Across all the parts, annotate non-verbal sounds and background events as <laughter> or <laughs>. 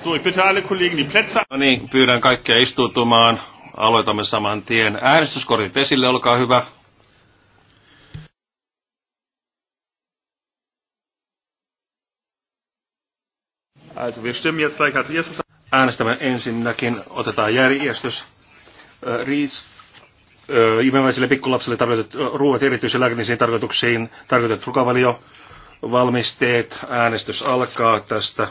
So, ich bitte alle Kollegen, die Plätze... No niin, pyydän kaikkia istuutumaan. Aloitamme saman tien. Äänestyskortit esille, olkaa hyvä. Also, wir stimmen jetzt gleich als erstes... Äänestämme ensinnäkin, otetaan järjestys. Riis, imeväisille pikkulapsille tarkoitetut ruoat erityisen lääkinnisiin tarkoituksiin tarkoitetut ruokavalio valmisteet. Äänestys alkaa tästä.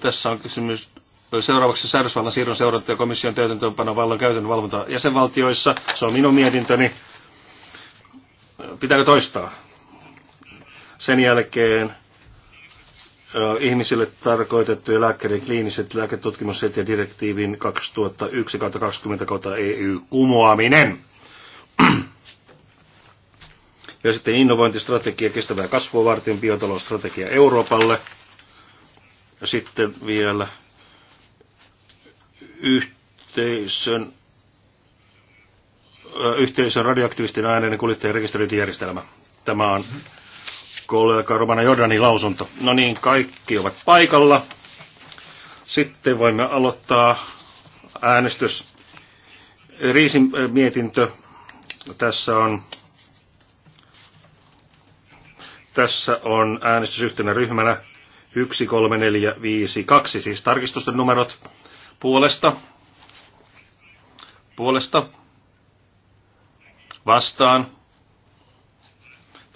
Tässä on kysymys seuraavaksi säädösvallan siirron seuranta ja komission täytäntöönpano vallan käytön valvonta jäsenvaltioissa. Se on minun mietintöni. Pitääkö toistaa? Sen jälkeen ihmisille tarkoitettujen lääkkeiden kliiniset lääketutkimusset ja direktiivin 2001-20-EU e kumoaminen. Ja sitten innovointistrategia kestävää kasvua varten, biotalousstrategia Euroopalle – ja Sitten vielä yhteisön, yhteisön radioaktiivisten aineiden kuljettajien rekisteröintijärjestelmä. Tämä on kollega Romana Jordanin lausunto. No niin, kaikki ovat paikalla. Sitten voimme aloittaa äänestys. Riisin mietintö. Tässä on, tässä on äänestys yhtenä ryhmänä 1, siis tarkistusten numerot puolesta, puolesta, vastaan,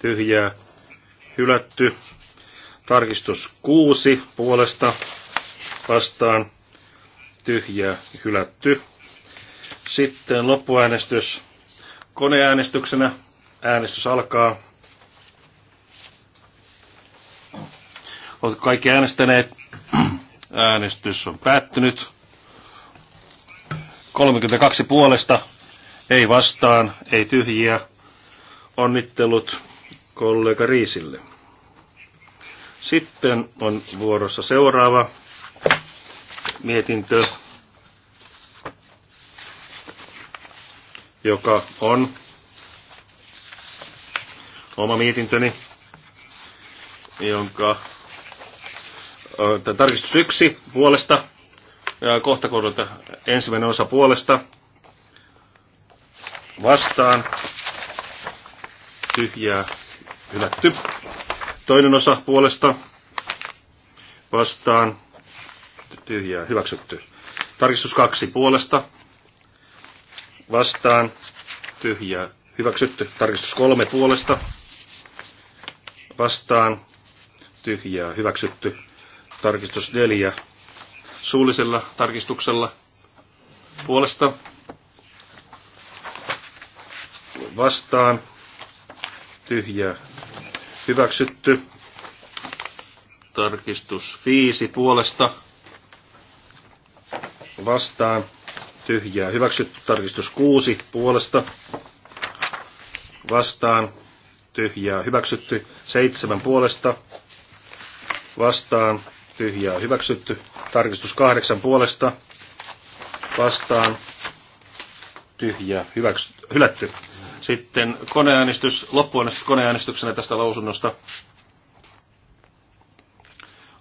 tyhjää, hylätty, tarkistus 6 puolesta, vastaan, tyhjää, hylätty. Sitten loppuäänestys koneäänestyksenä. Äänestys alkaa. Oletko kaikki äänestäneet? Äänestys on päättynyt. 32 puolesta, ei vastaan, ei tyhjiä. Onnittelut kollega Riisille. Sitten on vuorossa seuraava mietintö, joka on oma mietintöni, jonka tarkistus yksi puolesta, kohta kohdalta ensimmäinen osa puolesta, vastaan, tyhjää, hylätty. Toinen osa puolesta, vastaan, tyhjää, hyväksytty. Tarkistus kaksi puolesta, vastaan, tyhjää, hyväksytty. Tarkistus kolme puolesta, vastaan, tyhjää, hyväksytty. Tarkistus 4 suullisella tarkistuksella puolesta vastaan tyhjä hyväksytty. Tarkistus 5 puolesta vastaan tyhjää hyväksytty. Tarkistus 6 puolesta vastaan tyhjää hyväksytty. 7 puolesta vastaan tyhjää hyväksytty. Tarkistus kahdeksan puolesta vastaan tyhjää hyväksy, hylätty. Sitten koneäänestys, loppuäänestys koneäänestyksenä tästä lausunnosta.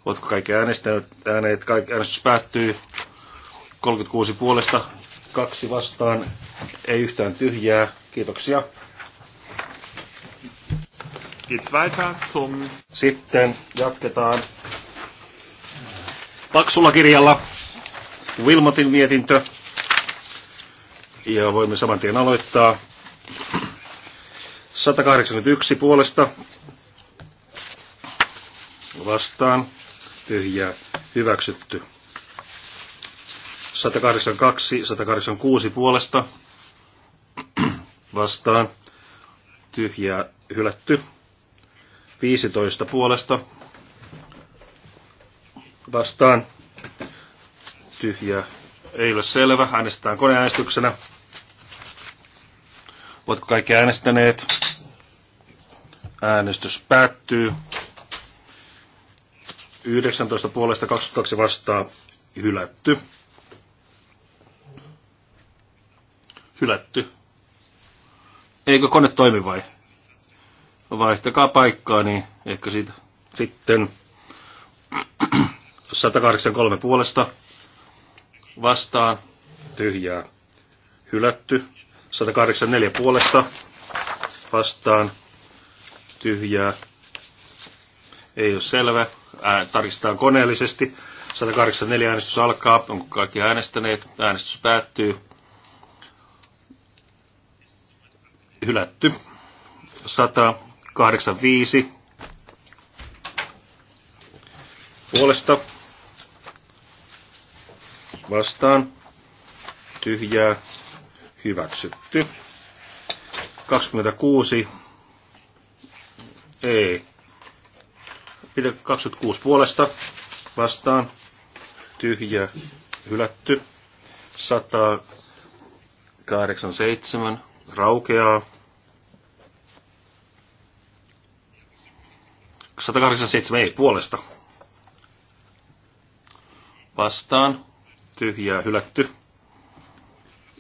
Oletko kaikki äänestäneet? Ääneet, kaikki, äänestys päättyy 36 puolesta, kaksi vastaan, ei yhtään tyhjää. Kiitoksia. Geht's weiter zum... Sitten jatketaan paksulla kirjalla. Wilmotin mietintö. Ja voimme saman tien aloittaa. 181 puolesta vastaan tyhjä hyväksytty. 182, 186 puolesta vastaan tyhjä hylätty. 15 puolesta vastaan. Tyhjää ei ole selvä. Äänestetään koneäänestyksenä. Oletko kaikki äänestäneet? Äänestys päättyy. 19 puolesta 22 vastaan hylätty. Hylätty. Eikö kone toimi vai? Vaihtakaa paikkaa, niin ehkä siitä sitten 183 puolesta vastaan, tyhjää hylätty. 184 puolesta vastaan, tyhjää ei ole selvä. Ää, tarkistetaan koneellisesti. 184 äänestys alkaa. Onko kaikki äänestäneet? Äänestys päättyy. Hylätty. 185 puolesta vastaan tyhjää hyväksytty. 26 ei. Pidä 26 puolesta vastaan tyhjä hylätty. 187 raukeaa. 187 ei puolesta. Vastaan tyhjää hylätty.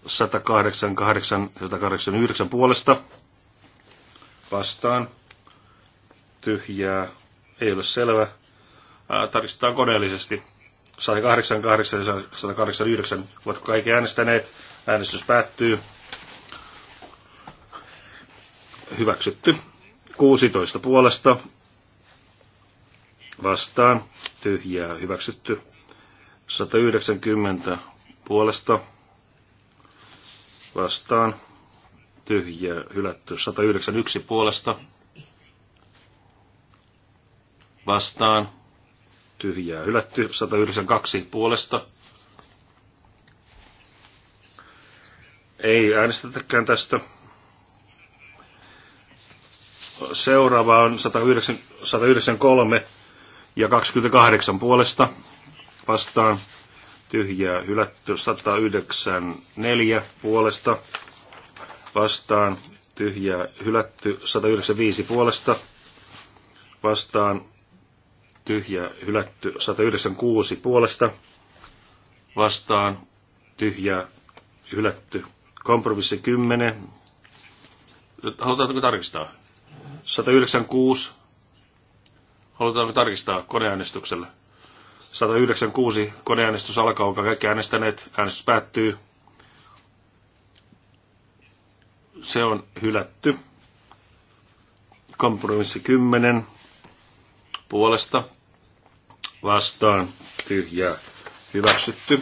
188, 189 puolesta vastaan tyhjää ei ole selvä. Ää, tarkistetaan koneellisesti. 188 ja 189 ovat kaikki äänestäneet. Äänestys päättyy. Hyväksytty. 16 puolesta vastaan tyhjää hyväksytty. 190 puolesta vastaan tyhjä hylätty. 191 puolesta vastaan tyhjää hylätty. 192 puolesta ei äänestetäkään tästä. Seuraava on 193 ja 28 puolesta vastaan, tyhjää hylätty 194 puolesta vastaan, tyhjää hylätty 195 puolesta vastaan, tyhjää hylätty 196 puolesta vastaan, tyhjää hylätty kompromissi 10. Halutaanko tarkistaa? 196. Halutaanko tarkistaa koneäänestyksellä? 196 koneäänestys alkaa, onko kaikki äänestäneet? Äänestys päättyy. Se on hylätty. Kompromissi 10 puolesta vastaan tyhjää hyväksytty.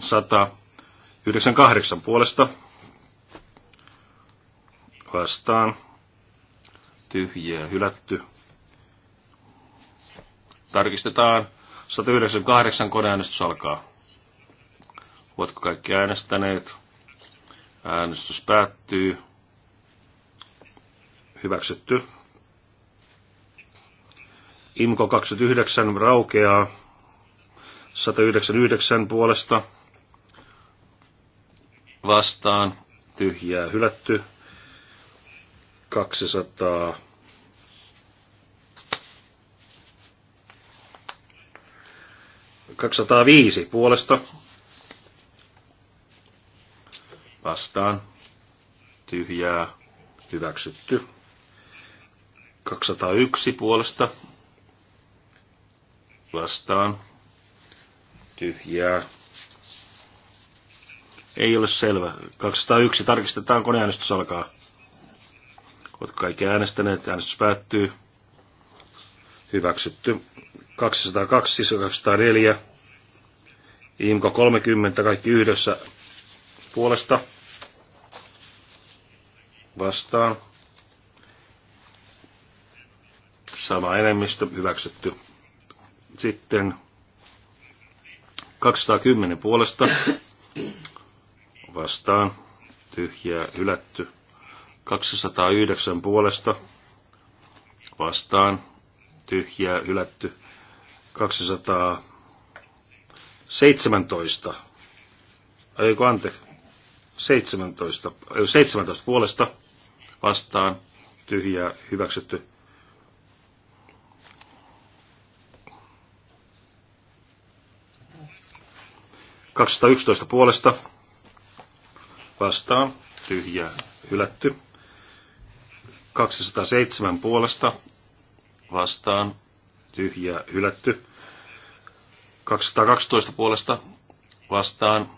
198 puolesta vastaan tyhjää hylätty. Tarkistetaan. 198 koneäänestys alkaa. Ovatko kaikki äänestäneet? Äänestys päättyy. Hyväksytty. Imko 29 raukeaa 199 puolesta vastaan tyhjää hylätty 200 205 puolesta. Vastaan. Tyhjää. Hyväksytty. 201 puolesta. Vastaan. Tyhjää. Ei ole selvä. 201. Tarkistetaan äänestys alkaa. Oletko kaikki äänestäneet? Äänestys päättyy. Hyväksytty. 202, siis 204 Imko 30 kaikki yhdessä puolesta vastaan. Sama enemmistö hyväksytty. Sitten 210 puolesta vastaan tyhjää hylätty. 209 puolesta vastaan tyhjää hylätty. 200 17. Eikö anteeksi? 17, 17 puolesta vastaan tyhjää hyväksytty. yksitoista puolesta vastaan tyhjää hylätty. 207 puolesta vastaan tyhjää hylätty. 212 puolesta vastaan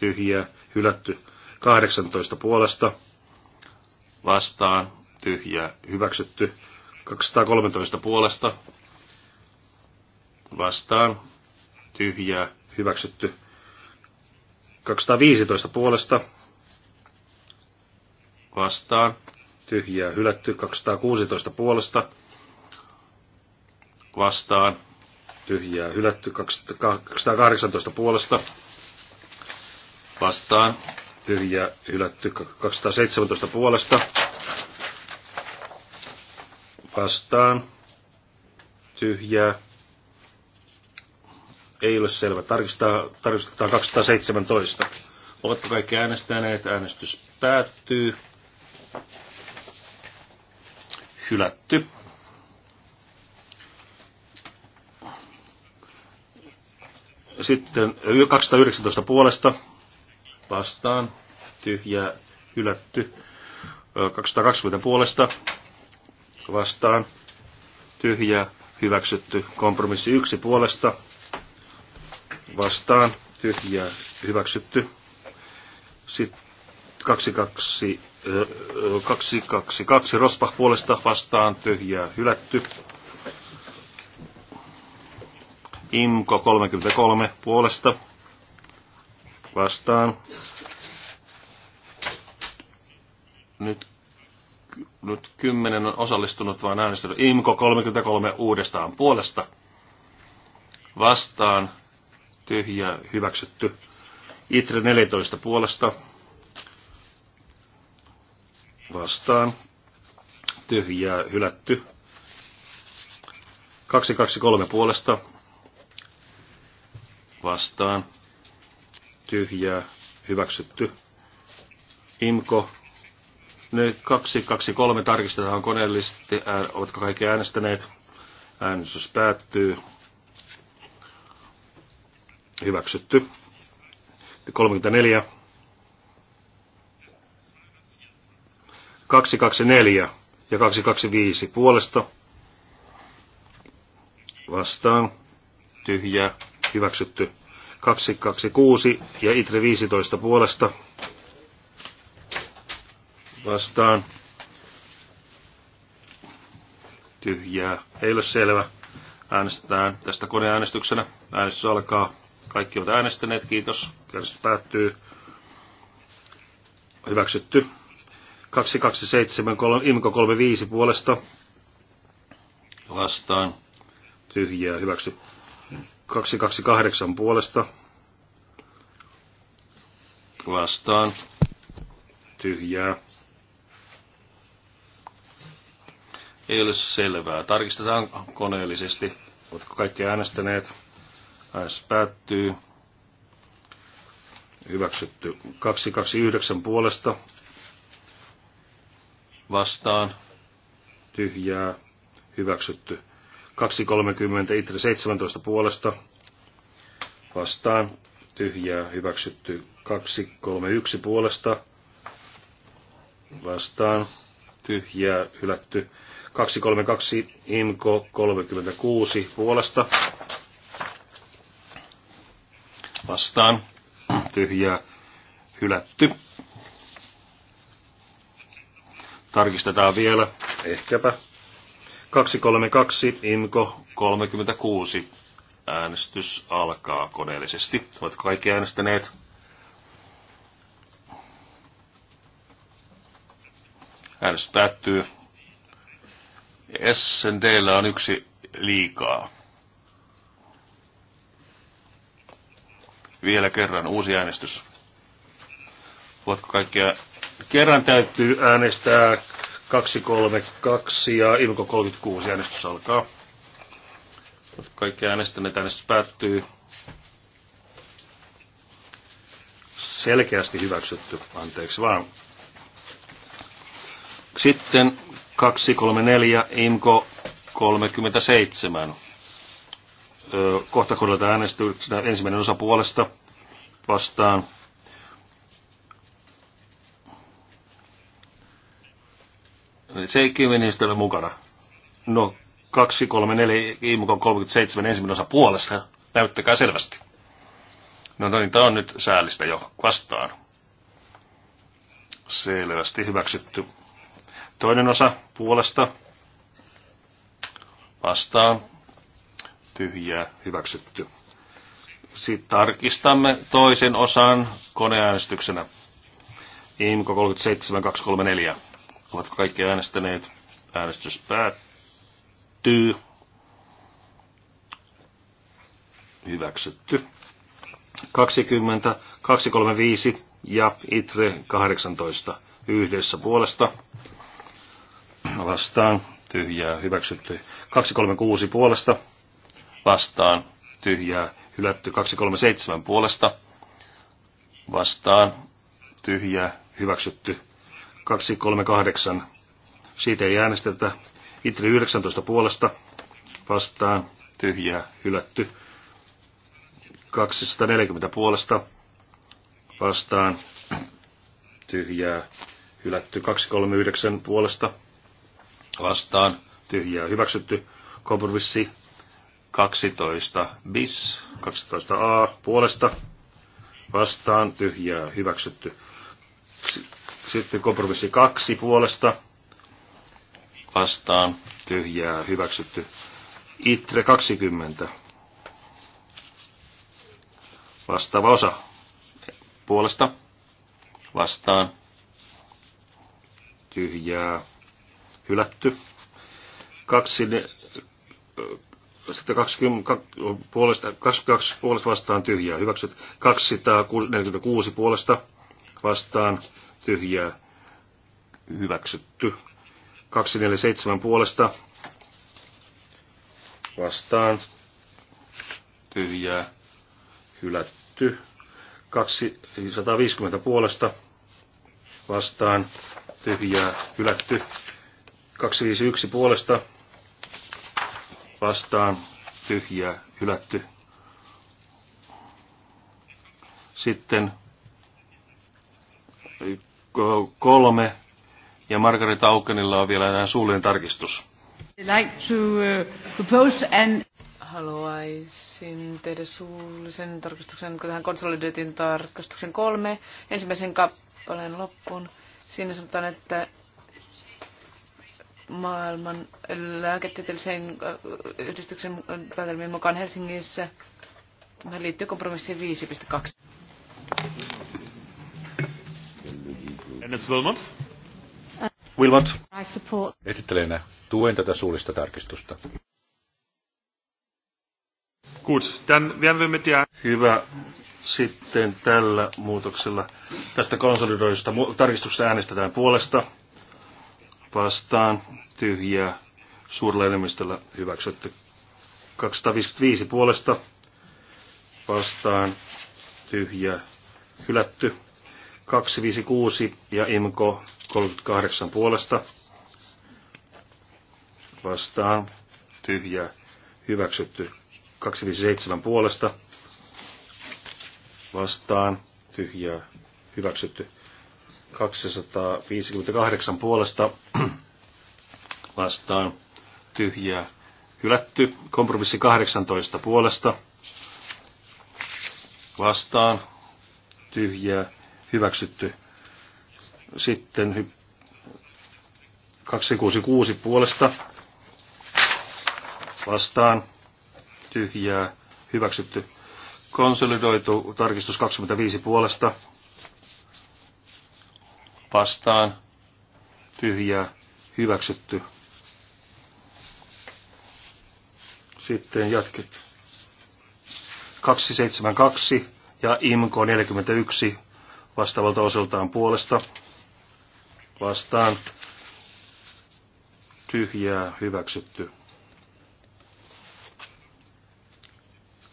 tyhjiä hylätty. 18 puolesta vastaan tyhjiä hyväksytty. 213 puolesta vastaan tyhjiä hyväksytty. 215 puolesta vastaan tyhjiä hylätty. 216 puolesta vastaan tyhjää hylätty 218 puolesta vastaan tyhjää hylätty 217 puolesta vastaan tyhjää ei ole selvä. Tarkistetaan, tarkistetaan 217. Ovatko kaikki äänestäneet? Äänestys päättyy. Hylätty. Sitten 219 puolesta vastaan tyhjää hylätty. 220 puolesta vastaan tyhjää hyväksytty. Kompromissi 1 puolesta vastaan tyhjää hyväksytty. Sitten 22, 222 Rosbach puolesta vastaan tyhjää hylätty. Imko 33 puolesta vastaan. Nyt, nyt kymmenen on osallistunut vaan äänestänyt. Imko 33 uudestaan puolesta vastaan. Tyhjä hyväksytty. Itre 14 puolesta vastaan. Tyhjää hylätty. 223 puolesta vastaan, tyhjää, hyväksytty. Imko, ne kolme tarkistetaan koneellisesti, ää, ovatko kaikki äänestäneet. Äänestys päättyy. Hyväksytty. 34. 224 ja 225 puolesta. Vastaan. Tyhjää hyväksytty 226 ja ITRE 15 puolesta vastaan. Tyhjää. Ei ole selvä. Äänestetään tästä koneäänestyksenä. Äänestys alkaa. Kaikki ovat äänestäneet. Kiitos. Äänestys päättyy. Hyväksytty. 227 IMKO 35 puolesta vastaan. Tyhjää. Hyväksytty. 228 puolesta vastaan tyhjää. Ei ole selvää. Tarkistetaan koneellisesti. Oletko kaikki äänestäneet? Äänestys päättyy. Hyväksytty. 229 puolesta. Vastaan. Tyhjää. Hyväksytty. 2.30, Itre 17 puolesta vastaan, tyhjää hyväksytty 2.31 puolesta vastaan, tyhjää hylätty 232 Imko 36 puolesta vastaan tyhjää hylätty. Tarkistetaan vielä, ehkäpä 232, Imko 36. Äänestys alkaa koneellisesti. Oletko kaikki äänestäneet? Äänestys päättyy. SNDllä on yksi liikaa. Vielä kerran uusi äänestys. Voitko kaikkia... Kerran täytyy äänestää 232 ja Ilko 36 äänestys alkaa. Kaikki äänestäneet, äänestys päättyy. Selkeästi hyväksytty, anteeksi vaan. Sitten 234, Imko 37. Kohta kohdataan äänestyksenä ensimmäinen osa puolesta vastaan Seikki ministeriö mukana. No, 2, 3, 4, IMK 37, ensimmäinen osa puolesta. Näyttäkää selvästi. No niin, tämä on nyt säällistä jo vastaan. Selvästi hyväksytty. Toinen osa puolesta. Vastaan. Tyhjää hyväksytty. Sitten tarkistamme toisen osan koneäänestyksenä. Imko 37:234. Ovatko kaikki äänestäneet? Äänestys päättyy. Hyväksytty. 20, 235 ja ITRE 18 yhdessä puolesta. Vastaan tyhjää hyväksytty. 236 puolesta vastaan tyhjää hylätty. 237 puolesta vastaan tyhjää hyväksytty. 238. Siitä ei äänestetä. Itri 19 puolesta vastaan tyhjää hylätty. 240 puolesta vastaan tyhjää hylätty. 239 puolesta vastaan tyhjää hyväksytty. Kompromissi 12 bis, 12a puolesta vastaan tyhjää hyväksytty. Sitten kompromissi kaksi puolesta vastaan tyhjää hyväksytty. Itre 20. Vastaava osa puolesta vastaan tyhjää hylätty. Kaksi, ne, sitten 20, puolesta, 22 puolesta vastaan tyhjää hyväksytty. 246 puolesta vastaan tyhjää hyväksytty. 247 puolesta vastaan tyhjää hylätty. 250 puolesta vastaan tyhjää hylätty. 251 puolesta vastaan tyhjää hylätty. Sitten kolme ja Margareta Aukenilla on vielä nämä suullinen tarkistus. Like to, uh, propose and... Haluaisin tehdä suullisen tarkistuksen tähän konsolidoitin tarkastuksen kolme ensimmäisen kappaleen loppuun. Siinä sanotaan, että maailman lääketieteellisen uh, yhdistyksen uh, päätelmien mukaan Helsingissä liittyy kompromissiin 5.2. Mrs. Wilmot. Wilmot. I support. Esittelijänä tuen tätä suullista tarkistusta. Gut, dann werden wir mit der... Hyvä. Sitten tällä muutoksella tästä konsolidoidusta tarkistuksesta äänestetään puolesta. Vastaan tyhjää suurella enemmistöllä hyväksytty. 255 puolesta vastaan tyhjää hylätty. 256 ja IMKO 38 puolesta vastaan tyhjä hyväksytty 257 puolesta vastaan tyhjä hyväksytty 258 puolesta <clears throat> vastaan tyhjä hylätty kompromissi 18 puolesta vastaan tyhjä hyväksytty. Sitten 266 puolesta vastaan tyhjää hyväksytty. Konsolidoitu tarkistus 25 puolesta vastaan tyhjää hyväksytty. Sitten jatket. 272 ja IMKO 41 vastaavalta osaltaan puolesta vastaan tyhjää hyväksytty.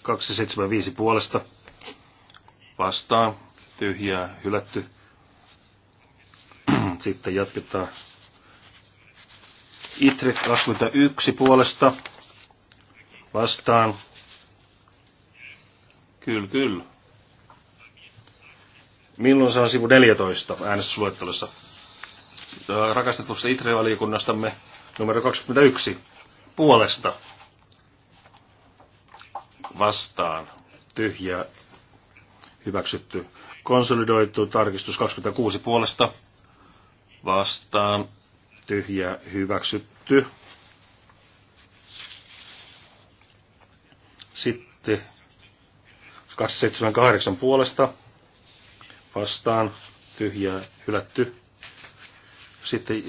275 puolesta vastaan tyhjää hylätty. <clears throat> Sitten jatketaan Itri 21 puolesta vastaan. Kyllä, kyllä. Milloin se on sivu 14 äänestysluettelossa? Rakastetusta ITRE-valiokunnastamme numero 21 puolesta vastaan tyhjä hyväksytty. Konsolidoitu tarkistus 26 puolesta vastaan tyhjä hyväksytty. Sitten 278 puolesta vastaan tyhjää hylätty. Sitten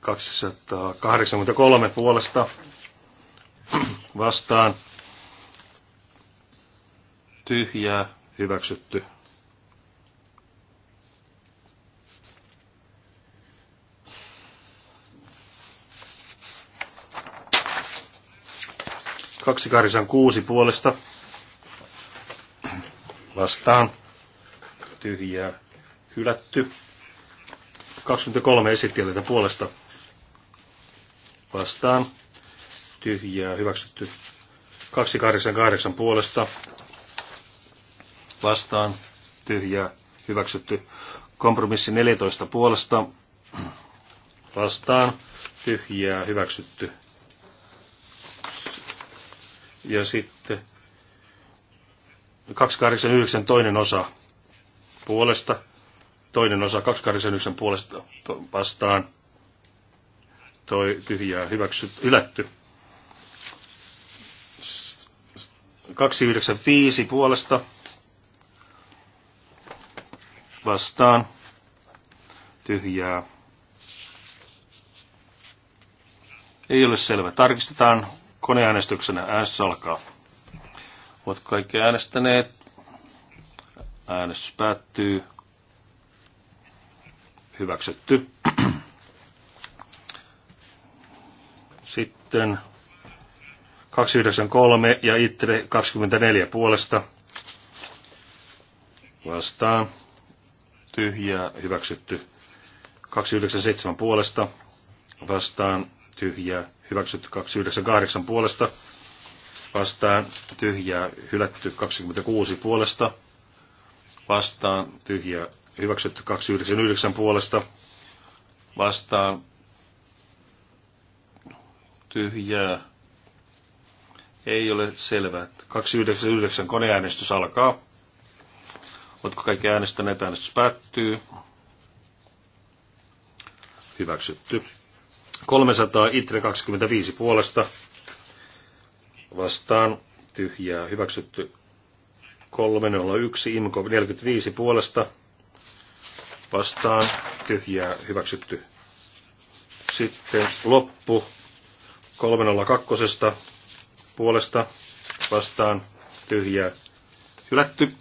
283 puolesta vastaan tyhjää hyväksytty. Kaksi kuusi puolesta vastaan tyhjää hylätty. 23 esittelijöitä puolesta vastaan tyhjää hyväksytty. 288 puolesta vastaan tyhjää hyväksytty. Kompromissi 14 puolesta vastaan tyhjää hyväksytty. Ja sitten 289 toinen osa puolesta, toinen osa 289 puolesta vastaan, toi tyhjää hyväksyt, ylätty. 295 puolesta vastaan, tyhjää. Ei ole selvä. Tarkistetaan koneäänestyksenä. Äänestys alkaa. Ovat kaikki äänestäneet. Äänestys päättyy. Hyväksytty. Sitten 293 ja ITRE 24 puolesta. Vastaan. Tyhjää. Hyväksytty. 297 puolesta. Vastaan. Tyhjää. Hyväksytty. 298 puolesta. Vastaan. Tyhjää. Hylätty. 26 puolesta vastaan tyhjä hyväksytty 299 puolesta vastaan tyhjää ei ole selvää. 299 koneäänestys alkaa. Oletko kaikki äänestäneet? Äänestys päättyy. Hyväksytty. 300 itre 25 puolesta vastaan tyhjää hyväksytty 301 IMKO 45 puolesta vastaan tyhjää hyväksytty. Sitten loppu 302 puolesta vastaan tyhjää hylätty.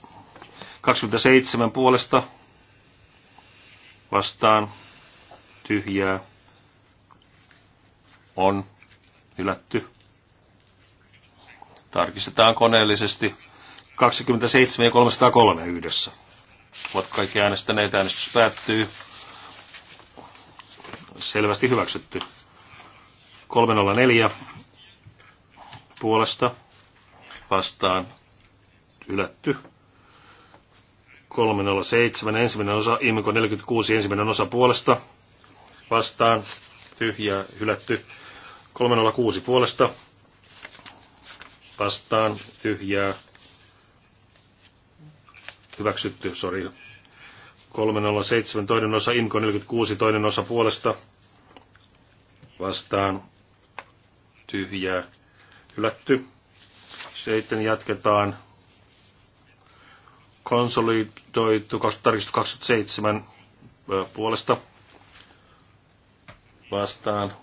27 puolesta vastaan tyhjää on hylätty. Tarkistetaan koneellisesti 27 ja 303 yhdessä. Ovat kaikki äänestäneet. Äänestys päättyy. Selvästi hyväksytty. 304 puolesta vastaan ylätty. 307 ensimmäinen osa, Imiko 46 ensimmäinen osa puolesta vastaan tyhjä hylätty. 306 puolesta vastaan tyhjää hyväksytty, sori. 307, toinen osa, Imko 46, toinen osa puolesta vastaan tyhjää hylätty. Sitten jatketaan konsolidoitu tarkistus 27 puolesta vastaan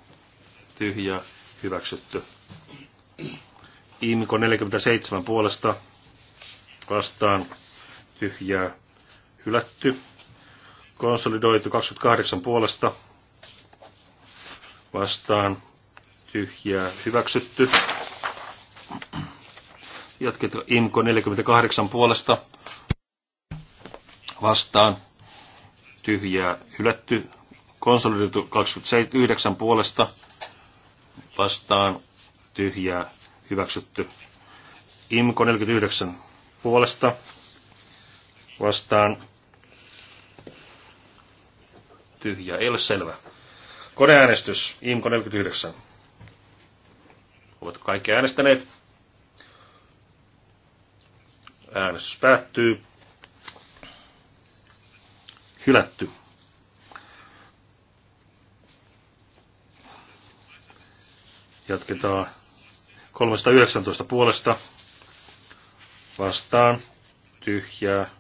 tyhjä hyväksytty. Imko 47 puolesta vastaan tyhjää hylätty. Konsolidoitu 28 puolesta vastaan tyhjää hyväksytty. Jatketaan IMKO 48 puolesta vastaan tyhjää hylätty. Konsolidoitu 29 puolesta vastaan tyhjää hyväksytty. IMKO 49 puolesta vastaan tyhjä, ei ole selvä. Koneäänestys, IMKO 49. Ovatko kaikki äänestäneet? Äänestys päättyy. Hylätty. Jatketaan 319 puolesta. Vastaan. Tyhjää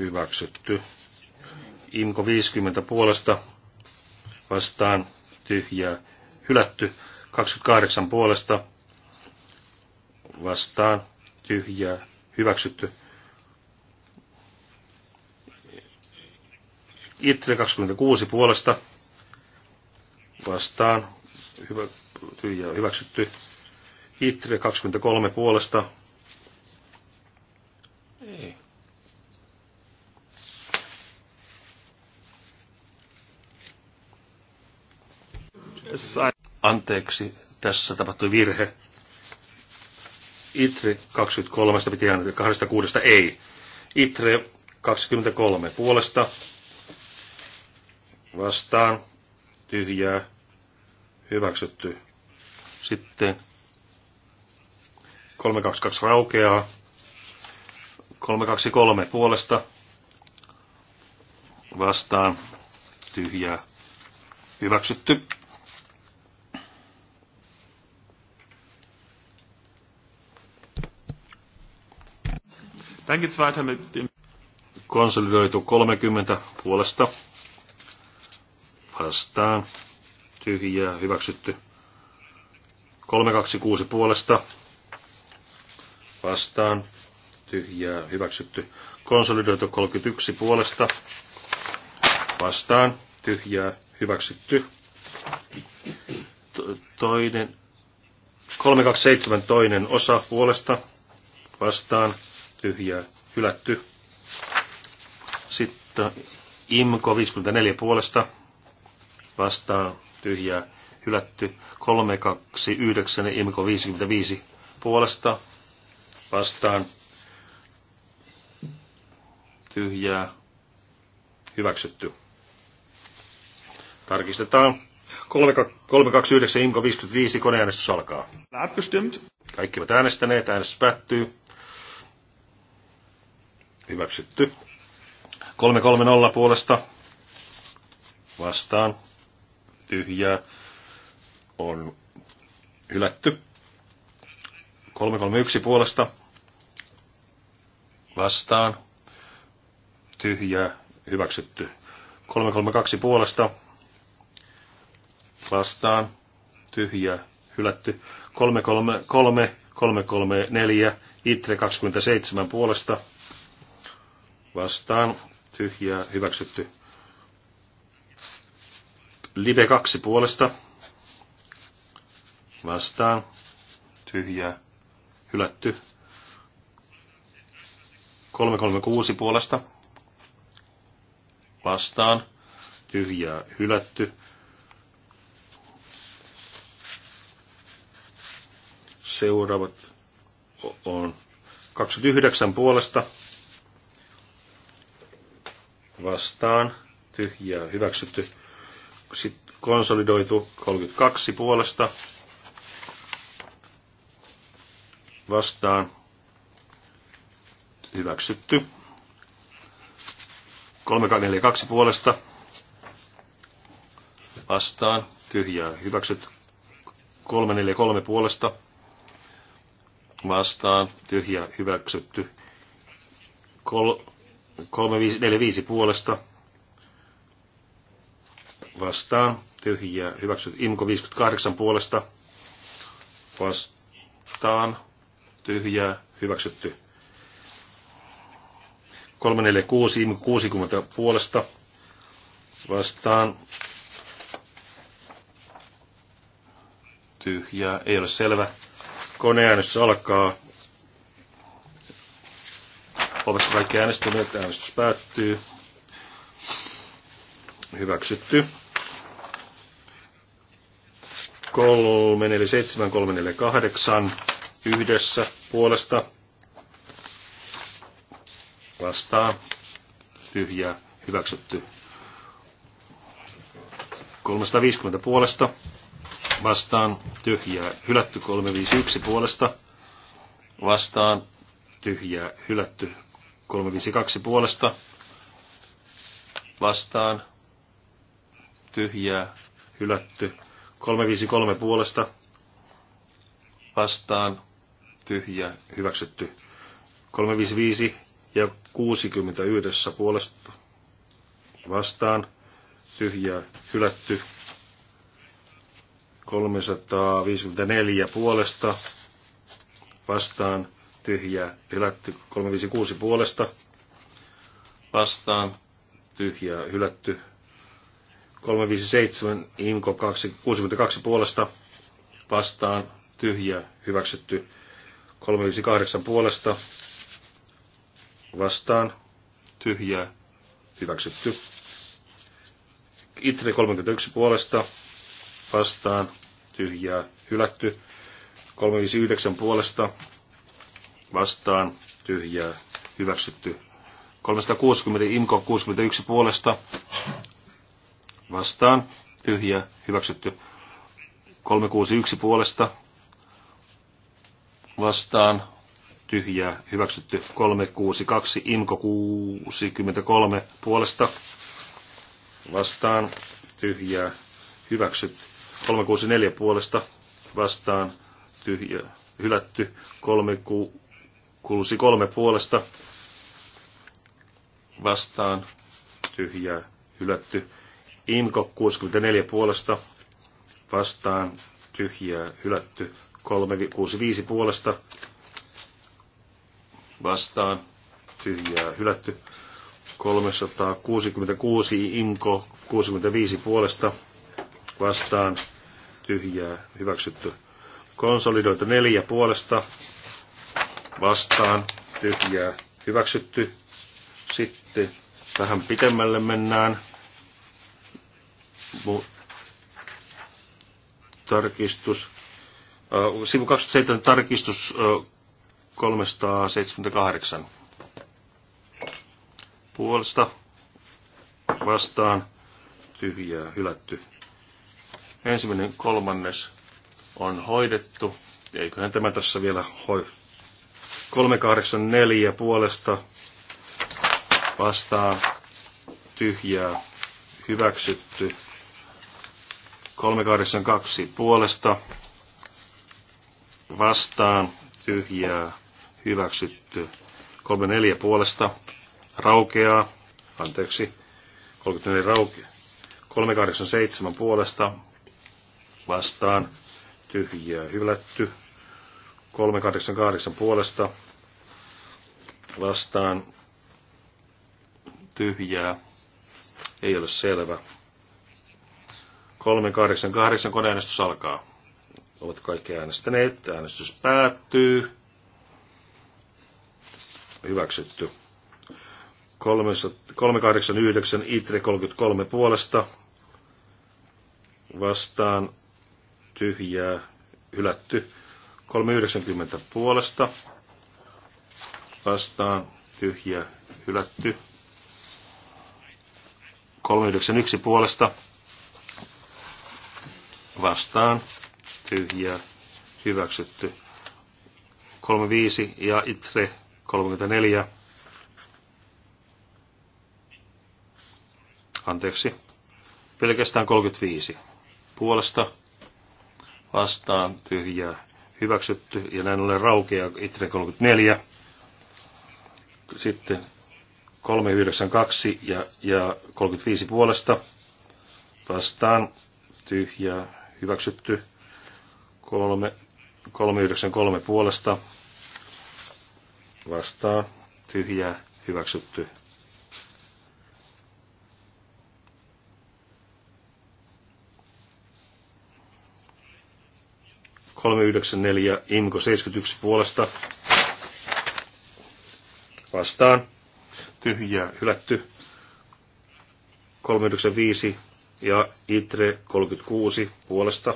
hyväksytty. Imko 50 puolesta vastaan tyhjää hylätty. 28 puolesta vastaan tyhjää hyväksytty. Itre 26 puolesta vastaan hyvä, tyhjää hyväksytty. Itre 23 puolesta Anteeksi, tässä tapahtui virhe. ITRE 23 piti äänestää, 26 ei. ITRE 23 puolesta vastaan tyhjää hyväksytty. Sitten 322 raukeaa. 323 puolesta vastaan tyhjää hyväksytty. Dann geht's weiter mit dem konsolidoitu 30 puolesta vastaan tyhjää hyväksytty 326 puolesta vastaan tyhjää hyväksytty konsolidoitu 31 puolesta vastaan tyhjää hyväksytty toinen 327 toinen osa puolesta vastaan tyhjää hylätty. Sitten IMKO 54 puolesta vastaa tyhjää hylätty. 329 IMKO 55 puolesta vastaan tyhjää hyväksytty. Tarkistetaan. 329 IMKO 55 koneäänestys alkaa. Kaikki ovat äänestäneet, äänestys päättyy. Hyväksytty. 330 puolesta vastaan. Tyhjää on hylätty. 331 puolesta vastaan. Tyhjää hyväksytty. 332 puolesta vastaan. Tyhjää hylätty. 333, 334, ITRE 27 puolesta vastaan, tyhjää, hyväksytty. Live 2 puolesta, vastaan, tyhjää, hylätty. 336 puolesta, vastaan, tyhjää, hylätty. Seuraavat on 29 puolesta, vastaan, tyhjää hyväksytty. Sitten konsolidoitu 32 puolesta vastaan, hyväksytty. 342 puolesta vastaan, tyhjää hyväksytty. 343 puolesta vastaan, tyhjä hyväksytty. Kol- 345 puolesta vastaan, tyhjiä hyväksyt. Imko 58 puolesta vastaan, Tyhjiä. hyväksytty. 346 Imko 60 puolesta vastaan, tyhjää, ei ole selvä. Koneäänestys alkaa Ovatko kaikki äänestyneet? Äänestys päättyy. Hyväksytty. 347, 348 yhdessä puolesta vastaa tyhjä hyväksytty. 350 puolesta vastaan tyhjää hylätty 351 puolesta vastaan tyhjää hylätty 352 puolesta vastaan tyhjää hylätty. 353 puolesta vastaan tyhjä hyväksytty. 355 ja 61 puolesta vastaan tyhjää hylätty. 354 puolesta vastaan tyhjä, hylätty 356 puolesta, vastaan, tyhjä, hylätty 357, Inko 62 puolesta, vastaan, tyhjä, hyväksytty 358 puolesta, vastaan, tyhjä, hyväksytty. Itre 31 puolesta, vastaan, tyhjää, hylätty. 359 puolesta, vastaan tyhjää hyväksytty. 360 Imko 61 puolesta vastaan tyhjä, hyväksytty. 361 puolesta vastaan tyhjää hyväksytty. 362 Imko 63 puolesta vastaan tyhjää hyväksytty. 364 puolesta vastaan tyhjä, hylätty. 36 Kulusi kolme puolesta vastaan tyhjää hylätty. Imko 64 puolesta vastaan tyhjää hylätty. 365 puolesta vastaan tyhjää hylätty. 366 Imko 65 puolesta vastaan tyhjää hyväksytty. Konsolidoita neljä puolesta vastaan, tyhjää hyväksytty. Sitten vähän pitemmälle mennään. Tarkistus. Äh, sivu 27 tarkistus 378. Äh, Puolesta vastaan tyhjää hylätty. Ensimmäinen kolmannes on hoidettu. Eiköhän tämä tässä vielä hoidu 384 puolesta vastaan tyhjää hyväksytty. 382 puolesta vastaan tyhjää hyväksytty. 34 puolesta raukeaa, anteeksi, 34 raukeaa. 387 puolesta vastaan tyhjää hylätty. 388 puolesta vastaan tyhjää, ei ole selvä. 388 koneäänestys alkaa. Ovat kaikki äänestäneet, äänestys päättyy. Hyväksytty. 389 ITRE 33 puolesta vastaan tyhjää, hylätty. 390 puolesta vastaan tyhjä hylätty. 391 puolesta vastaan tyhjä hyväksytty. 35 ja itre 34. Anteeksi. Pelkästään 35. Puolesta vastaan tyhjää hyväksytty ja näin ollen raukea itse 34. Sitten 392 ja, ja 35 puolesta vastaan tyhjää hyväksytty 3, 393 puolesta vastaan tyhjää hyväksytty 394 Imko 71 puolesta vastaan. Tyhjää hylätty. 395 ja Itre 36 puolesta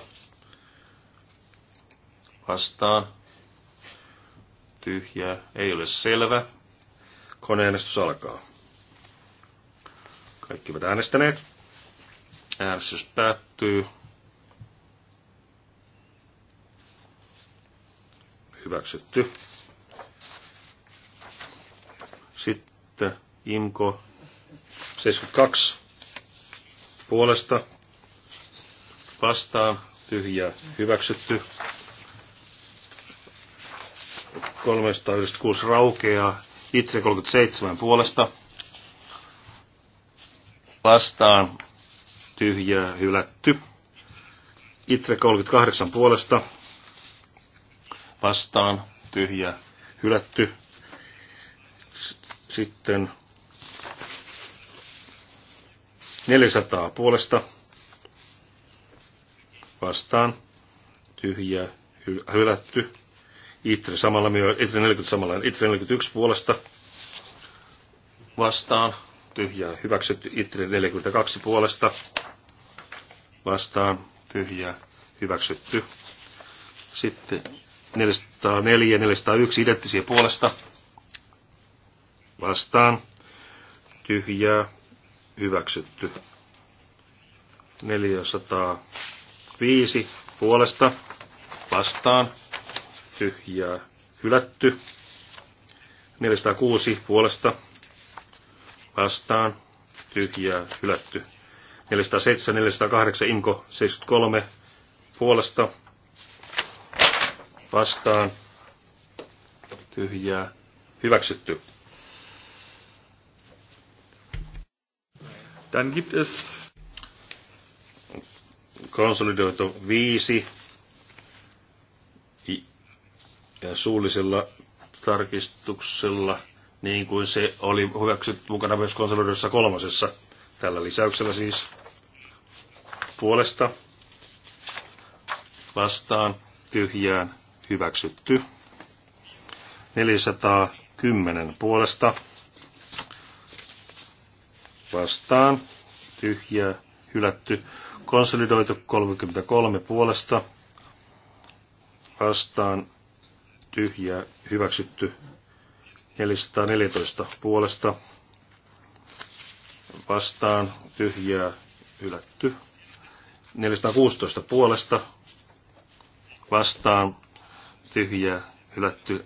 vastaan. Tyhjää ei ole selvä. Koneäänestys alkaa. Kaikki ovat äänestäneet. Äänestys päättyy. hyväksytty. Sitten Imko 72 puolesta vastaan tyhjää hyväksytty. 396 raukeaa. Itse 37 puolesta vastaan tyhjää hylätty. Itre 38 puolesta vastaan, tyhjä, hylätty. Sitten 400 puolesta vastaan, tyhjä, hylätty. Itre, samalla, Itre 40 samalla, Itre 41 puolesta vastaan, tyhjä hyväksytty. Itre 42 puolesta vastaan, tyhjä hyväksytty. Sitten 404 ja 401 identtisiä puolesta vastaan tyhjää hyväksytty. 405 puolesta vastaan tyhjää hylätty. 406 puolesta vastaan tyhjää hylätty. 407, 408, Inko 73 puolesta vastaan tyhjää hyväksytty. Dann gibt es konsolidoitu viisi ja suullisella tarkistuksella, niin kuin se oli hyväksytty mukana myös konsolidoidussa kolmosessa. Tällä lisäyksellä siis puolesta vastaan tyhjään hyväksytty. 410 puolesta vastaan, tyhjää, hylätty. Konsolidoitu 33 puolesta vastaan, tyhjää, hyväksytty. 414 puolesta vastaan, tyhjää, hylätty. 416 puolesta vastaan, tyhjää hylätty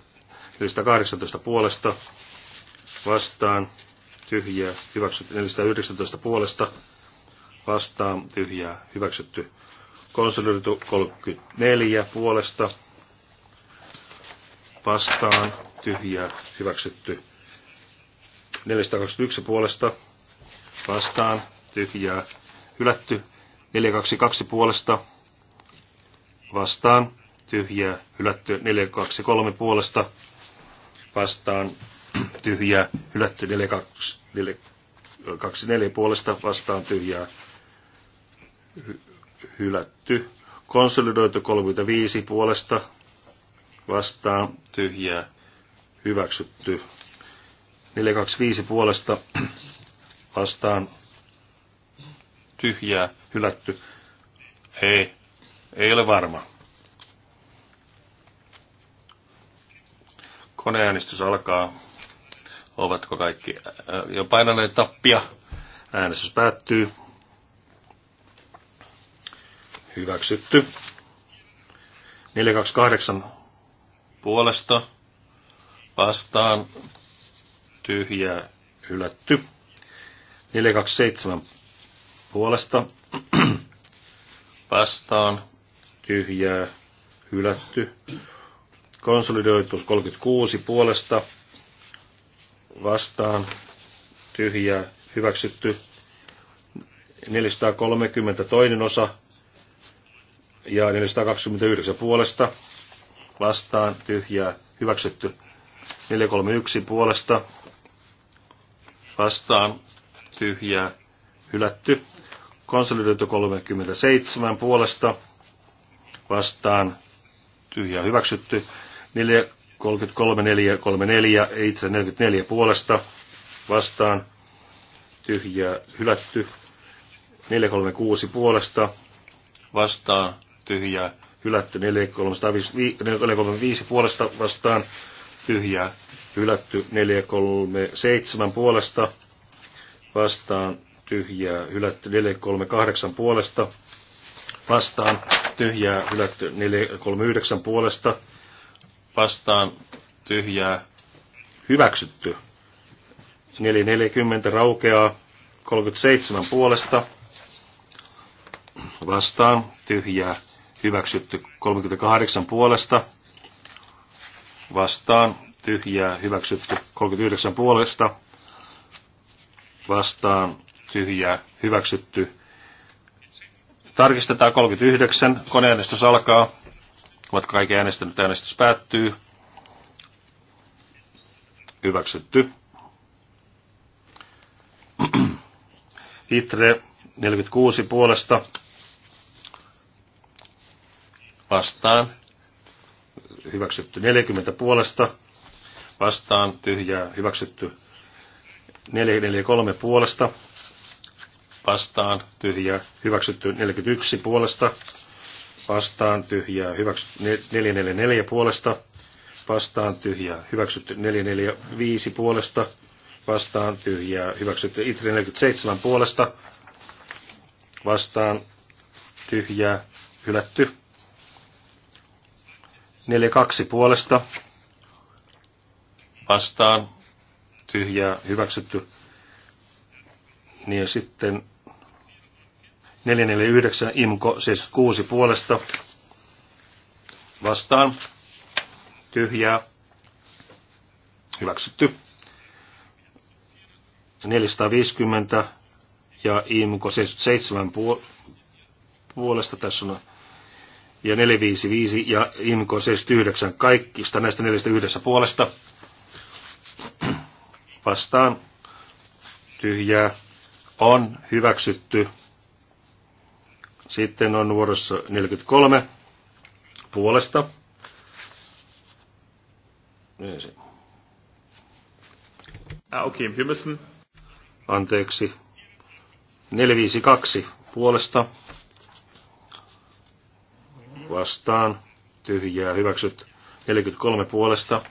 418 puolesta vastaan tyhjää hyväksytty 419 puolesta vastaan tyhjää hyväksytty konsolidoitu 34 puolesta vastaan tyhjää hyväksytty 421 puolesta vastaan tyhjää hylätty 422 puolesta vastaan tyhjää, hylätty 423 puolesta vastaan, tyhjää, hylätty 424 puolesta vastaan, tyhjää, hylätty. Konsolidoitu 35 puolesta vastaan, tyhjää, hyväksytty. 425 puolesta vastaan, tyhjää, hylätty. Ei, ei ole varma. Koneäänestys alkaa. Ovatko kaikki äh, jo painaneet tappia? Äänestys päättyy. Hyväksytty. 428 puolesta vastaan tyhjä hylätty. 427 puolesta <clears throat> vastaan tyhjää hylätty. Konsolidoitus 36 puolesta vastaan tyhjää hyväksytty 430 toinen osa ja 429 puolesta vastaan tyhjää hyväksytty 431 puolesta vastaan tyhjää hylätty konsolidoitu 37 puolesta vastaan tyhjää hyväksytty 433, 434, itse 44 puolesta vastaan, tyhjää hylätty. 436 puolesta vastaan, tyhjää hylätty. 435 puolesta vastaan, tyhjää hylätty. 437 puolesta vastaan, tyhjää hylätty. 438 puolesta vastaan, tyhjää hylätty. 439 puolesta vastaan tyhjää hyväksytty. 440 raukeaa 37 puolesta vastaan tyhjää hyväksytty 38 puolesta vastaan tyhjää hyväksytty 39 puolesta vastaan tyhjää hyväksytty Tarkistetaan 39, koneäänestys alkaa. Ovatko kaikki äänestänyt? Äänestys päättyy. Hyväksytty. <clears throat> Itre 46 puolesta vastaan. Hyväksytty 40 puolesta vastaan. Tyhjää hyväksytty 443 puolesta vastaan. Tyhjää hyväksytty 41 puolesta vastaan tyhjää hyväksytty 444 puolesta, vastaan tyhjää hyväksytty 445 puolesta, vastaan tyhjää hyväksytty ITRE 47 puolesta, vastaan tyhjää hylätty 42 puolesta, vastaan tyhjää hyväksytty, niin sitten 449 IMKO 76 siis puolesta vastaan. Tyhjää. Hyväksytty. 450 ja IMKO 77 siis puolesta tässä on ja 455 ja IMKO 79 siis kaikista näistä neljästä yhdessä puolesta vastaan tyhjää on hyväksytty sitten on vuorossa 43 puolesta. Ah, okei, okay. müssen... Anteeksi. 452 puolesta. Vastaan. Tyhjää. Hyväksyt. 43 puolesta.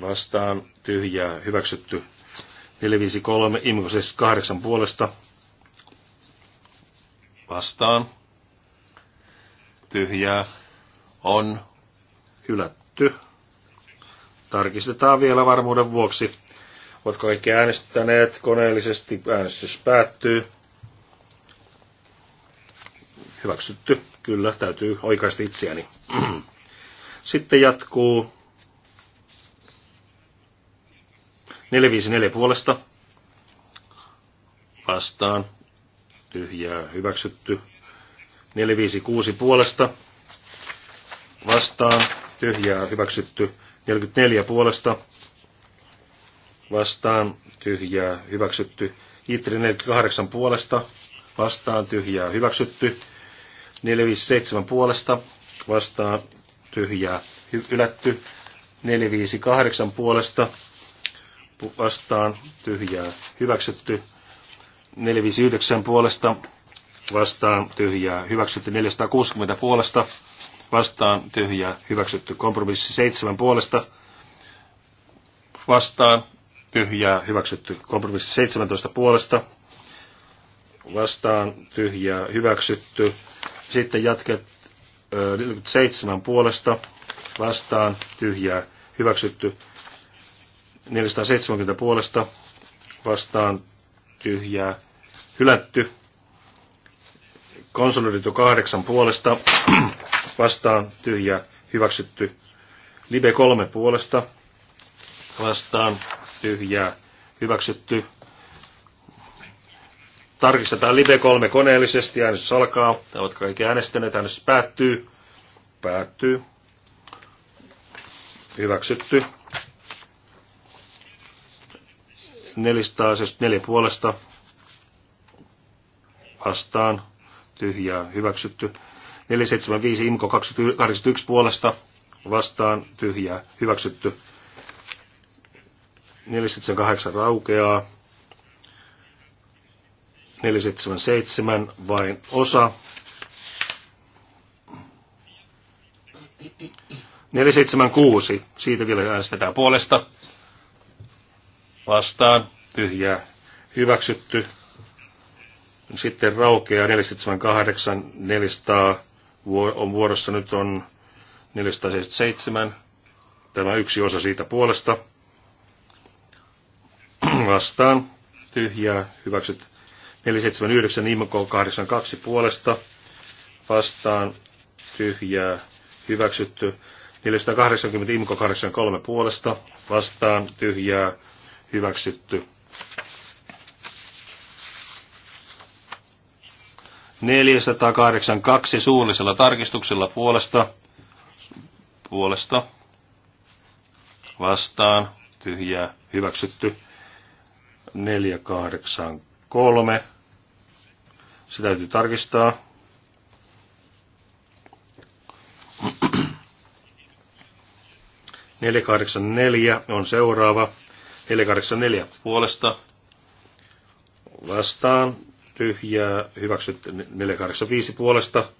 Vastaan. Tyhjää. Hyväksytty. 453. Imko 8 puolesta vastaan. Tyhjää on hylätty. Tarkistetaan vielä varmuuden vuoksi. Oletko kaikki äänestäneet koneellisesti? Äänestys päättyy. Hyväksytty. Kyllä, täytyy oikaista itseäni. <clears throat> Sitten jatkuu 454 puolesta vastaan tyhjää hyväksytty. 456 puolesta vastaan tyhjää hyväksytty. 44 puolesta vastaan tyhjää hyväksytty. Itri 48 puolesta vastaan tyhjää hyväksytty. 457 puolesta vastaan tyhjää ylätty. 458 puolesta vastaan tyhjää hyväksytty. 459 puolesta vastaan tyhjää hyväksytty 460 puolesta vastaan tyhjää hyväksytty kompromissi 7 puolesta vastaan tyhjää hyväksytty kompromissi 17 puolesta vastaan tyhjää hyväksytty sitten jatket 47 puolesta vastaan tyhjää hyväksytty 470 puolesta vastaan tyhjää hylätty. Konsolidoitu kahdeksan puolesta <clears throat> vastaan tyhjää hyväksytty. Libe kolme puolesta vastaan tyhjää hyväksytty. Tarkistetaan Libe 3 koneellisesti, äänestys alkaa. ovat kaikki äänestäneet, äänestys päättyy. Päättyy. Hyväksytty. 474 puolesta vastaan tyhjää hyväksytty. 475 Imko 81 puolesta vastaan tyhjää hyväksytty. 478 raukeaa. 477 vain osa. 476, siitä vielä äänestetään puolesta vastaan tyhjää hyväksytty. Sitten raukeaa 478, 400 on vuorossa nyt on 477. Tämä yksi osa siitä puolesta. Vastaan tyhjää hyväksytty. 479 Imko 82 puolesta vastaan tyhjää hyväksytty. 480 Imko 83 puolesta vastaan tyhjää hyväksytty. kaksi suullisella tarkistuksella puolesta, puolesta, vastaan, tyhjää, hyväksytty. 483, se täytyy tarkistaa. Neljä kahdeksan neljä on seuraava 484 puolesta vastaan, tyhjää, hyväksytty 485 puolesta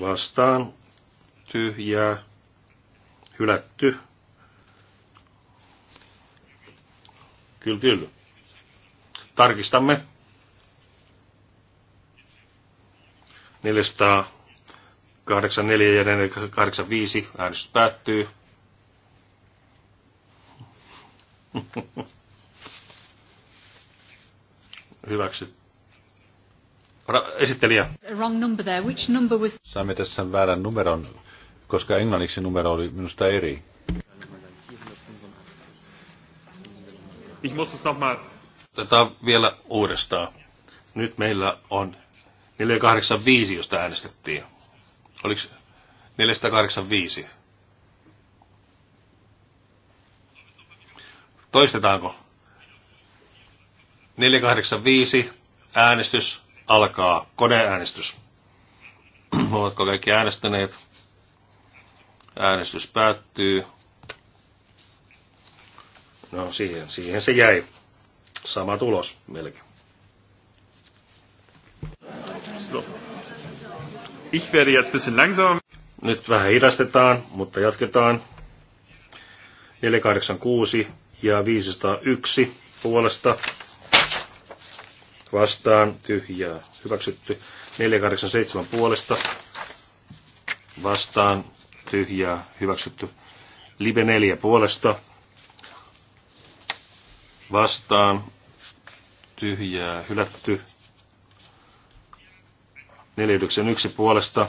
vastaan, tyhjää, hylätty. Kyllä, kyllä. Tarkistamme. 484 ja 485 äänestys päättyy. <laughs> Ra- Esittelijä. Wrong number there. Which number was... Saimme tässä väärän numeron, koska englanniksi numero oli minusta eri. Ich muss es Otetaan vielä uudestaan. Nyt meillä on 485, josta äänestettiin. Oliko 485? Toistetaanko? 485 äänestys alkaa. Koneäänestys. <clears throat> Ovatko kaikki äänestäneet? Äänestys päättyy. No siihen, siihen se jäi. Sama tulos melkein. So. Ich werde jetzt bisschen langsamer. Nyt vähän hidastetaan, mutta jatketaan. 486 ja 501 puolesta vastaan tyhjää hyväksytty. 487 puolesta vastaan tyhjää hyväksytty. Live 4 puolesta vastaan tyhjää hylätty. 491 puolesta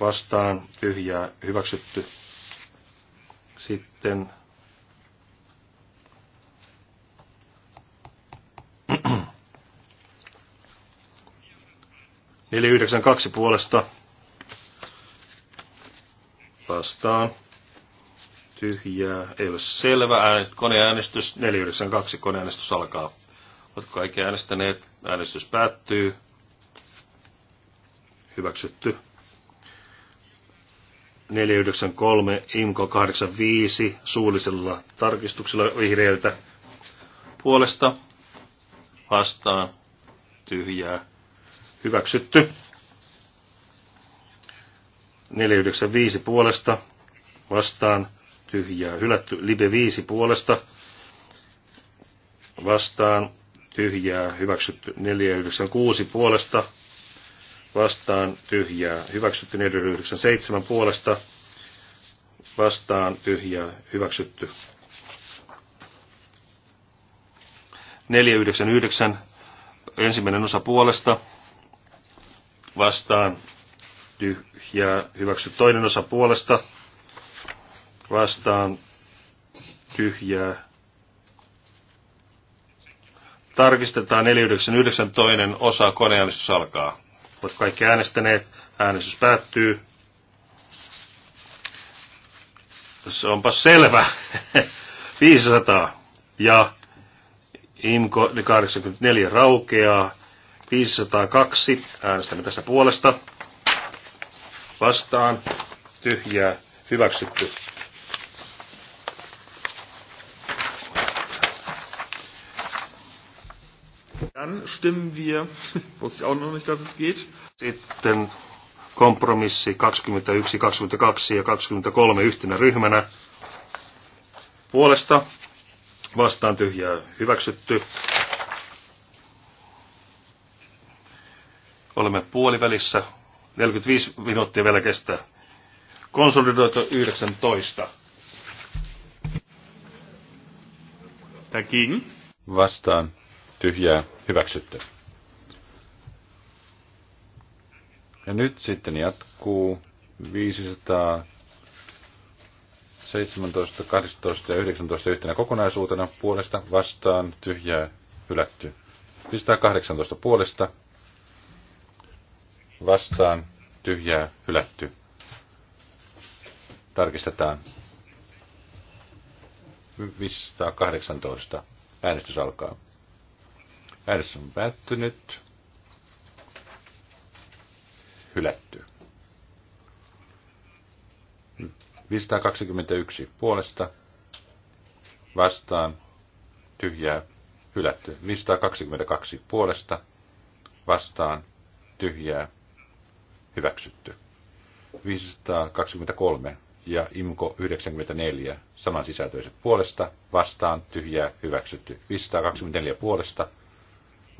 vastaan tyhjää hyväksytty. Sitten 492 puolesta vastaan. Tyhjää, ei ole selvä. Äänet, koneäänestys 492, koneäänestys alkaa. Oletko kaikki äänestäneet? Äänestys päättyy. Hyväksytty. 493, IMKO 85, suullisella tarkistuksella vihreiltä puolesta vastaan tyhjää Hyväksytty. 495 puolesta vastaan tyhjää hylätty. Libe 5 puolesta vastaan tyhjää hyväksytty. 496 puolesta vastaan tyhjää hyväksytty. 497 puolesta vastaan tyhjää hyväksytty. 499 ensimmäinen osa puolesta vastaan tyhjää hyväksy Toinen osa puolesta vastaan tyhjää. Tarkistetaan 499 toinen osa, koneäänestys alkaa. Olet kaikki äänestäneet, äänestys päättyy. Se onpa selvä. 500 <laughs> ja IMKO 84 raukeaa 502. Äänestämme tästä puolesta. Vastaan. Tyhjää. Hyväksytty. Dann stimmen wir, <laughs> wusste ich auch noch nicht, dass es geht. Sitten kompromissi 21, 22 ja 23 yhtenä ryhmänä. Puolesta vastaan tyhjää hyväksytty. Olemme puolivälissä. 45 minuuttia vielä kestää. Konsolidoitu 19. Täkin. Vastaan. Tyhjää. Hyväksytty. Ja nyt sitten jatkuu 500 17, 18 ja 19 yhtenä kokonaisuutena puolesta vastaan tyhjää hylätty. 518 puolesta vastaan tyhjää hylätty. Tarkistetaan. 518. Äänestys alkaa. Äänestys on päättynyt. Hylätty. 521 puolesta vastaan tyhjää hylätty. 522 puolesta vastaan tyhjää hyväksytty. 523 ja IMKO 94 samansisältöiset puolesta, vastaan tyhjää hyväksytty. 524 puolesta,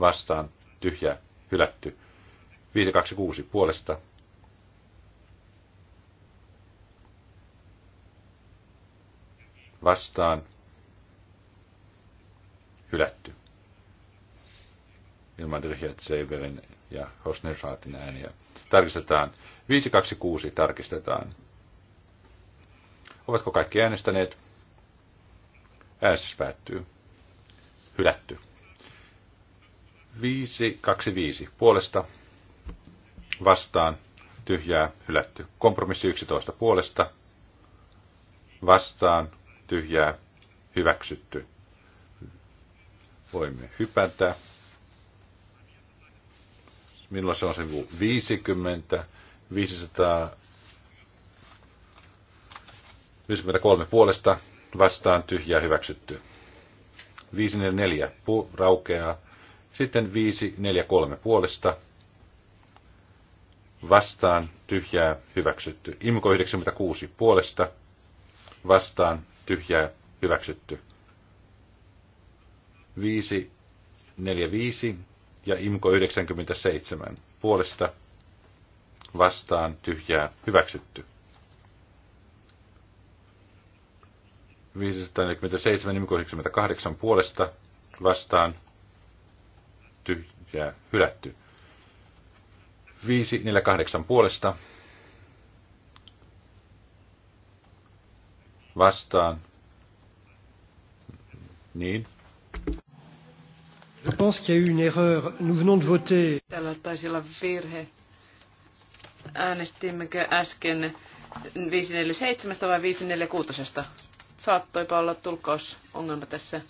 vastaan tyhjää hylätty. 526 puolesta, vastaan hylätty. Ilman se ei ja Hosnersaatin ääniä. Tarkistetaan. 526 tarkistetaan. Ovatko kaikki äänestäneet? Äänestys päättyy. Hylätty. 525 puolesta vastaan tyhjää hylätty. Kompromissi 11 puolesta vastaan tyhjää hyväksytty. Voimme hypätä milloin se on se 50, 500, 53 puolesta vastaan tyhjää hyväksytty. 544 pu, raukeaa. Sitten 543 puolesta vastaan tyhjää hyväksytty. Imko 96 puolesta vastaan tyhjää hyväksytty. 545 ja IMKO 97 puolesta vastaan tyhjää hyväksytty. 547 IMKO 98 puolesta vastaan tyhjää hylätty. 548 puolesta vastaan. Niin, Je pense qu'il y a eu une erreur. Nous venons de voter. Tällä taisi olla virhe. Äänestimmekö äsken 547 vai 546? Saattoipa olla tulkkausongelma tässä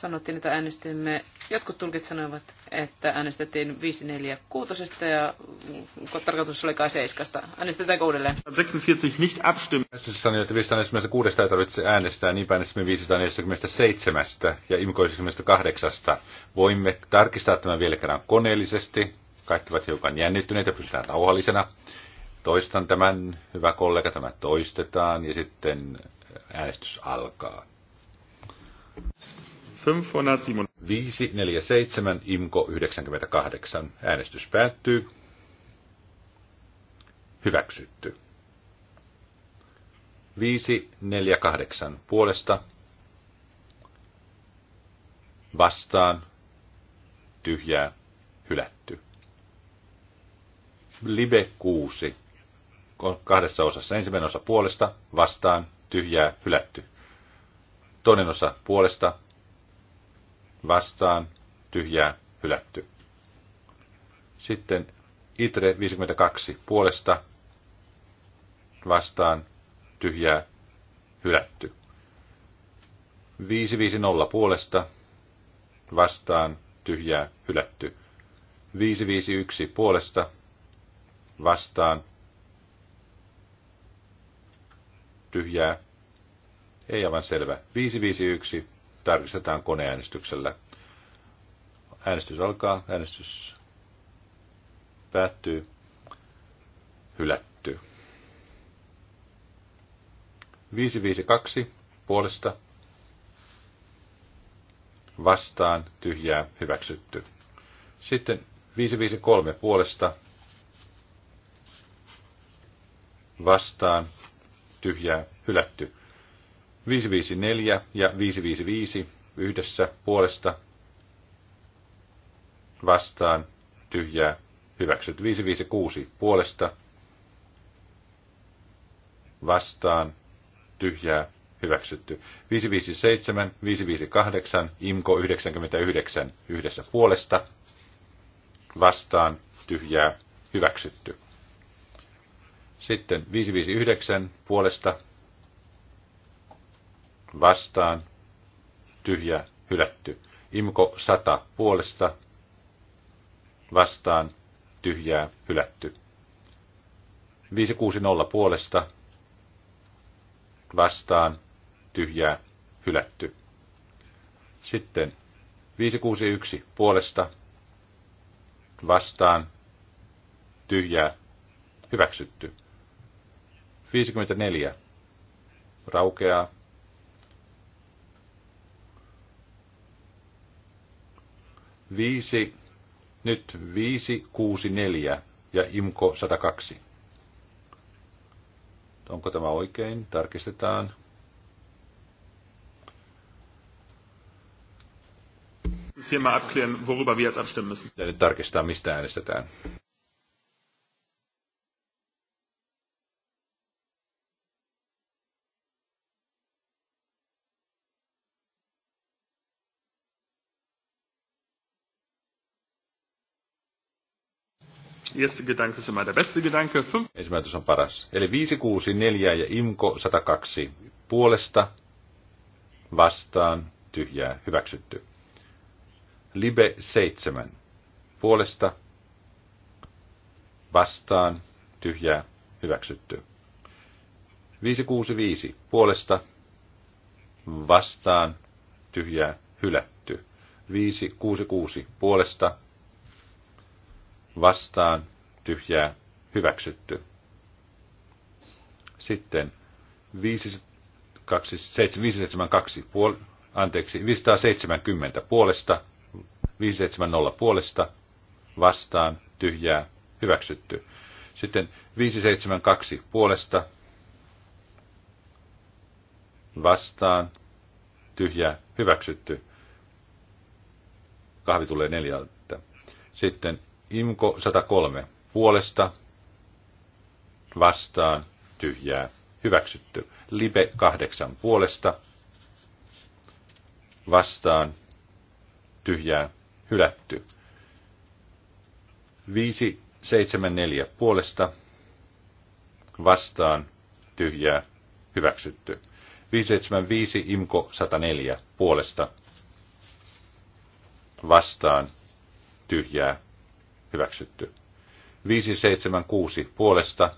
sanottiin, että äänestimme, jotkut tulkit sanoivat, että äänestettiin 546 ja tarkoitus oli kai 7. Äänestetäänkö uudelleen? 46 nicht abstimmen. Äänestys sanoi, että 546 ei tarvitse äänestää, niin äänestimme 547 ja IMKO 98. Voimme tarkistaa tämän vielä kerran koneellisesti. Kaikki ovat hiukan jännittyneitä, pysytään rauhallisena. Toistan tämän, hyvä kollega, tämä toistetaan ja sitten äänestys alkaa. 547 IMKO 98. Äänestys päättyy. Hyväksytty. 548 puolesta. Vastaan. Tyhjää. Hylätty. Live 6. Kahdessa osassa. Ensimmäinen osa puolesta. Vastaan. Tyhjää. Hylätty. Toinen osa puolesta vastaan, tyhjää, hylätty. Sitten ITRE 52 puolesta, vastaan, tyhjää, hylätty. 550 puolesta, vastaan, tyhjää, hylätty. 551 puolesta, vastaan, tyhjää, ei aivan selvä. 551 tarkistetaan koneäänestyksellä. Äänestys alkaa, äänestys päättyy, hylätty. 552 puolesta vastaan tyhjää hyväksytty. Sitten 553 puolesta vastaan tyhjää hylätty. 554 ja 555 yhdessä puolesta vastaan tyhjää hyväksyt. 556 puolesta vastaan tyhjää hyväksytty. 557, 558, IMKO 99 yhdessä puolesta vastaan tyhjää hyväksytty. Sitten 559 puolesta vastaan, tyhjä, hylätty. Imko 100 puolesta, vastaan, tyhjää, hylätty. 560 puolesta, vastaan, tyhjää, hylätty. Sitten 561 puolesta, vastaan, tyhjää, hyväksytty. 54 raukeaa. 5, nyt 5, 6, 4 ja IMKO 102. Onko tämä oikein? Tarkistetaan. Hier mal abklären, worüber wir jetzt abstimmen müssen. Ja nyt tarkistaa, mistä äänestetään. erste Gedanke ist immer der beste Gedanke. Fünf. Ensimmäinen on paras. Eli 5, 6, 4 ja IMKO 102. Puolesta, vastaan, tyhjää, hyväksytty. Libe 7. Puolesta, vastaan, tyhjää, hyväksytty. 565. Puolesta, vastaan, tyhjää, hylätty. 566. Puolesta, vastaan, tyhjää, hyväksytty. Sitten 572 puol, anteeksi, 570 puolesta, 570 puolesta, vastaan, tyhjää, hyväksytty. Sitten 572 puolesta, vastaan, tyhjää, hyväksytty. Kahvi tulee neljältä. Sitten Imko 103. Puolesta vastaan tyhjää hyväksytty. Libe 8. Puolesta vastaan tyhjää hylätty. 5, 7, 4 puolesta vastaan tyhjää hyväksytty. 575 Imko 104 puolesta vastaan tyhjää hyväksytty. 576 puolesta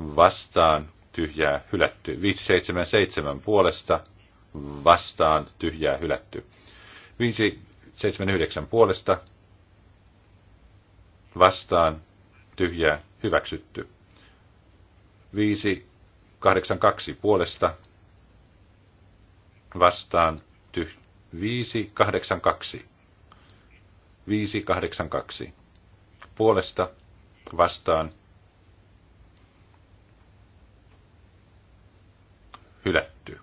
vastaan tyhjää hylätty. 577 puolesta vastaan tyhjää hylätty. 579 puolesta vastaan tyhjää hyväksytty. 582 puolesta vastaan tyhjää. 582 582. Puolesta vastaan hylätty.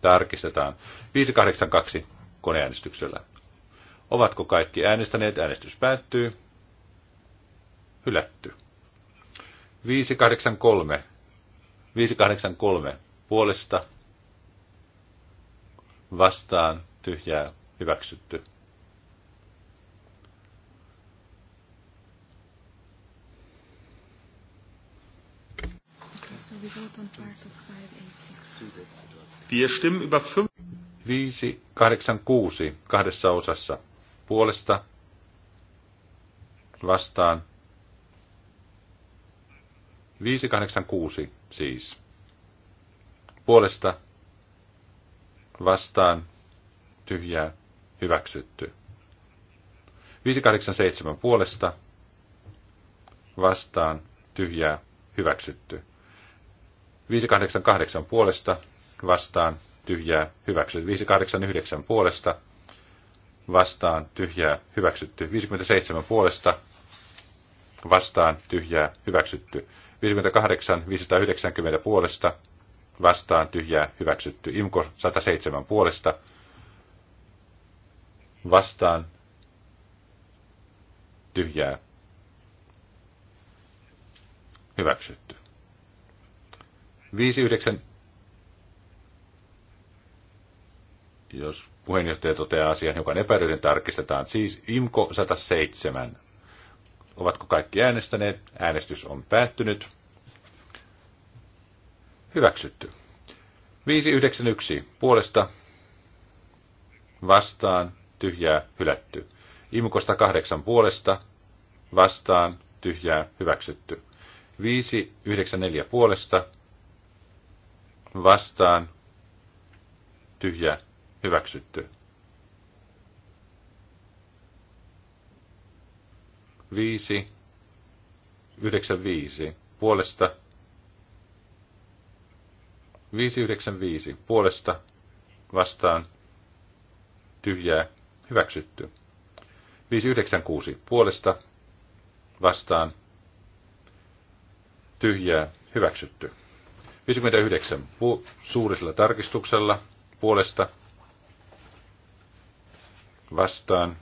Tarkistetaan. 582 koneäänestyksellä. Ovatko kaikki äänestäneet? Äänestys päättyy. Hylätty. 583. 583 puolesta vastaan tyhjää hyväksytty. Wir stimmen über 5. 586 kahdessa osassa. Puolesta vastaan. 586 siis. Puolesta vastaan tyhjää hyväksytty. 587 puolesta vastaan tyhjää hyväksytty. 588 puolesta vastaan tyhjää hyväksytty. 589 puolesta vastaan tyhjää hyväksytty. 57 puolesta vastaan tyhjää hyväksytty. 58 590 puolesta vastaan tyhjää hyväksytty. Imko 107 puolesta vastaan tyhjää hyväksytty. 59. Jos puheenjohtaja toteaa asian joka epäilyden tarkistetaan. Siis IMKO 107. Ovatko kaikki äänestäneet? Äänestys on päättynyt. Hyväksytty. 591 puolesta vastaan tyhjää hylätty. Imkosta kahdeksan puolesta vastaan tyhjää hyväksytty. 594 puolesta vastaan, tyhjä, hyväksytty. Viisi, yhdeksän viisi, puolesta, viisi yhdeksän viisi, puolesta, vastaan, tyhjää, hyväksytty. kuusi puolesta vastaan tyhjää hyväksytty. 59 pu- suurisella tarkistuksella puolesta vastaan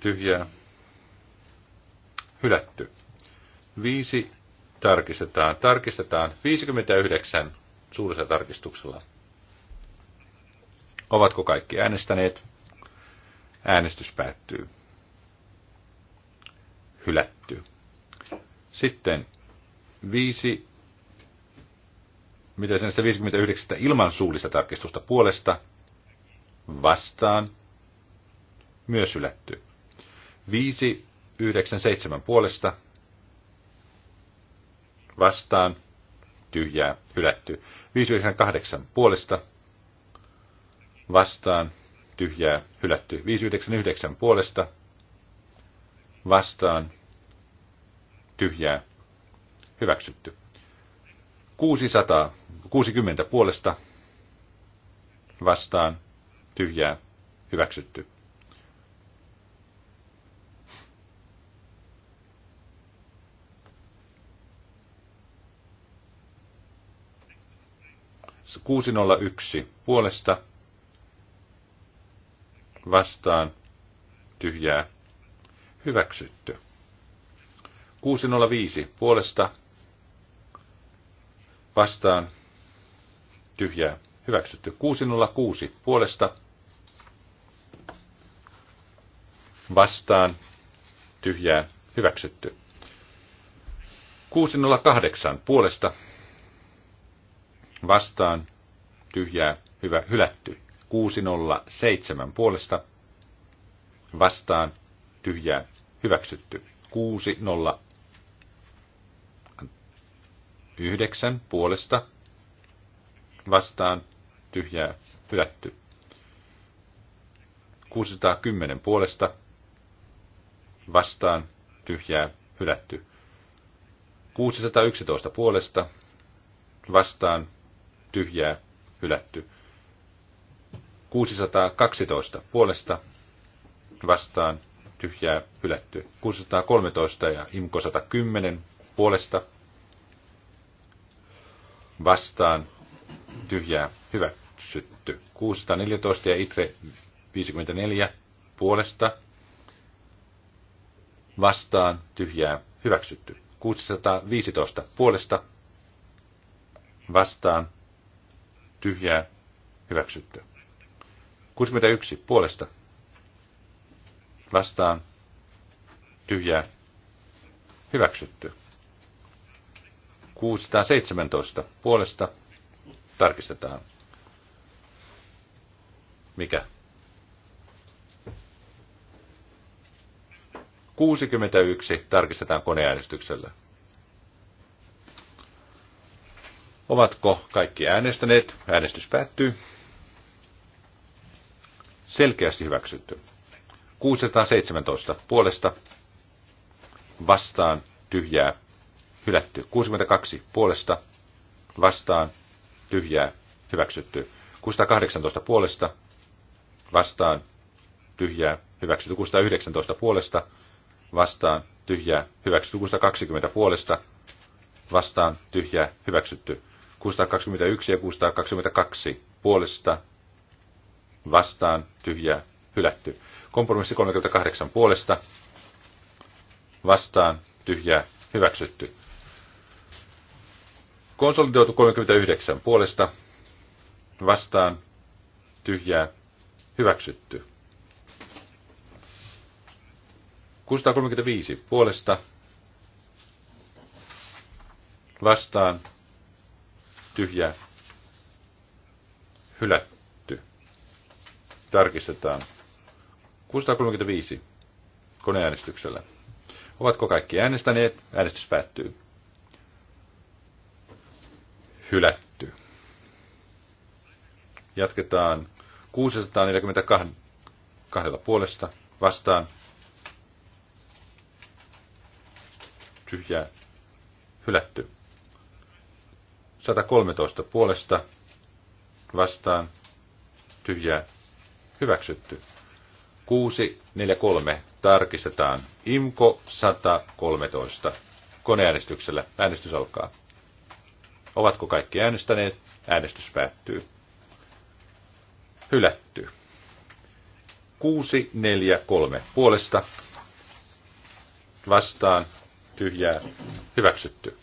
tyhjää hylätty. Viisi tarkistetaan. Tarkistetaan 59 suurisella tarkistuksella. Ovatko kaikki äänestäneet? Äänestys päättyy. Hylätty. Sitten 5, mitä sen 159 ilman suullista tarkistusta puolesta vastaan myös ylätty. 5, 9, 7 puolesta vastaan tyhjää hylätty. 598 puolesta vastaan tyhjää hylätty. 599 puolesta vastaan tyhjää Hyväksytty. 600, 60 puolesta vastaan tyhjää hyväksytty. Kuusi nolla yksi puolesta vastaan tyhjää hyväksytty. viisi puolesta vastaan tyhjää hyväksytty. 606 puolesta vastaan tyhjää hyväksytty. 608 puolesta vastaan tyhjää hyvä hylätty. 607 puolesta vastaan tyhjää hyväksytty. 60 yhdeksän puolesta vastaan tyhjää hylätty. 610 puolesta vastaan tyhjää hylätty. 611 puolesta vastaan tyhjää hylätty. 612 puolesta vastaan tyhjää hylätty. 613 ja imko 110 puolesta vastaan tyhjää hyväksytty. 614 ja ITRE 54 puolesta vastaan tyhjää hyväksytty. 615 puolesta vastaan tyhjää hyväksytty. 61 puolesta vastaan tyhjää hyväksytty. 617 puolesta tarkistetaan. Mikä? 61 tarkistetaan koneäänestyksellä. Ovatko kaikki äänestäneet? Äänestys päättyy. Selkeästi hyväksytty. 617 puolesta vastaan tyhjää hylätty. 62 puolesta vastaan tyhjää hyväksytty. 618 puolesta vastaan tyhjää hyväksytty. 619 puolesta vastaan tyhjää hyväksytty. 620 puolesta vastaan tyhjää hyväksytty. 621 ja 622 puolesta vastaan tyhjää hylätty. Kompromissi 38 puolesta vastaan tyhjää hyväksytty. Konsolidoitu 39 puolesta vastaan tyhjää hyväksytty. 635 puolesta vastaan tyhjää hylätty. Tarkistetaan. 635 koneäänestyksellä. Ovatko kaikki äänestäneet? Äänestys päättyy hylätty. Jatketaan 642 puolesta vastaan Tyhjä hylätty. 113 puolesta vastaan tyhjä hyväksytty. 643 tarkistetaan. Imko 113. Koneäänestyksellä. Äänestys alkaa. Ovatko kaikki äänestäneet? Äänestys päättyy. Hylätty. 3 puolesta vastaan tyhjää hyväksytty.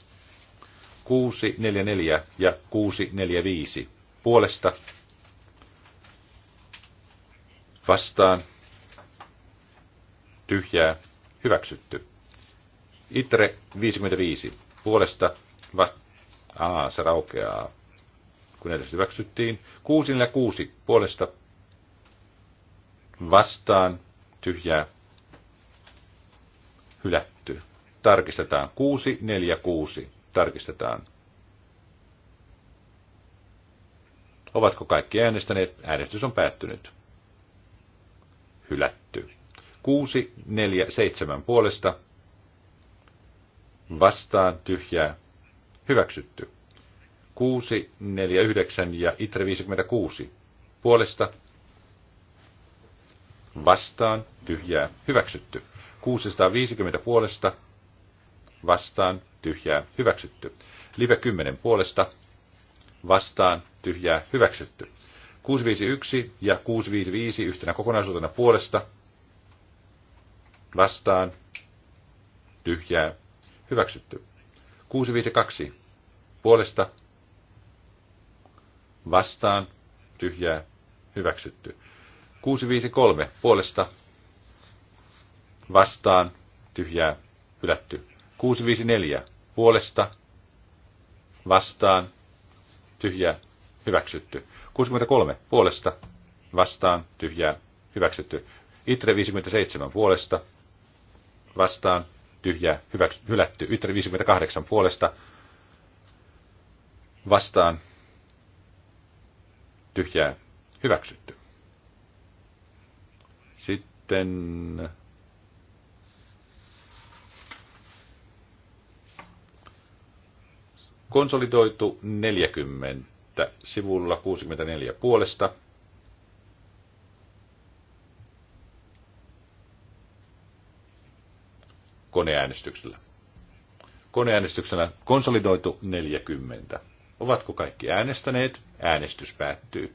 4 ja 5 puolesta vastaan tyhjää hyväksytty. Itre 55 puolesta Vastaan aa se raukeaa, kun edes hyväksyttiin. 6 kuusi puolesta vastaan tyhjää hylätty. Tarkistetaan kuusi neljä kuusi Tarkistetaan. Ovatko kaikki äänestäneet? Äänestys on päättynyt. Hylätty. kuusi neljä seitsemän puolesta. Vastaan tyhjää Hyväksytty. 6, 4, 9 ja ITRE 56. Puolesta. Vastaan. Tyhjää. Hyväksytty. 650 puolesta. Vastaan. Tyhjää. Hyväksytty. Live 10 puolesta. Vastaan. Tyhjää. Hyväksytty. 651 ja 655 yhtenä kokonaisuutena puolesta. Vastaan. Tyhjää. Hyväksytty. 652 puolesta vastaan tyhjää hyväksytty. 653 puolesta vastaan tyhjää hylätty. 654 puolesta vastaan tyhjää hyväksytty. 63 puolesta vastaan tyhjää hyväksytty. Itre 57 puolesta vastaan tyhjä hyväksy, hylätty. Ytri 58 puolesta vastaan tyhjää hyväksytty. Sitten konsolidoitu 40 sivulla 64 puolesta – koneäänestyksellä. Koneäänestyksellä konsolidoitu 40. Ovatko kaikki äänestäneet? Äänestys päättyy.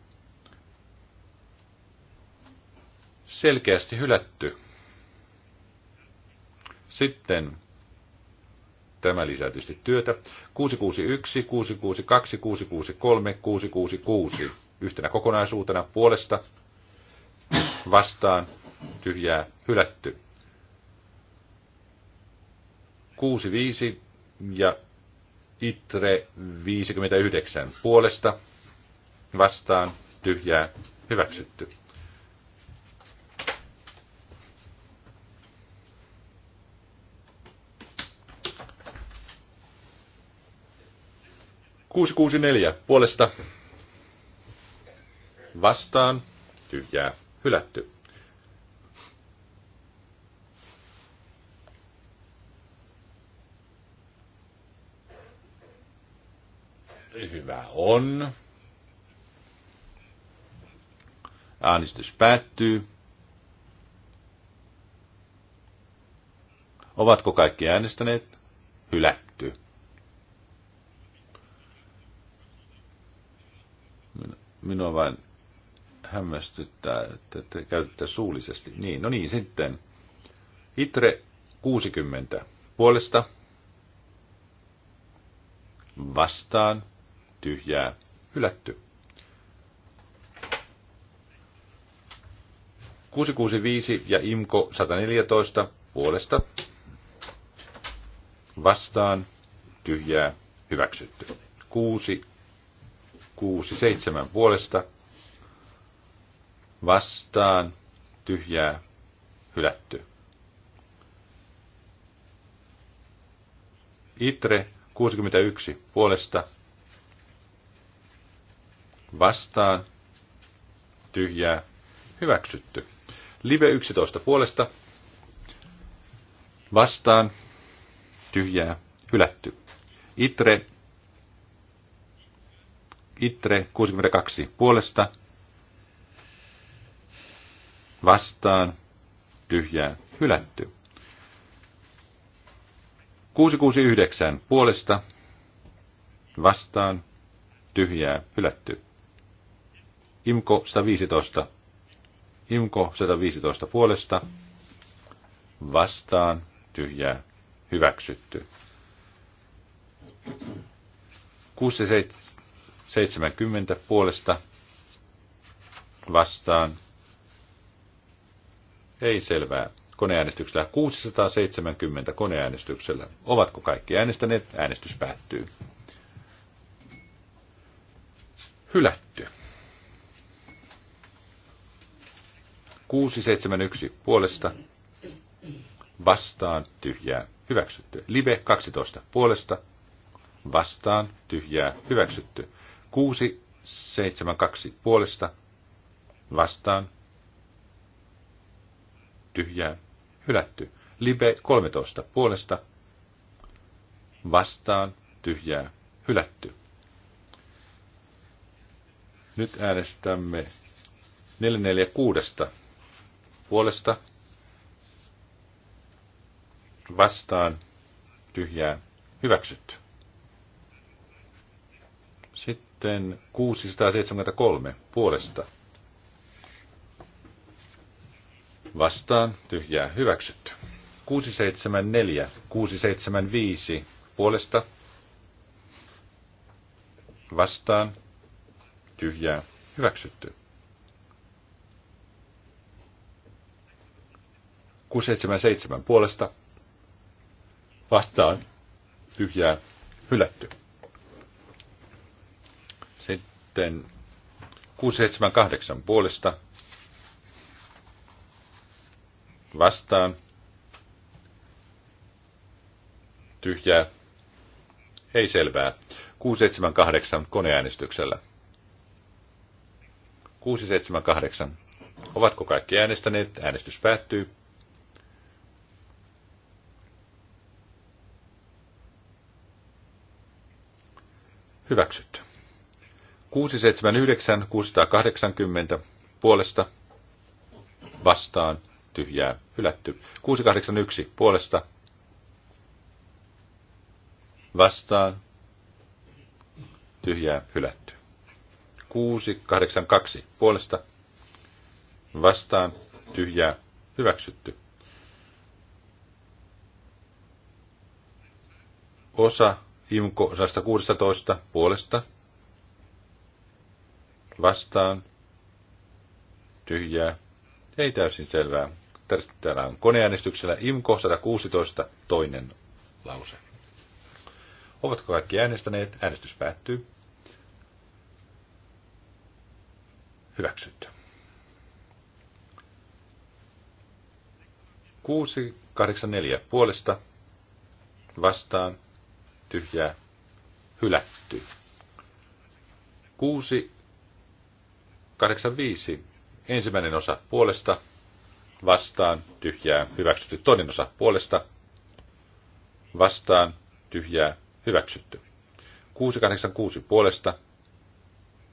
Selkeästi hylätty. Sitten tämä lisää tietysti työtä. 661, 662, 663, 666 yhtenä kokonaisuutena puolesta vastaan tyhjää hylätty. 65 ja ITRE 59 puolesta vastaan tyhjää hyväksytty. Kuusi kuusi neljä puolesta vastaan tyhjää hylätty. Hyvä on. Äänestys päättyy. Ovatko kaikki äänestäneet? Hylätty. Minua vain hämmästyttää, että te käytätte suullisesti. Niin, no niin, sitten. Itre 60. Puolesta. Vastaan tyhjää, hylätty. 665 ja IMKO 114 puolesta vastaan tyhjää hyväksytty. 6, 6, 7 puolesta vastaan tyhjää hylätty. Itre 61 puolesta vastaan, tyhjää, hyväksytty. Live 11 puolesta, vastaan, tyhjää, hylätty. Itre, Itre 62 puolesta, vastaan, tyhjää, hylätty. 669 puolesta, vastaan, tyhjää, hylätty. Imko 115. Imko 115 puolesta. Vastaan. Tyhjää. Hyväksytty. 670 puolesta. Vastaan. Ei selvää. Koneäänestyksellä 670 koneäänestyksellä. Ovatko kaikki äänestäneet? Äänestys päättyy. Hylätty. 671 puolesta vastaan tyhjää hyväksytty. Live 12 puolesta vastaan tyhjää hyväksytty. 672 puolesta vastaan tyhjää hylätty. Live 13 puolesta vastaan tyhjää hylätty. Nyt äänestämme 446 puolesta vastaan tyhjää hyväksytty. Sitten 673 puolesta vastaan tyhjää hyväksytty. 674, 675 puolesta vastaan tyhjää hyväksytty. 677 puolesta vastaan tyhjää hylätty. Sitten 678 puolesta vastaan tyhjää ei selvää. 678 koneäänestyksellä. 678. Ovatko kaikki äänestäneet? Äänestys päättyy. Hyväksytty. 679, 680 puolesta vastaan tyhjää hylätty. 681 puolesta vastaan tyhjää hylätty. 682 puolesta vastaan tyhjää hyväksytty. Osa Imko 116 puolesta. Vastaan. Tyhjää. Ei täysin selvää. Täällä on koneäänestyksellä Imko 116 toinen lause. Ovatko kaikki äänestäneet? Äänestys päättyy. Hyväksytty. 684 puolesta vastaan tyhjää hylätty. 6, 85. Ensimmäinen osa puolesta, vastaan, tyhjää, hyväksytty. Toinen osa puolesta, vastaan, tyhjää, hyväksytty. 686 puolesta,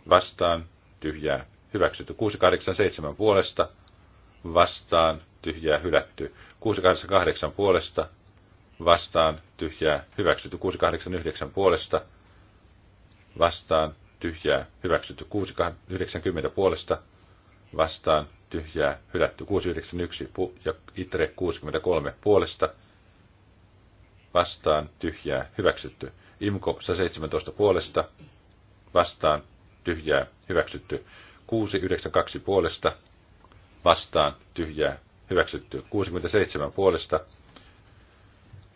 vastaan, tyhjää, hyväksytty. 687 puolesta, vastaan, tyhjää, hylätty. 688 puolesta, vastaan tyhjää hyväksytty 689 puolesta, vastaan tyhjää hyväksytty 690 puolesta, vastaan tyhjää hylätty 691 ja itre 63 puolesta, vastaan tyhjää hyväksytty imko 117 puolesta, vastaan tyhjää hyväksytty 692 puolesta, vastaan tyhjää hyväksytty 67 puolesta,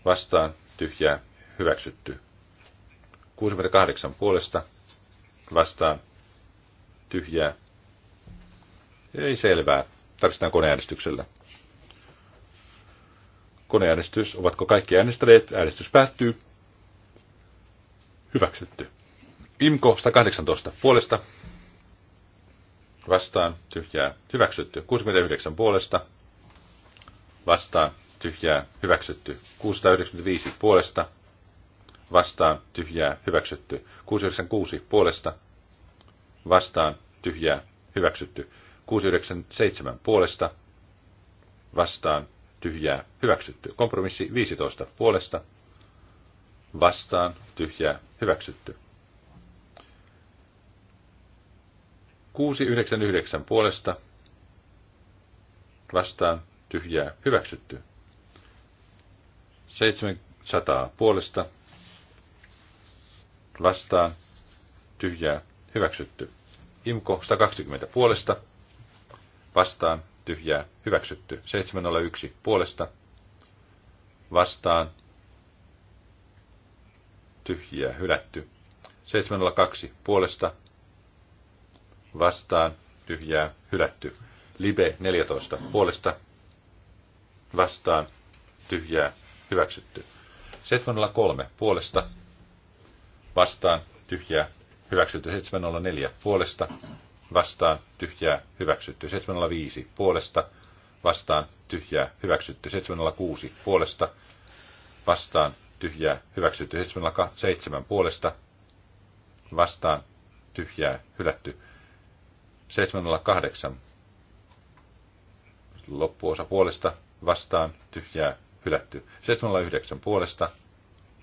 vastaan tyhjää hyväksytty. 68 puolesta vastaan tyhjää. Ei selvää. Tarkistetaan koneäänestyksellä. Koneäänestys. Ovatko kaikki äänestäneet? Äänestys päättyy. Hyväksytty. IMKO 118 puolesta vastaan tyhjää. Hyväksytty. 69 puolesta vastaan tyhjää, hyväksytty. 695 puolesta, vastaan, tyhjää, hyväksytty. 696 puolesta, vastaan, tyhjää, hyväksytty. 697 puolesta, vastaan, tyhjää, hyväksytty. Kompromissi 15 puolesta, vastaan, tyhjää, hyväksytty. 699 puolesta, vastaan, tyhjää, hyväksytty. 700 puolesta vastaan tyhjää hyväksytty. Imko 120 puolesta vastaan tyhjää hyväksytty. 701 puolesta vastaan tyhjää hylätty. 702 puolesta vastaan tyhjää hylätty. Libe 14 puolesta vastaan tyhjää hyväksytty. 703 puolesta vastaan tyhjää hyväksytty. 704 puolesta vastaan tyhjää hyväksytty. 705 puolesta vastaan tyhjää hyväksytty. 706 puolesta vastaan tyhjää hyväksytty. 707 puolesta vastaan tyhjää hylätty. 708 loppuosa puolesta vastaan tyhjää hylätty. 709 puolesta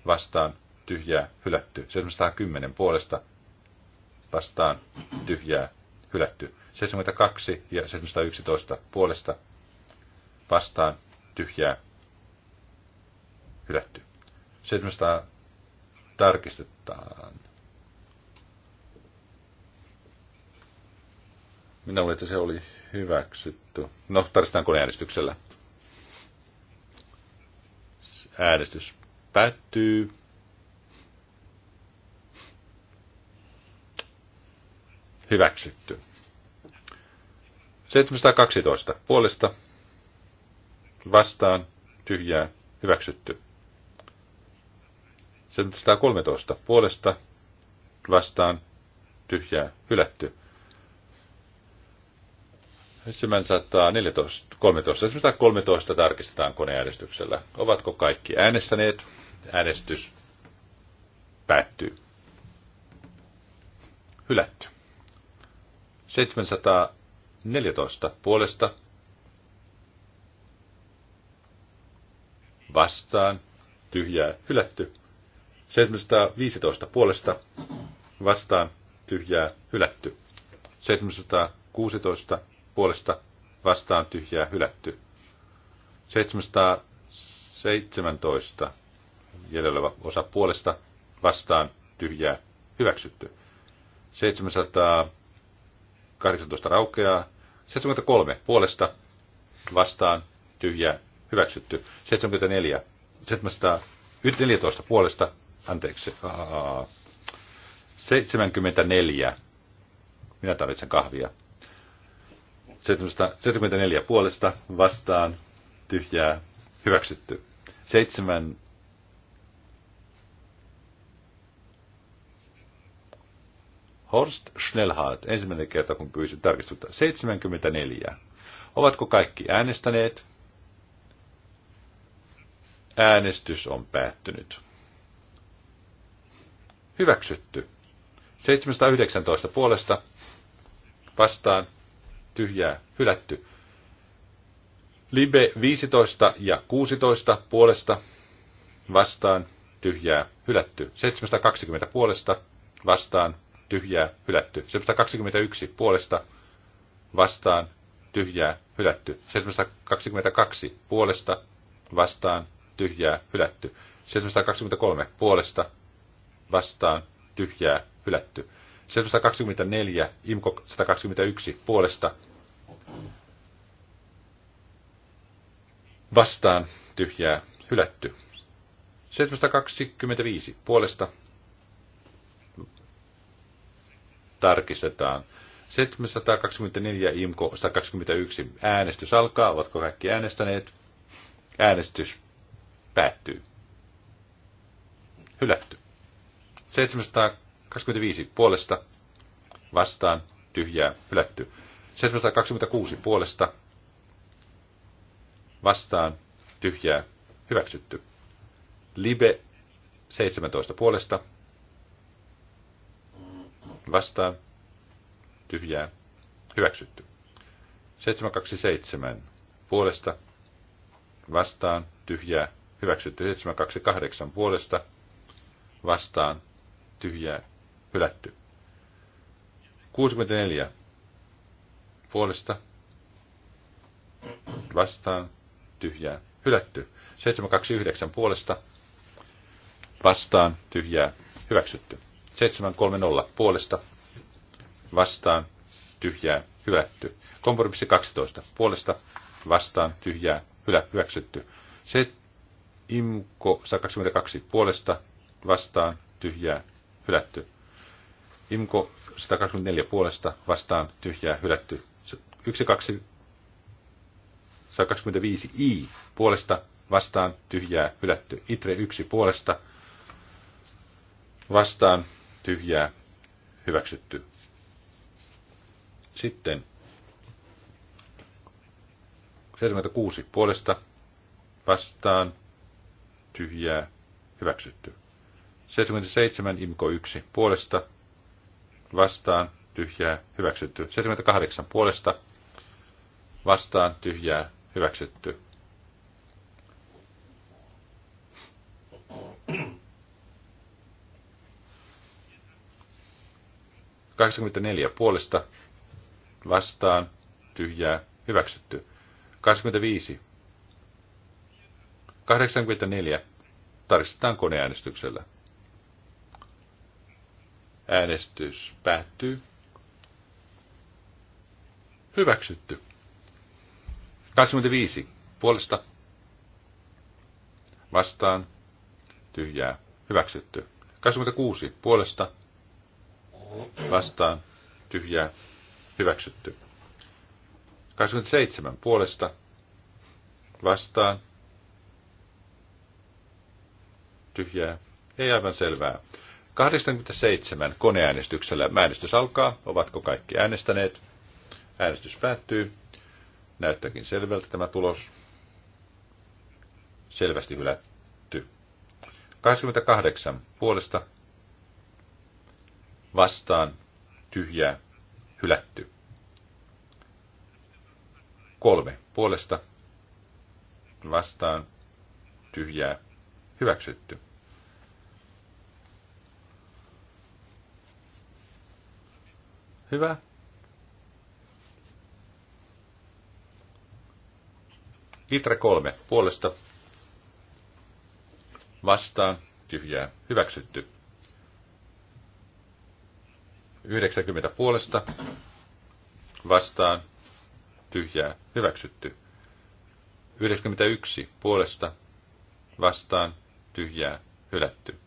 vastaan tyhjää hylätty. 710 puolesta vastaan tyhjää hylätty. 72 ja 711 puolesta vastaan tyhjää hylätty. 700 tarkistetaan. Minä luulen, että se oli hyväksytty. No, tarkistetaan koneäänestyksellä. Äänestys päättyy. Hyväksytty. 712 puolesta vastaan tyhjää hyväksytty. 713 puolesta vastaan tyhjää hylätty. 714, 13, 713 tarkistetaan koneäänestyksellä. Ovatko kaikki äänestäneet? Äänestys päättyy. Hylätty. 714 puolesta vastaan tyhjää hylätty. 715 puolesta vastaan tyhjää hylätty. 716 puolesta vastaan tyhjää hylätty. 717 jäljellä oleva osa puolesta vastaan tyhjää hyväksytty. 718 raukeaa. 73 puolesta vastaan tyhjää hyväksytty. 74 714 puolesta, anteeksi, aa, 74. Minä tarvitsen kahvia. 74 puolesta vastaan tyhjää hyväksytty. 7 Horst Schnellhardt, ensimmäinen kerta kun pyysin tarkistusta, 74. Ovatko kaikki äänestäneet? Äänestys on päättynyt. Hyväksytty. 719 puolesta vastaan tyhjää hylätty. Libe 15 ja 16 puolesta vastaan tyhjää hylätty. 720 puolesta vastaan tyhjää hylätty. 721 puolesta vastaan tyhjää hylätty. 722 puolesta vastaan tyhjää hylätty. 723 puolesta vastaan tyhjää hylätty. 724 imko 121 puolesta vastaan tyhjää hylätty. 725 puolesta tarkistetaan. 724 IMKO 121 äänestys alkaa. Ovatko kaikki äänestäneet? Äänestys päättyy. Hylätty. 725 puolesta vastaan tyhjää hylätty. 726 puolesta vastaan tyhjää hyväksytty. Libe 17 puolesta vastaan tyhjää hyväksytty. 727 puolesta vastaan tyhjää hyväksytty. 728 puolesta vastaan tyhjää hylätty. 64 puolesta vastaan tyhjää, hylätty. 729 puolesta vastaan, tyhjää, hyväksytty. 730 puolesta vastaan, tyhjää, hylätty. Kompromissi 12 puolesta vastaan, tyhjää, hylä, hyväksytty. Se imko 122 puolesta vastaan, tyhjää, hylätty. Imko 124 puolesta vastaan, tyhjää, hylätty. 1, 2, 125 i puolesta vastaan tyhjää hylätty. Itre 1 puolesta vastaan tyhjää hyväksytty. Sitten 76 puolesta vastaan tyhjää hyväksytty. 77 imko 1 puolesta vastaan tyhjää hyväksytty. 78 puolesta vastaan tyhjää Hyväksytty. Kaksikymmentäneljä puolesta vastaan tyhjää hyväksytty. 25. 84. Tarkistetaan koneäänestyksellä. Äänestys päättyy. Hyväksytty. 25 puolesta vastaan tyhjää hyväksytty. 26 puolesta vastaan tyhjää hyväksytty. 27 puolesta vastaan tyhjää ei aivan selvää. 27. koneäänestyksellä äänestys alkaa. Ovatko kaikki äänestäneet? Äänestys päättyy. Näyttääkin selvältä tämä tulos. Selvästi hylätty. 28 puolesta vastaan tyhjää hylätty. Kolme puolesta vastaan tyhjää hyväksytty. Hyvä. Itre kolme puolesta vastaan tyhjää hyväksytty. 90 puolesta vastaan tyhjää hyväksytty. 91 puolesta vastaan tyhjää hylätty.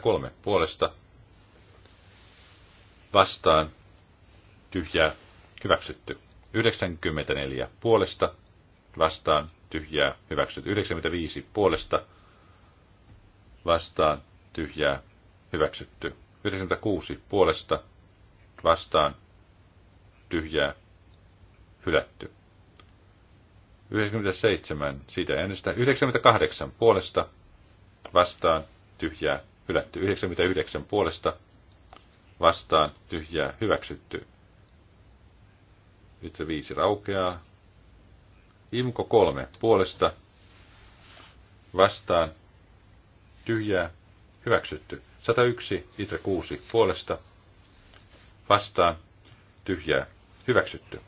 kolme puolesta vastaan tyhjää hyväksytty. 94 puolesta vastaan tyhjää hyväksytty. 95 puolesta vastaan tyhjää hyväksytty. 96 puolesta vastaan tyhjää hylätty. 97, siitä äänestä 98 puolesta vastaan tyhjää hylätty. 99 puolesta vastaan tyhjää hyväksytty. se viisi raukeaa. Imko kolme puolesta vastaan tyhjää hyväksytty. 101 Itre 6 puolesta vastaan tyhjää hyväksytty.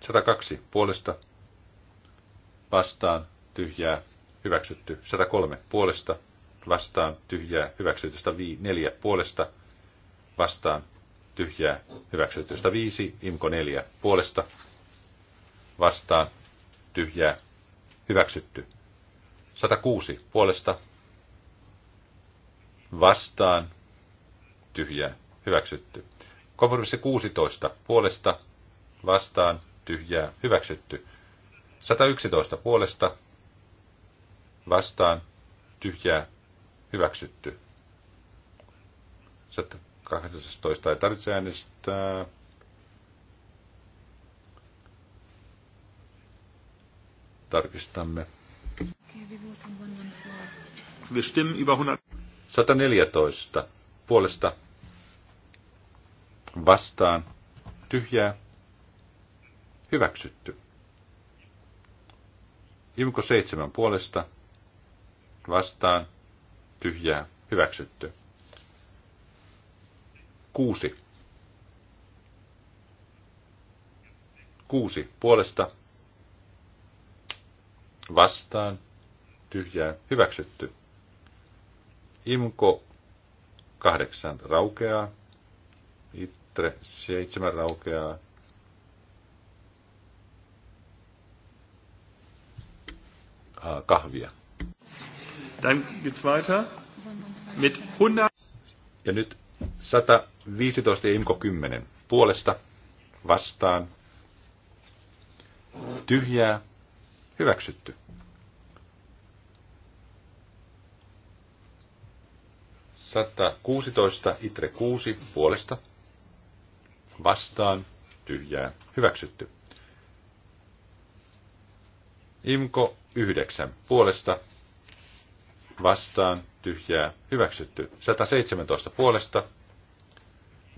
102 puolesta vastaan tyhjää hyväksytty. 103 puolesta vastaan tyhjää hyväksytystä neljä puolesta vastaan tyhjää hyväksytystä viisi imko neljä puolesta vastaan tyhjää hyväksytty. 106 puolesta vastaan tyhjää hyväksytty. Kompromissi 16 puolesta vastaan tyhjää hyväksytty. 111 puolesta vastaan tyhjää Hyväksytty. 18. ei tarvitse äänestää. Tarkistamme. Wir 114 puolesta vastaan tyhjää hyväksytty. Imko 7 puolesta vastaan tyhjää, hyväksytty. Kuusi. Kuusi puolesta vastaan tyhjää, hyväksytty. Imko kahdeksan raukeaa, itre seitsemän raukeaa, kahvia. Dann es weiter mit 100. Ja nyt 115 ja Imko 10 puolesta vastaan. Tyhjää hyväksytty. Sata kuusitoista itre kuusi puolesta vastaan tyhjää hyväksytty. Imko yhdeksän puolesta vastaan, tyhjää, hyväksytty. 117 puolesta,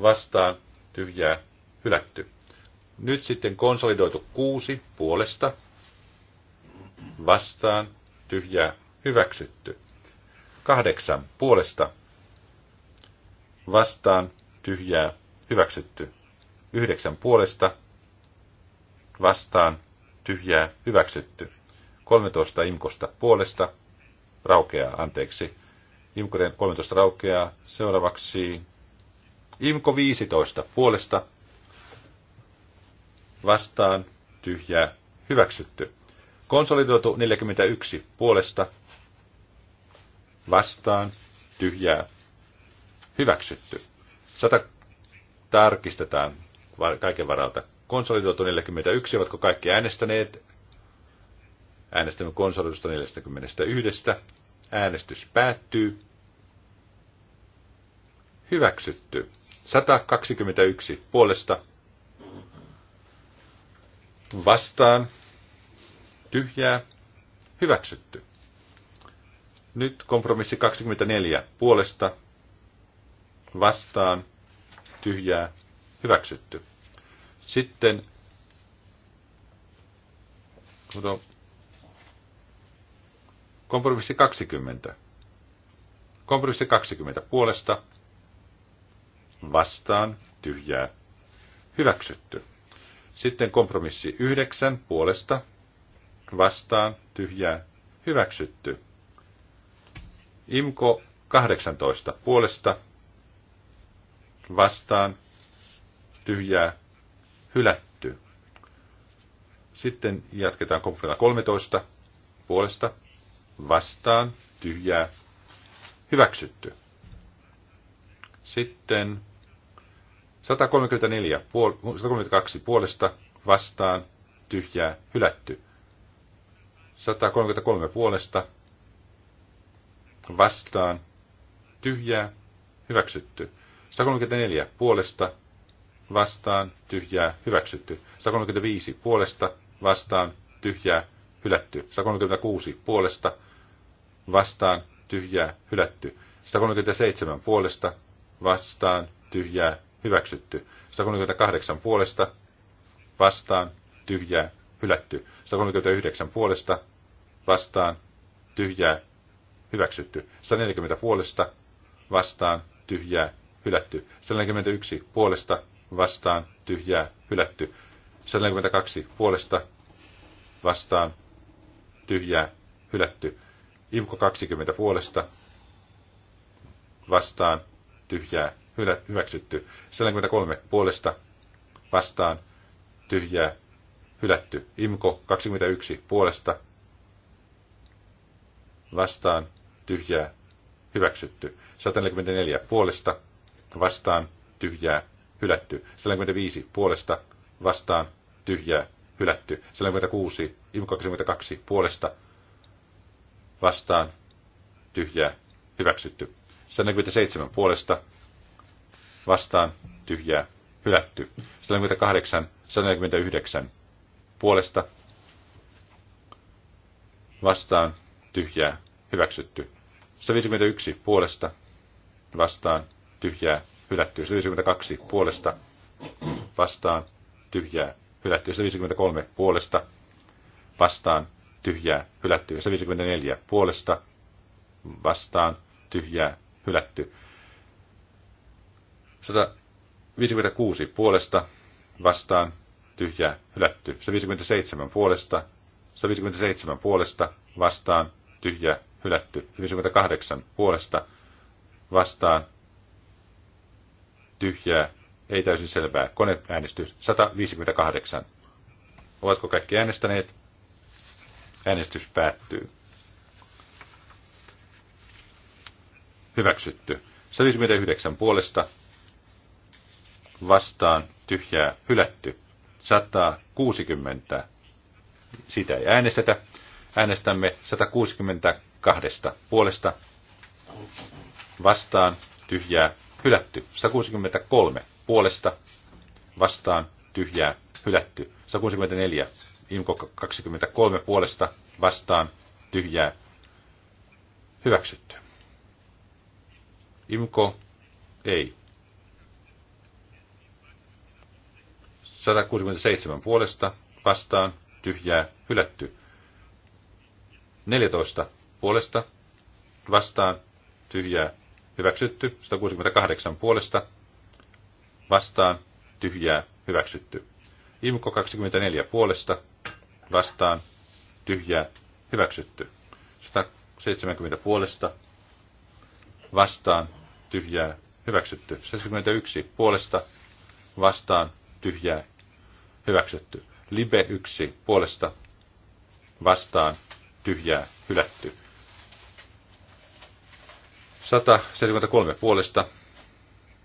vastaan, tyhjää, hylätty. Nyt sitten konsolidoitu kuusi puolesta, vastaan, tyhjää, hyväksytty. kahdeksan puolesta, vastaan, tyhjää, hyväksytty. yhdeksän puolesta, vastaan, tyhjää, hyväksytty. 13 imkosta puolesta, raukeaa, anteeksi. Imko 13 raukeaa. Seuraavaksi Imko 15 puolesta vastaan tyhjää hyväksytty. Konsolidoitu 41 puolesta vastaan tyhjää hyväksytty. Sata tarkistetaan kaiken varalta. Konsolidoitu 41, ovatko kaikki äänestäneet? Äänestämme konsolidusta 41. Äänestys päättyy. Hyväksytty. 121 puolesta. Vastaan. Tyhjää. Hyväksytty. Nyt kompromissi 24 puolesta. Vastaan. Tyhjää. Hyväksytty. Sitten Kompromissi 20. Kompromissi 20 puolesta. Vastaan. Tyhjää. Hyväksytty. Sitten kompromissi 9 puolesta. Vastaan. Tyhjää. Hyväksytty. Imko 18 puolesta. Vastaan. Tyhjää. Hylätty. Sitten jatketaan kompromissi 13 puolesta vastaan, tyhjää, hyväksytty. Sitten 134, puol, 132 puolesta, vastaan, tyhjää, hylätty. 133 puolesta, vastaan, tyhjää, hyväksytty. 134 puolesta, vastaan, tyhjää, hyväksytty. 135 puolesta, vastaan, tyhjää, hylätty. 136 puolesta vastaan tyhjää hylätty. 137 puolesta vastaan tyhjää hyväksytty. 138 puolesta vastaan tyhjää hylätty. 139 puolesta vastaan tyhjää hyväksytty. 140 puolesta vastaan tyhjää hylätty. 141 puolesta vastaan tyhjää hylätty. 142 puolesta vastaan tyhjää, hylätty. Imko 20 puolesta, vastaan, tyhjää, hylä, hyväksytty. 43 puolesta, vastaan, tyhjää, hylätty. Imko 21 puolesta, vastaan, tyhjää, hyväksytty. 144 puolesta, vastaan, tyhjää, hylätty. 145 puolesta, vastaan, tyhjää, hylätty. 46, Imko 22 puolesta vastaan tyhjää hyväksytty. 147 puolesta vastaan tyhjää hylätty. 148, 149 puolesta vastaan tyhjää hyväksytty. 151 puolesta vastaan tyhjää hylätty. 152 puolesta vastaan tyhjää hylätty 153 puolesta, vastaan tyhjää hylätty 154 puolesta, vastaan tyhjää hylätty 156 puolesta, vastaan tyhjää hylätty 157 puolesta, 157 puolesta, vastaan tyhjää hylätty 158 puolesta, vastaan tyhjää ei täysin selvää. Koneäänestys 158. Ovatko kaikki äänestäneet? Äänestys päättyy. Hyväksytty. 159 puolesta vastaan tyhjää hylätty. 160. Sitä ei äänestetä. Äänestämme 162 puolesta vastaan tyhjää hylätty. 163 puolesta vastaan tyhjää hylätty. 164 Inko 23 puolesta vastaan tyhjää hyväksytty. Imko ei. 167 puolesta vastaan tyhjää hylätty. 14 puolesta vastaan tyhjää hyväksytty. 168 puolesta vastaan, tyhjää, hyväksytty. Imko 24 puolesta, vastaan, tyhjää, hyväksytty. 170 puolesta, vastaan, tyhjää, hyväksytty. 71 puolesta, vastaan, tyhjää, hyväksytty. Libe 1 puolesta, vastaan, tyhjää, hylätty. 173 puolesta,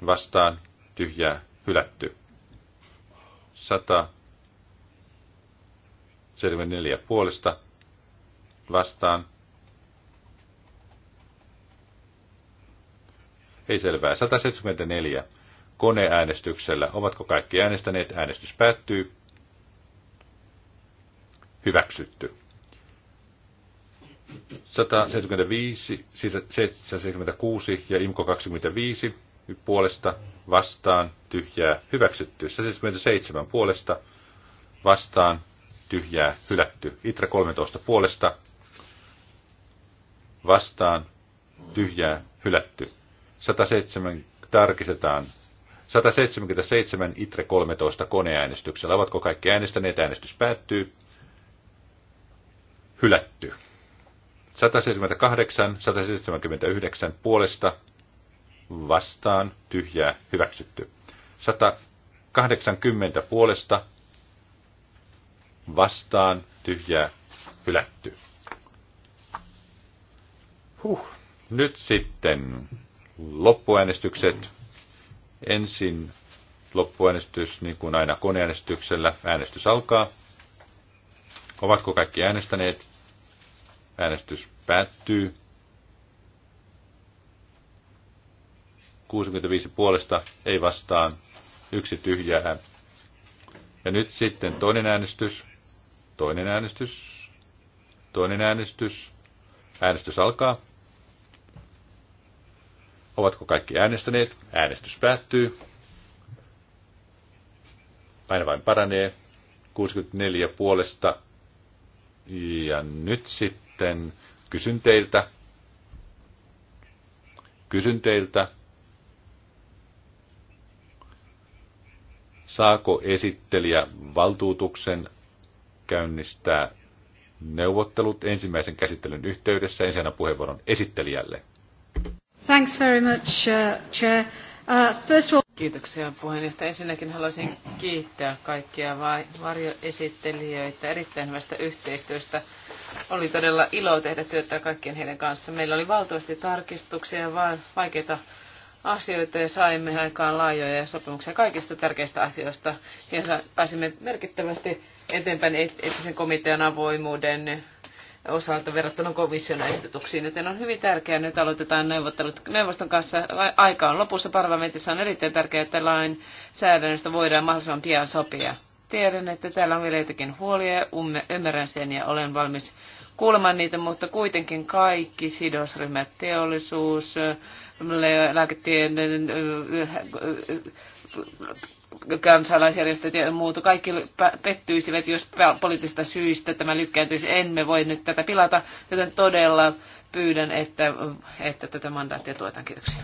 vastaan, tyhjää hylätty. 174 puolesta vastaan. Ei selvää. 174 koneäänestyksellä. Ovatko kaikki äänestäneet? Äänestys päättyy. Hyväksytty. 175, 176 siis ja IMKO 25 puolesta vastaan tyhjää hyväksytty. 177 puolesta vastaan tyhjää hylätty. Itra 13 puolesta vastaan tyhjää hylätty. 107 tarkistetaan. 177 Itre 13 koneäänestyksellä. Ovatko kaikki äänestäneet? Äänestys päättyy. Hylätty. 178, 179 puolesta vastaan, tyhjää, hyväksytty. 180 puolesta, vastaan, tyhjää, hylätty. Huh. Nyt sitten loppuäänestykset. Ensin loppuäänestys, niin kuin aina koneäänestyksellä. Äänestys alkaa. Ovatko kaikki äänestäneet? Äänestys päättyy. 65 puolesta ei vastaan, yksi tyhjää. Ja nyt sitten toinen äänestys, toinen äänestys, toinen äänestys. Äänestys alkaa. Ovatko kaikki äänestäneet? Äänestys päättyy. Aina vain paranee. 64 puolesta. Ja nyt sitten kysyn teiltä. Kysyn teiltä. saako esittelijä valtuutuksen käynnistää neuvottelut ensimmäisen käsittelyn yhteydessä ensinnä puheenvuoron esittelijälle. Thanks very much, uh, Chair. Uh, first of all... Kiitoksia puheenjohtaja. Ensinnäkin haluaisin kiittää kaikkia varjoesittelijöitä erittäin hyvästä yhteistyöstä. Oli todella ilo tehdä työtä kaikkien heidän kanssa. Meillä oli valtavasti tarkistuksia ja vaikeita asioita ja saimme aikaan laajoja sopimuksia kaikista tärkeistä asioista ja pääsimme merkittävästi eteenpäin eettisen komitean avoimuuden osalta verrattuna komission ehdotuksiin, joten on hyvin tärkeää, nyt aloitetaan neuvottelut neuvoston kanssa. Aika on lopussa parlamentissa, on erittäin tärkeää, että lainsäädännöstä voidaan mahdollisimman pian sopia. Tiedän, että täällä on vielä jotakin huolia ja ymmärrän sen ja olen valmis kuulemaan niitä, mutta kuitenkin kaikki sidosryhmät, teollisuus, lääketieteen kansalaisjärjestöt ja muuta, kaikki pettyisivät, jos poliittisista syistä tämä lykkääntyisi. Emme voi nyt tätä pilata, joten todella pyydän, että, että tätä mandaattia tuetaan. Kiitoksia.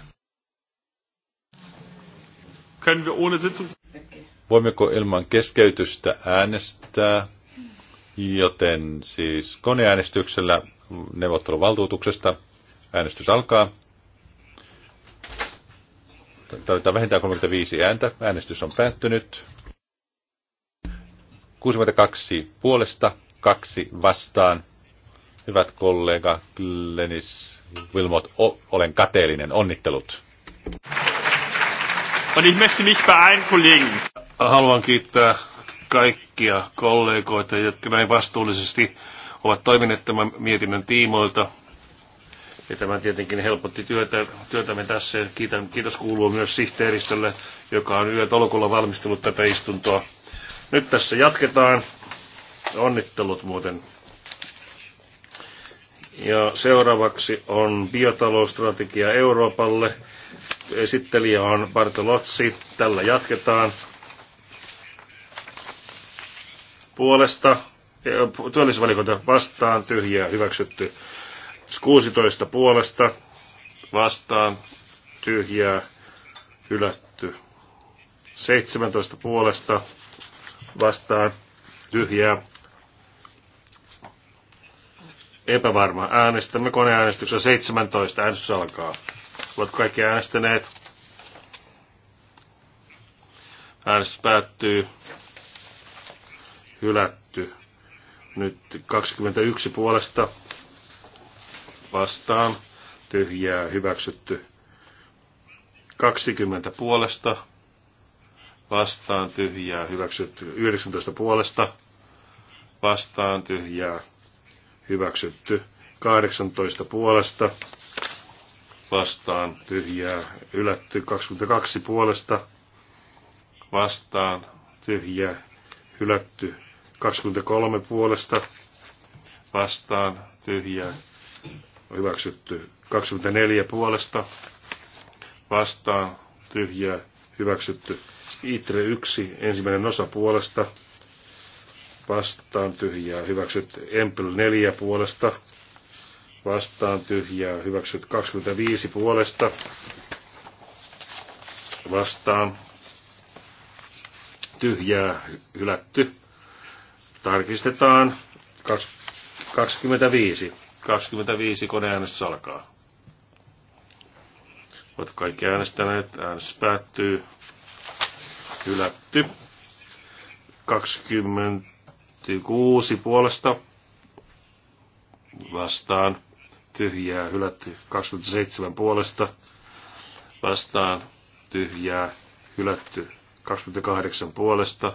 Voimmeko ilman keskeytystä äänestää? Joten siis koneäänestyksellä neuvotteluvaltuutuksesta äänestys alkaa tarvitaan vähintään 35 ääntä. Äänestys on päättynyt. 62 puolesta, kaksi vastaan. Hyvät kollega Glenis Wilmot, olen kateellinen. Onnittelut. Haluan kiittää kaikkia kollegoita, jotka näin vastuullisesti ovat toimineet tämän mietinnön tiimoilta. Ja niin tämä tietenkin helpotti työtä, työtämme tässä. Kiitän, kiitos kuuluu myös sihteeristölle, joka on yötolkulla valmistellut tätä istuntoa. Nyt tässä jatketaan. Onnittelut muuten. Ja seuraavaksi on biotalousstrategia Euroopalle. Esittelijä on Bartolotsi. Tällä jatketaan. Puolesta eh, työllisyysvalikunta vastaan tyhjää hyväksytty. 16 puolesta vastaan tyhjää hylätty. 17 puolesta vastaan tyhjää epävarma. Äänestämme koneäänestyksessä 17. Äänestys alkaa. Ovatko kaikki äänestäneet? Äänestys päättyy. Hylätty. Nyt 21 puolesta vastaan, tyhjää hyväksytty. 20 puolesta vastaan tyhjää hyväksytty. 19 puolesta vastaan tyhjää hyväksytty. 18 puolesta vastaan tyhjää ylätty. 22 puolesta vastaan tyhjää hylätty. 23 puolesta vastaan tyhjää hyväksytty. 24 puolesta vastaan tyhjää hyväksytty. Itre 1 ensimmäinen osa puolesta vastaan tyhjää hyväksytty. Empel 4 puolesta vastaan tyhjää hyväksytty. 25 puolesta vastaan tyhjää hylätty. Tarkistetaan 25. 25 koneäänestys alkaa. Olet kaikki äänestäneet. Äänestys päättyy. Hylätty. 26 puolesta vastaan. Tyhjää hylätty. 27 puolesta vastaan. Tyhjää hylätty. 28 puolesta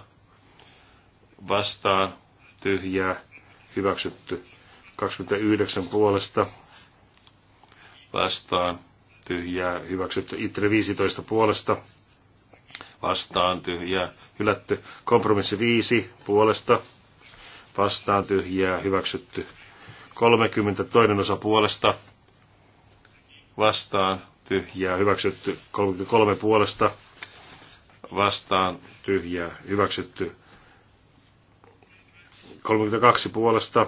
vastaan. Tyhjää hyväksytty. 29 puolesta vastaan tyhjää hyväksytty. Itre 15 puolesta vastaan tyhjää hylätty. Kompromissi 5 puolesta vastaan tyhjää hyväksytty. 30 toinen osa puolesta vastaan tyhjää hyväksytty. 33 puolesta vastaan tyhjää hyväksytty. 32 puolesta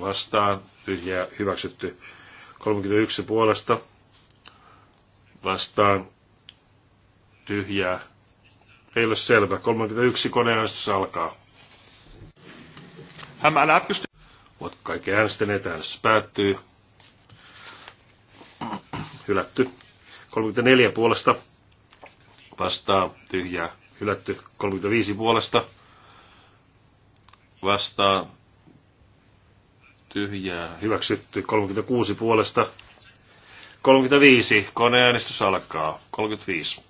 vastaan, tyhjää hyväksytty. 31 puolesta vastaan, tyhjää. Ei ole selvä. 31 koneäänestys alkaa. Hämälä äppysty. Mut kaikki äänestäneet. Äänestys päättyy. Hylätty. 34 puolesta vastaan tyhjää. Hylätty. 35 puolesta vastaan tyhjää hyväksytty. 36 puolesta. 35. Koneäänestys alkaa. 35.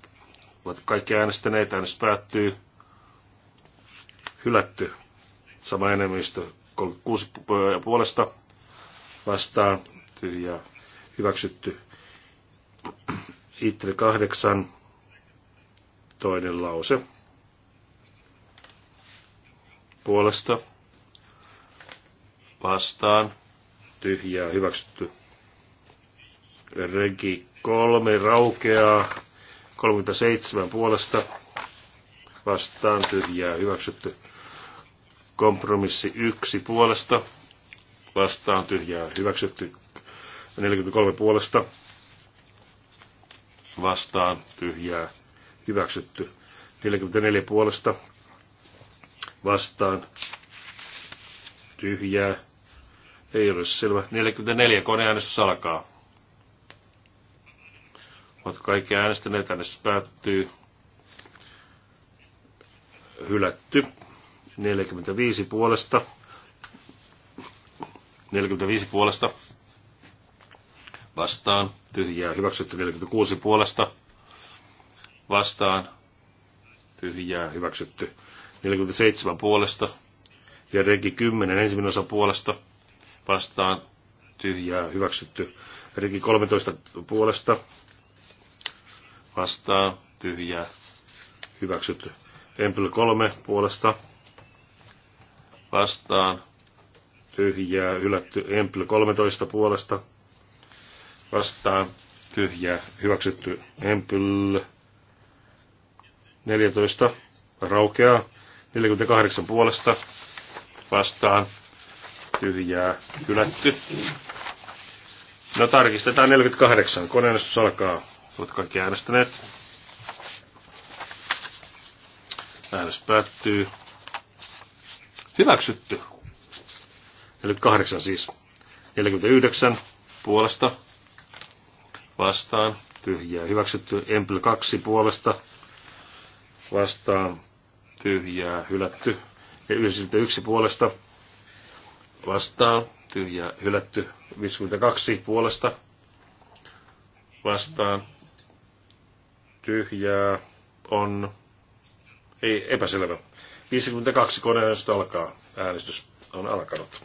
Ovat kaikki äänestäneet. Äänestys päättyy. Hylätty. Sama enemmistö. 36 puolesta vastaan. Tyhjää hyväksytty. Itri 8. Toinen lause. Puolesta vastaan, tyhjää hyväksytty. Regi 3 raukeaa, 37 puolesta vastaan, tyhjää hyväksytty. Kompromissi 1 puolesta vastaan, tyhjää hyväksytty. 43 puolesta vastaan, tyhjää hyväksytty. 44 puolesta vastaan, tyhjää ei ole selvä. 44 koneäänestys alkaa. Ovat kaikki äänestäneet. Äänestys päättyy. Hylätty. 45 puolesta. 45 puolesta. Vastaan. Tyhjää. Hyväksytty 46 puolesta. Vastaan. Tyhjää. Hyväksytty 47 puolesta. Ja regi 10 ensimmäinen osa puolesta vastaan tyhjää hyväksytty. Riki 13 puolesta vastaan tyhjää hyväksytty. Empel 3 puolesta vastaan tyhjää hylätty. Empel 13 puolesta vastaan tyhjää hyväksytty. Empel 14 raukeaa. 48 puolesta vastaan tyhjää hylätty. No tarkistetaan 48. Koneenostus alkaa. Olet kaikki äänestäneet. Äänestys päättyy. Hyväksytty. 48 siis. 49 puolesta vastaan. Tyhjää hyväksytty. Empel 2 puolesta vastaan. Tyhjää hylätty. Ja 91 puolesta vastaan, tyhjää hylätty. 52 puolesta vastaan, tyhjää on, ei epäselvä. 52 koneäänestys alkaa. Äänestys on alkanut.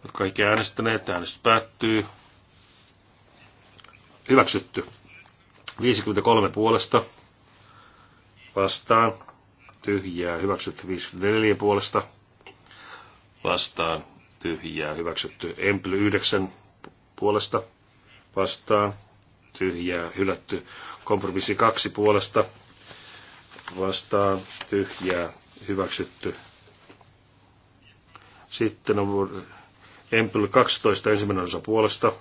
Olet kaikki äänestäneet, äänestys päättyy. Hyväksytty. 53 puolesta vastaan. Tyhjää hyväksytty 54 puolesta vastaan tyhjää hyväksytty. Emply 9 puolesta vastaan tyhjää hylätty. Kompromissi 2 puolesta vastaan tyhjää hyväksytty. Sitten on Empel 12 ensimmäinen osa puolesta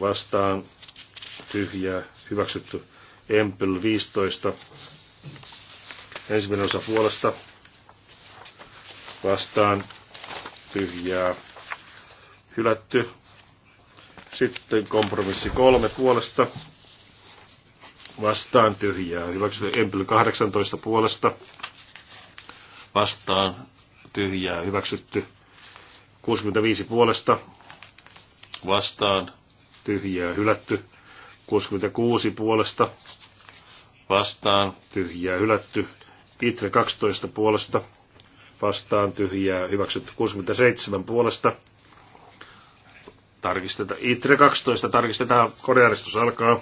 vastaan tyhjää hyväksytty. Empel 15 ensimmäinen osa puolesta vastaan tyhjää hylätty. Sitten kompromissi kolme puolesta vastaan tyhjää hyväksytty. Empel 18 puolesta vastaan tyhjää hyväksytty. 65 puolesta vastaan tyhjää hylätty. 66 puolesta vastaan tyhjää hylätty. Itre 12 puolesta vastaan tyhjää hyväksytty 67 puolesta. Tarkistetaan. ITRE 12 tarkistetaan. Korearistus alkaa.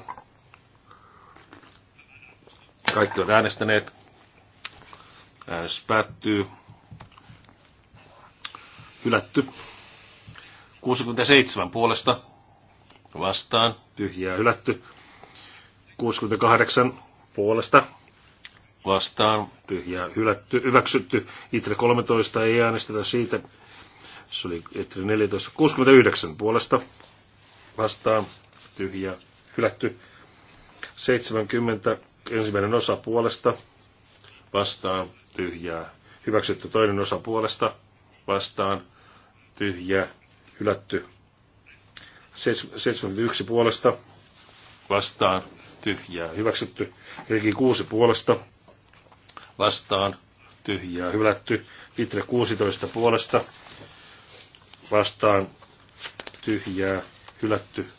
Kaikki ovat äänestäneet. Äänestys päättyy. Hylätty. 67 puolesta vastaan. Tyhjää hylätty. 68 puolesta vastaan, tyhjää hylätty, hyväksytty, Itre 13 ei äänestetä siitä, se oli Itre 14, 69 puolesta vastaan, tyhjää hylätty, 70 ensimmäinen osa puolesta vastaan, tyhjää hyväksytty, toinen osa puolesta vastaan, tyhjää hylätty, 71 puolesta vastaan, tyhjää hyväksytty, Riki 6 puolesta vastaan, tyhjää hylätty. Itre 16 puolesta vastaan, tyhjää hylätty.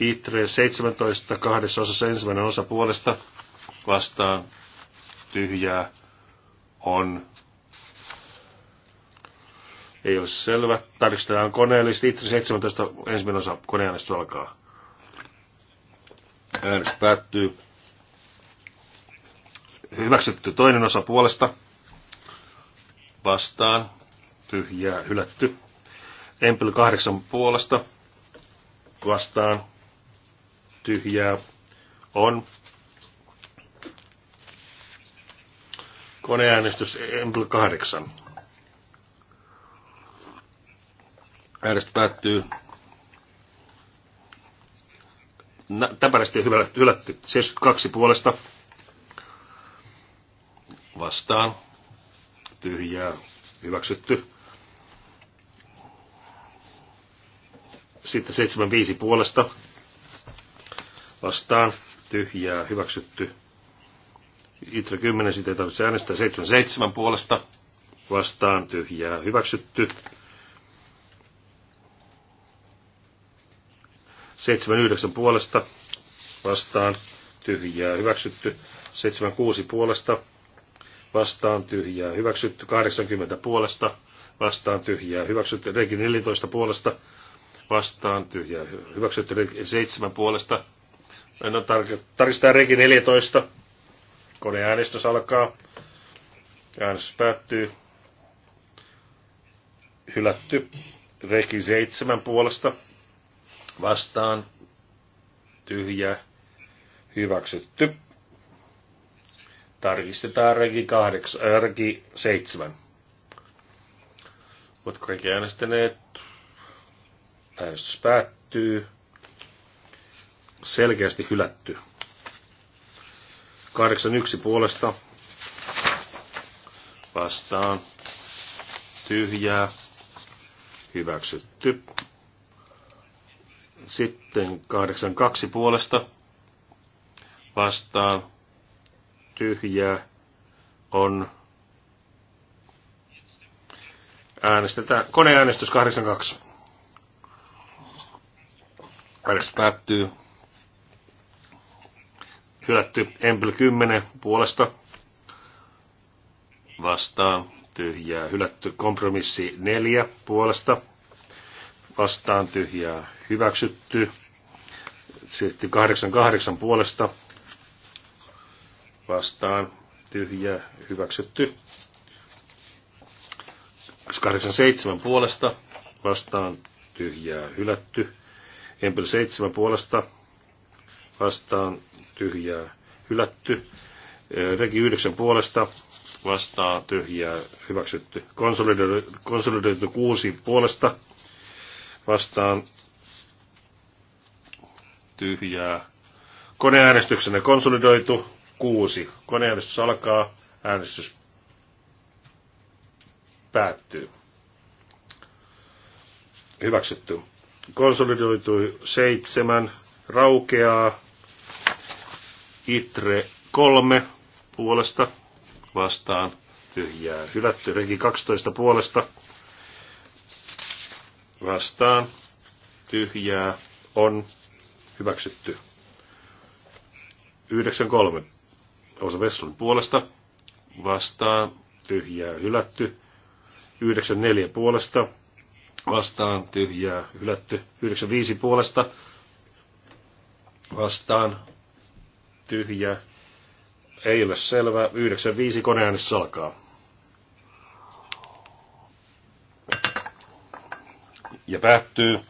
Itre 17 kahdessa osassa ensimmäinen osa puolesta vastaan, tyhjää on ei ole selvä. Tarkistetaan koneellisesti. Itre 17 ensimmäinen osa koneäänestys alkaa. Äänestys päättyy. Hyväksytty toinen osa puolesta. Vastaan. Tyhjää hylätty. Empel 8 puolesta. Vastaan. Tyhjää on. Koneäänestys Empel 8. Äänestys päättyy täpärästi hylätty. 72 siis puolesta vastaan, tyhjää, hyväksytty. Sitten 75 puolesta vastaan, tyhjää, hyväksytty. Itra 10, sitten ei tarvitse äänestää. 77 puolesta vastaan, tyhjää, hyväksytty. 79 puolesta vastaan, tyhjää, hyväksytty. 76 puolesta vastaan tyhjää hyväksytty, 80 puolesta vastaan tyhjää hyväksytty, regi 14 puolesta vastaan tyhjää hyväksytty, regi 7 puolesta. No, tar- tarkistetaan regi 14. Koneäänestys alkaa. Äänestys päättyy. Hylätty. Regi 7 puolesta vastaan tyhjää hyväksytty. Tarkistetaan regi, 8, äh, regi 7. Oletko kaikki äänestäneet? Äänestys päättyy. Selkeästi hylätty. 81 puolesta. Vastaan. Tyhjää. Hyväksytty. Sitten 82 puolesta. Vastaan tyhjää on äänestetään. Koneäänestys 82. Äänestys päättyy. Hylätty Empel 10 puolesta. Vastaan tyhjää. Hylätty kompromissi 4 puolesta. Vastaan tyhjää. Hyväksytty. Sitten 88 puolesta vastaan tyhjää hyväksytty. 87 puolesta vastaan tyhjää hylätty. Empel 7 puolesta vastaan tyhjää hylätty. Regi 9 puolesta vastaan tyhjää hyväksytty. Konsolidoitu, konsolidoitu 6 puolesta vastaan tyhjää koneäänestyksenä konsolidoitu Kuusi Koneäänestys alkaa, äänestys päättyy. Hyväksytty. Konsolidoitu seitsemän raukeaa, itre kolme puolesta vastaan tyhjää. Hylätty regi 12 puolesta vastaan tyhjää on hyväksytty. 9.3 Osa Vesslun puolesta vastaan, tyhjää hylätty. 94 puolesta vastaan, tyhjää hylätty. 95 puolesta vastaan, tyhjää. Ei ole selvä. 95 koneäänestys alkaa. ja päättyy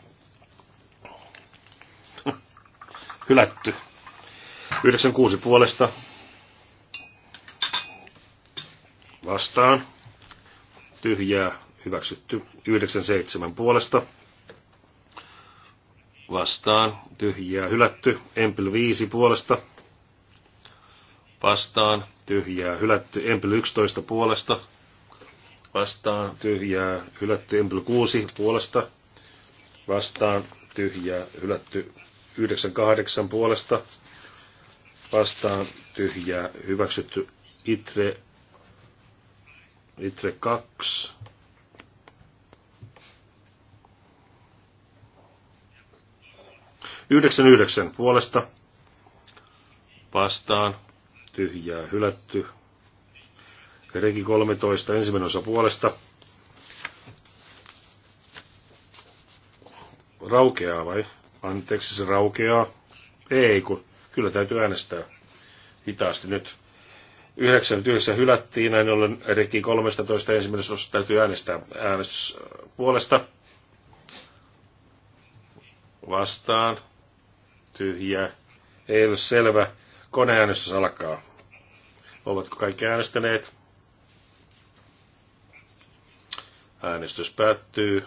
hylätty. 96 puolesta vastaan. Tyhjää hyväksytty. 97 puolesta vastaan. Tyhjää hylätty. Empel 5 puolesta vastaan. Tyhjää hylätty. Empel 11 puolesta vastaan. Tyhjää hylätty. Empel 6 puolesta vastaan. Tyhjää hylätty. 98 puolesta vastaan. Tyhjää hyväksytty. Itre Itre 2. Yhdeksän yhdeksän puolesta. Vastaan. Tyhjää hylätty. Reki 13, ensimmäinen osa puolesta. Raukeaa vai? Anteeksi, se raukeaa. Ei, kun kyllä täytyy äänestää hitaasti nyt. 99 hylättiin, näin ollen rikki 13 ensimmäisessä osassa täytyy äänestää äänestys puolesta. Vastaan. Tyhjä. Ei ole selvä. Koneäänestys alkaa. Ovatko kaikki äänestäneet? Äänestys päättyy.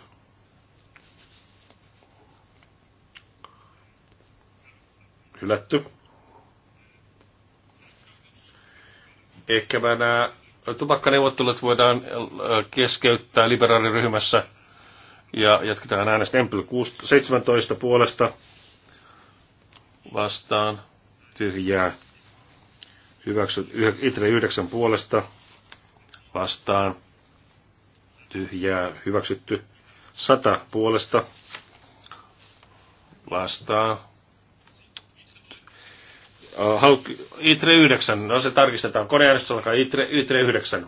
Hylätty. Ehkä nämä tupakkaneuvottelut voidaan äh, keskeyttää liberaaliryhmässä ja jatketaan äänestä Empel 17 puolesta vastaan tyhjää. Hyväksyt Itre 9 puolesta vastaan tyhjää hyväksytty 100 puolesta vastaan Äh, ITRE 9, no se tarkistetaan. Koneäänestys alkaa ITRE, ITRE 9.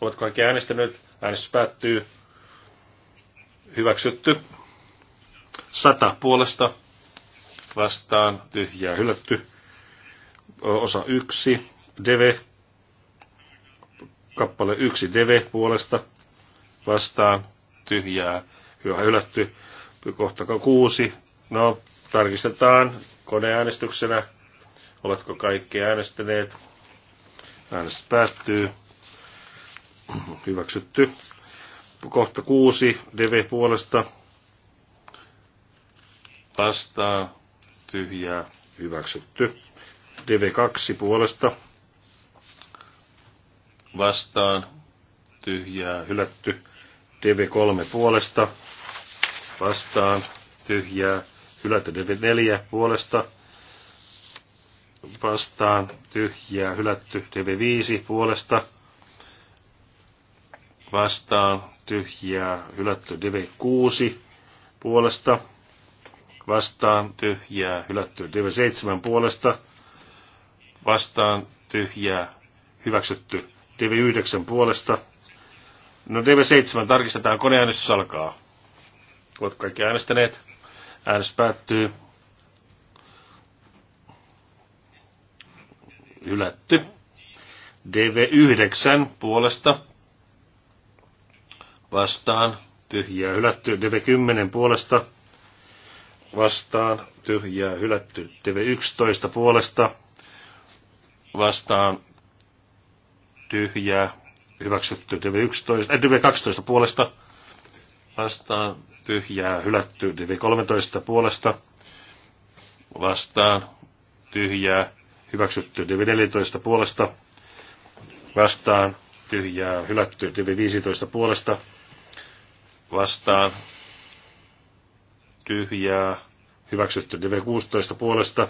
Ovatko kaikki äänestäneet? Äänestys päättyy. Hyväksytty. Sata puolesta vastaan, tyhjää hylätty. Osa 1, DV, kappale 1, DV puolesta vastaan, tyhjää hylätty. Kohta 6, no tarkistetaan, koneäänestyksenä. Oletko kaikki äänestäneet? Äänestys päättyy. Hyväksytty. Kohta kuusi DV puolesta. Vastaa. Tyhjää. Hyväksytty. DV2 puolesta. Vastaan. Tyhjää. Hylätty. DV3 puolesta. Vastaan. Tyhjää hylätty 44 puolesta vastaan, tyhjää, hylätty, DV5 puolesta, vastaan, tyhjää, hylätty, DV6 puolesta, vastaan, tyhjää, hylätty, DV7 puolesta, vastaan, tyhjää, hyväksytty, DV9 puolesta. No DV7 tarkistetaan, koneäänestys alkaa. Oletko kaikki äänestäneet? Äänestys päättyy. Hylätty. DV9 puolesta vastaan tyhjää hylätty. DV10 puolesta vastaan tyhjää hylätty. DV11 puolesta vastaan tyhjää hyväksytty. DV11, äh, DV12 puolesta vastaan, tyhjää hylätty. Divi 13 puolesta vastaan, tyhjää hyväksytty. Divi 14 puolesta vastaan, tyhjää hylätty. Divi 15 puolesta vastaan, tyhjää hyväksytty. Divi 16 puolesta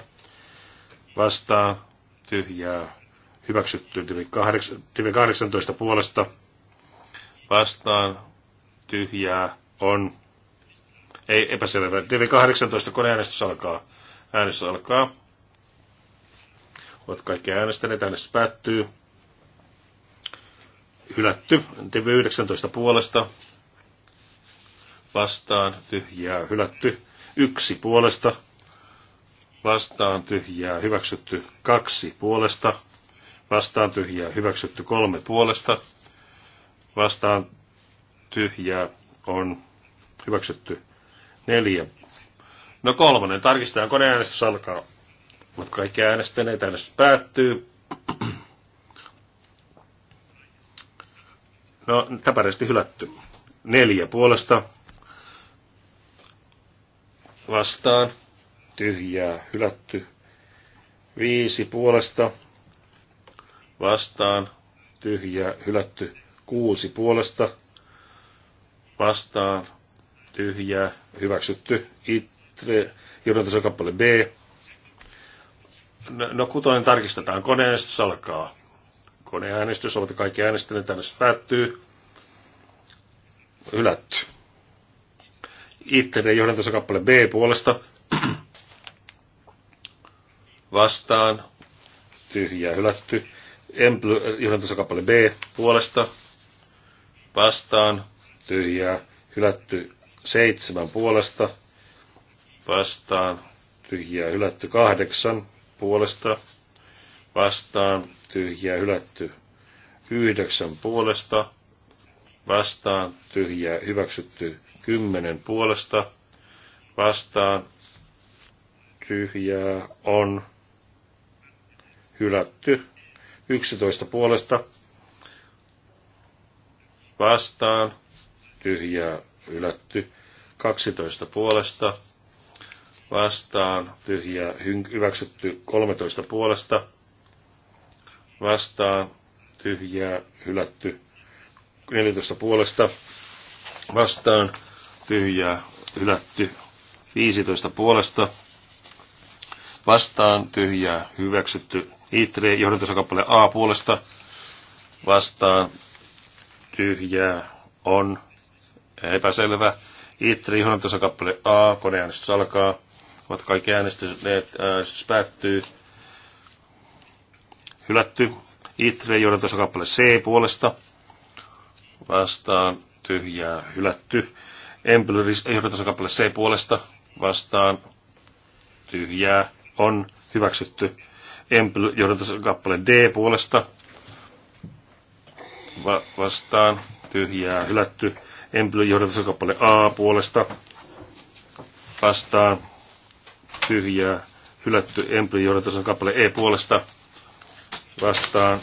vastaan, tyhjää hyväksytty. Divi 18 puolesta vastaan, tyhjää on. Ei, epäselvä. tv 18 koneäänestys alkaa. Äänestys alkaa. olet kaikki äänestäneet. Äänestys päättyy. Hylätty. tv 19 puolesta. Vastaan tyhjää hylätty. Yksi puolesta. Vastaan tyhjää hyväksytty. Kaksi puolesta. Vastaan tyhjää hyväksytty. Kolme puolesta. Vastaan tyhjää on hyväksytty neljä. No kolmonen, tarkistetaan koneäänestys alkaa. Mutta kaikki äänestäneet, äänestys päättyy. No, täpärästi hylätty. Neljä puolesta. Vastaan. Tyhjää, hylätty. Viisi puolesta. Vastaan. Tyhjää, hylätty. Kuusi puolesta vastaan, tyhjää, hyväksytty. Itre, johdantason kappale B. No, no kutonen tarkistetaan, koneäänestys alkaa. Koneäänestys, ovat kaikki äänestäneet, äänestys päättyy. Hylätty. Itre, johdantason kappale B puolesta. vastaan, tyhjää, hylätty. Emply, johdantason kappale B puolesta. Vastaan, tyhjää hylätty seitsemän puolesta vastaan tyhjää hylätty kahdeksan puolesta vastaan tyhjää hylätty yhdeksän puolesta vastaan tyhjää hyväksytty kymmenen puolesta vastaan tyhjää on hylätty yksitoista puolesta vastaan tyhjää ylätty 12 puolesta vastaan tyhjää hyväksytty 13 puolesta vastaan tyhjää hylätty 14 puolesta vastaan tyhjää hylätty 15 puolesta vastaan tyhjää hyväksytty Itre johdantosakappale A puolesta vastaan tyhjää on epäselvä. Itri, tuossa kappale A, koneäänestys alkaa. Ovat kaikki äänestyneet, äh, äänestys päättyy. Hylätty. Itri, tuossa kappale C puolesta. Vastaan tyhjää hylätty. Empel, tuossa kappale C puolesta. Vastaan tyhjää on hyväksytty. tuossa kappale D puolesta. Va- vastaan tyhjää hylätty. Employ-johdatusokappale A puolesta vastaan tyhjää hylätty Employ-johdatuson E puolesta vastaan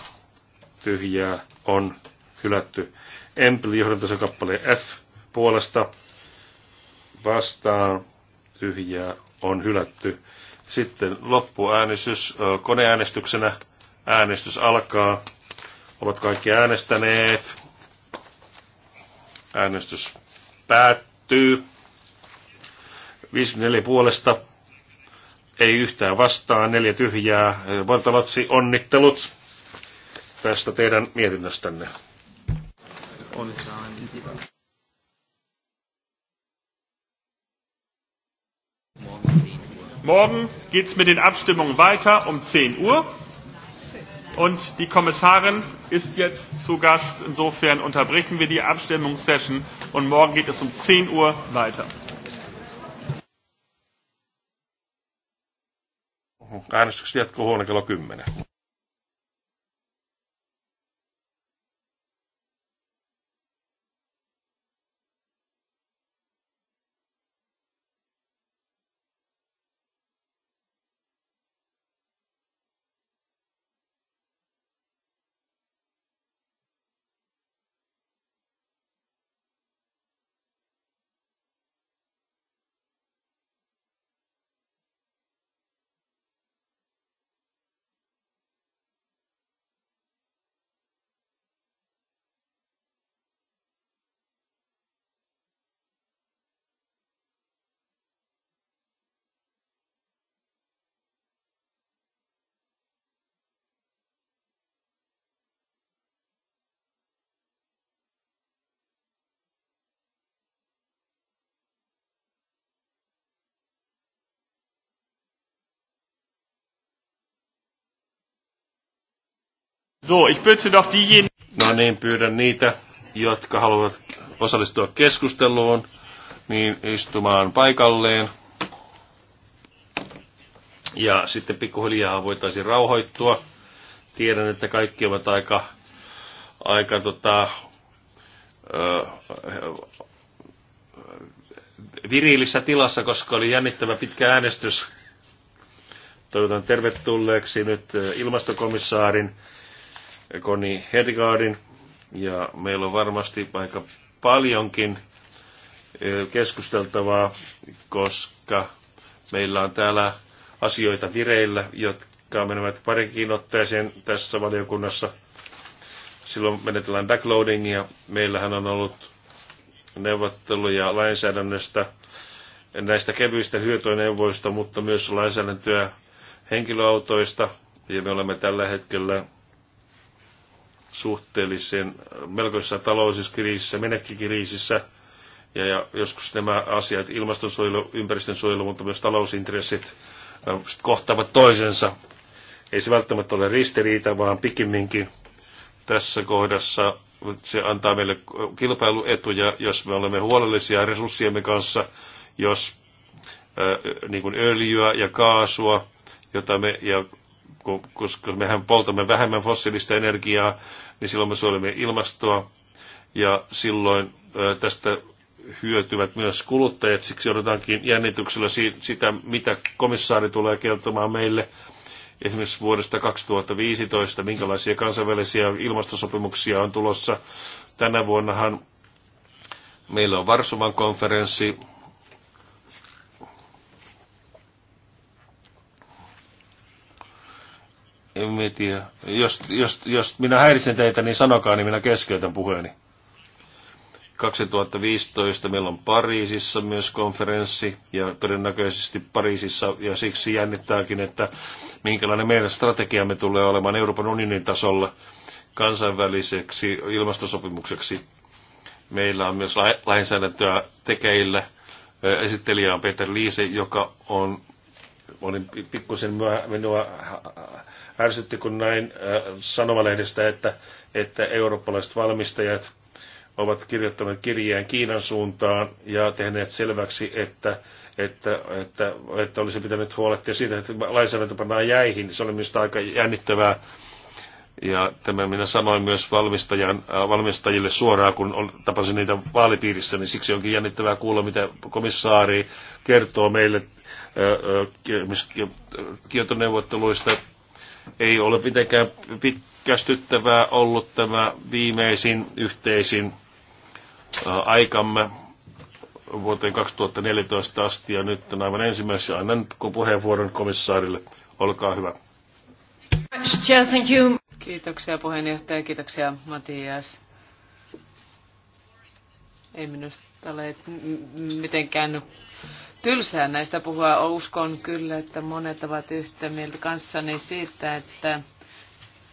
tyhjää on hylätty Employ-johdatuson F puolesta vastaan tyhjää on hylätty. Sitten loppuäänestys koneäänestyksenä. Äänestys alkaa. Ovat kaikki äänestäneet. Äänestys päättyy. 54 puolesta, ei yhtään vastaan, neljä tyhjää. Valtalotsi, onnittelut tästä teidän mietinnöstänne. Morgen geht's mit den Abstimmungen weiter um 10 Uhr. Und die Kommissarin ist jetzt zu Gast. Insofern unterbrechen wir die Abstimmungssession und morgen geht es um 10 Uhr weiter. 10 kello 10. So, ich bitte doch diejenigen... No niin, pyydän niitä, jotka haluavat osallistua keskusteluun, niin istumaan paikalleen. Ja sitten pikkuhiljaa voitaisiin rauhoittua. Tiedän, että kaikki ovat aika, aika tota, ö, viriilissä tilassa, koska oli jännittävä pitkä äänestys. Toivotan tervetulleeksi nyt ilmastokomissaarin Koni Hedgaardin. Ja meillä on varmasti aika paljonkin eh, keskusteltavaa, koska meillä on täällä asioita vireillä, jotka menevät parinkin otteeseen tässä valiokunnassa. Silloin menetellään backloadingia. Meillähän on ollut neuvotteluja lainsäädännöstä, näistä kevyistä hyötyneuvoista, mutta myös lainsäädäntöä henkilöautoista. Ja me olemme tällä hetkellä suhteellisen melkoisessa taloudellisessa kriisissä, menekkikriisissä, ja, ja joskus nämä asiat, ilmastonsuojelu, ympäristönsuojelu, mutta myös talousintressit kohtaavat toisensa. Ei se välttämättä ole ristiriita, vaan pikemminkin tässä kohdassa se antaa meille kilpailuetuja, jos me olemme huolellisia resurssiemme kanssa, jos niin kuin öljyä ja kaasua, jota me, ja koska mehän poltamme vähemmän fossiilista energiaa, niin silloin me suojelemme ilmastoa ja silloin tästä hyötyvät myös kuluttajat. Siksi odotankin jännityksellä sitä, mitä komissaari tulee kertomaan meille esimerkiksi vuodesta 2015, minkälaisia kansainvälisiä ilmastosopimuksia on tulossa. Tänä vuonnahan meillä on Varsovan konferenssi, mietin, jos, jos, jos minä häiritsen teitä, niin sanokaa, niin minä keskeytän puheeni. 2015 meillä on Pariisissa myös konferenssi ja todennäköisesti Pariisissa ja siksi jännittääkin, että minkälainen meidän strategiamme tulee olemaan Euroopan unionin tasolla kansainväliseksi ilmastosopimukseksi. Meillä on myös lainsäädäntöä tekeillä. Esittelijä on Peter Liise, joka on olin pikkusen minua ärsytti, kun näin äh, sanomalehdestä, että, että eurooppalaiset valmistajat ovat kirjoittaneet kirjeen Kiinan suuntaan ja tehneet selväksi, että, että, että, että olisi pitänyt huolehtia siitä, että lainsäädäntö pannaan jäihin. Se oli minusta aika jännittävää. Ja tämä minä sanoin myös valmistajan, äh, valmistajille suoraan, kun tapasin niitä vaalipiirissä, niin siksi onkin jännittävää kuulla, mitä komissaari kertoo meille äh, kiotoneuvotteluista ei ole mitenkään pitkästyttävää ollut tämä viimeisin yhteisin aikamme vuoteen 2014 asti ja nyt on aivan ensimmäisenä annan puheenvuoron komissaarille. Olkaa hyvä. Kiitoksia puheenjohtaja, kiitoksia Matias. Ei minusta ole mitenkään tylsää näistä puhua. Uskon kyllä, että monet ovat yhtä mieltä kanssani siitä, että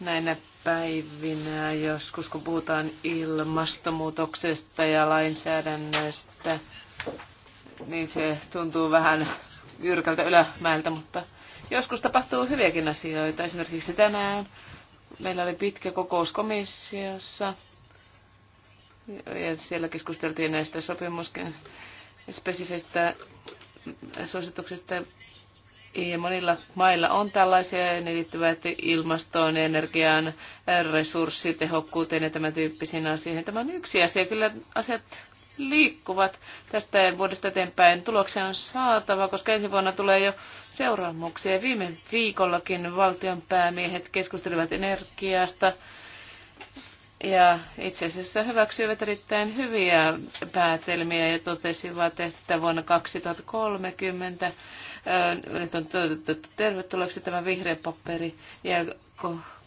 näinä päivinä, joskus kun puhutaan ilmastonmuutoksesta ja lainsäädännöstä, niin se tuntuu vähän jyrkältä ylämäeltä, mutta joskus tapahtuu hyviäkin asioita. Esimerkiksi tänään meillä oli pitkä kokous komissiossa ja siellä keskusteltiin näistä sopimuskin spesifistä suosituksista ja monilla mailla on tällaisia ja ne liittyvät ilmastoon, energiaan, resurssitehokkuuteen ja tämän tyyppisiin asioihin. Tämä on yksi asia. Kyllä asiat liikkuvat tästä vuodesta eteenpäin. Tuloksia on saatava, koska ensi vuonna tulee jo seuraamuksia. Viime viikollakin valtion päämiehet keskustelivat energiasta, ja itse asiassa hyväksyivät erittäin hyviä päätelmiä ja totesivat, että vuonna 2030 nyt on toivotettu tervetulleeksi tämä vihreä paperi ja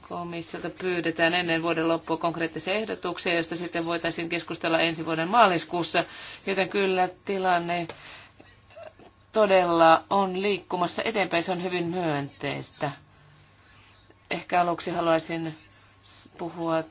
komissiolta pyydetään ennen vuoden loppua konkreettisia ehdotuksia, joista sitten voitaisiin keskustella ensi vuoden maaliskuussa, joten kyllä tilanne todella on liikkumassa eteenpäin, se on hyvin myönteistä. Ehkä aluksi haluaisin puhua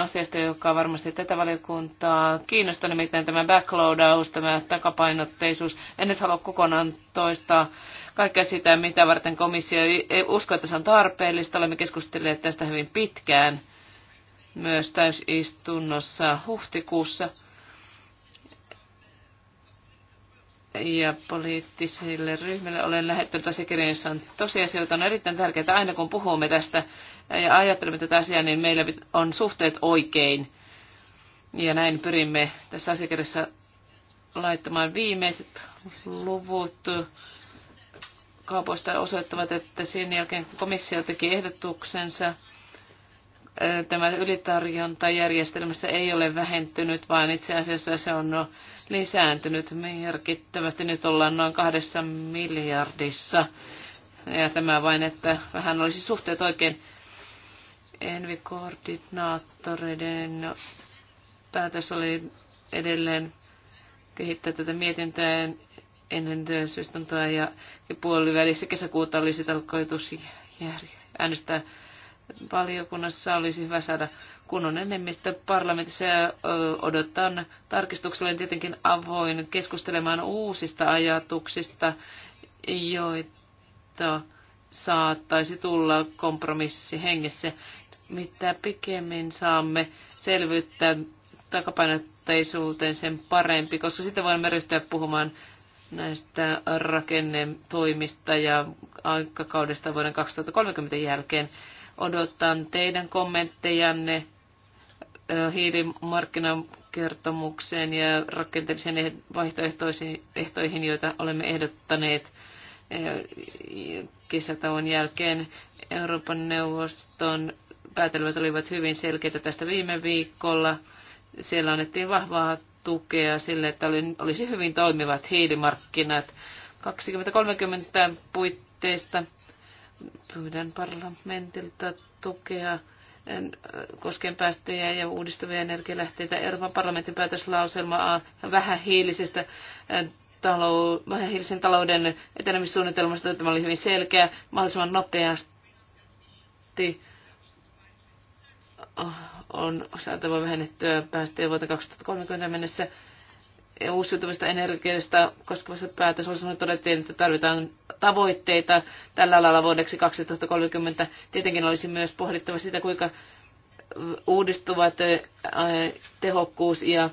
asiasta, joka varmasti tätä valiokuntaa kiinnostaa, nimittäin tämä backloadaus, tämä takapainotteisuus. En nyt halua kokonaan toistaa kaikkea sitä, mitä varten komissio ei usko, että se on tarpeellista. Olemme keskustelleet tästä hyvin pitkään myös täysistunnossa huhtikuussa. ja poliittisille ryhmille olen lähettänyt asiakirjan, jossa on tosiasioita. On erittäin tärkeää aina, kun puhumme tästä, ja ajattelemme tätä asiaa, niin meillä on suhteet oikein. Ja näin pyrimme tässä asiakirjassa laittamaan viimeiset luvut kaupoista osoittavat, että sen jälkeen kun komissio teki ehdotuksensa, tämä ylitarjonta järjestelmässä ei ole vähentynyt, vaan itse asiassa se on lisääntynyt merkittävästi. Nyt ollaan noin kahdessa miljardissa. Ja tämä vain, että vähän olisi suhteet oikein envi koordinaattoreiden päätös oli edelleen kehittää tätä mietintöä ennen syystuntoa ja, ja puolivälissä kesäkuuta olisi tarkoitus äänestää valiokunnassa olisi hyvä saada kunnon enemmistö parlamentissa ja odotan tarkistuksella tietenkin avoin keskustelemaan uusista ajatuksista, joita saattaisi tulla kompromissi hengessä mitä pikemmin saamme selvyyttä takapainotteisuuteen, sen parempi, koska sitten voimme ryhtyä puhumaan näistä rakennetoimista ja aikakaudesta vuoden 2030 jälkeen. Odotan teidän kommenttejanne hiilimarkkinakertomukseen ja rakenteellisiin eh- vaihtoehtoihin, joita olemme ehdottaneet kesätauon jälkeen Euroopan neuvoston päätelmät olivat hyvin selkeitä tästä viime viikolla. Siellä annettiin vahvaa tukea sille, että olisi hyvin toimivat hiilimarkkinat. 2030 puitteista pyydän parlamentilta tukea koskien päästöjä ja uudistuvia energialähteitä. Euroopan parlamentin päätöslauselma vähähiilisestä talou, talouden etenemissuunnitelmasta. Tämä oli hyvin selkeä, mahdollisimman nopeasti Ah, on saatava vähennettyä päästöjä vuoteen 2030 mennessä. Uusiutuvista energiasta koskevassa päätösosuudessa todettiin, että tarvitaan tavoitteita tällä alalla vuodeksi 2030. Tietenkin olisi myös pohdittava sitä, kuinka uudistuvat tehokkuus ja,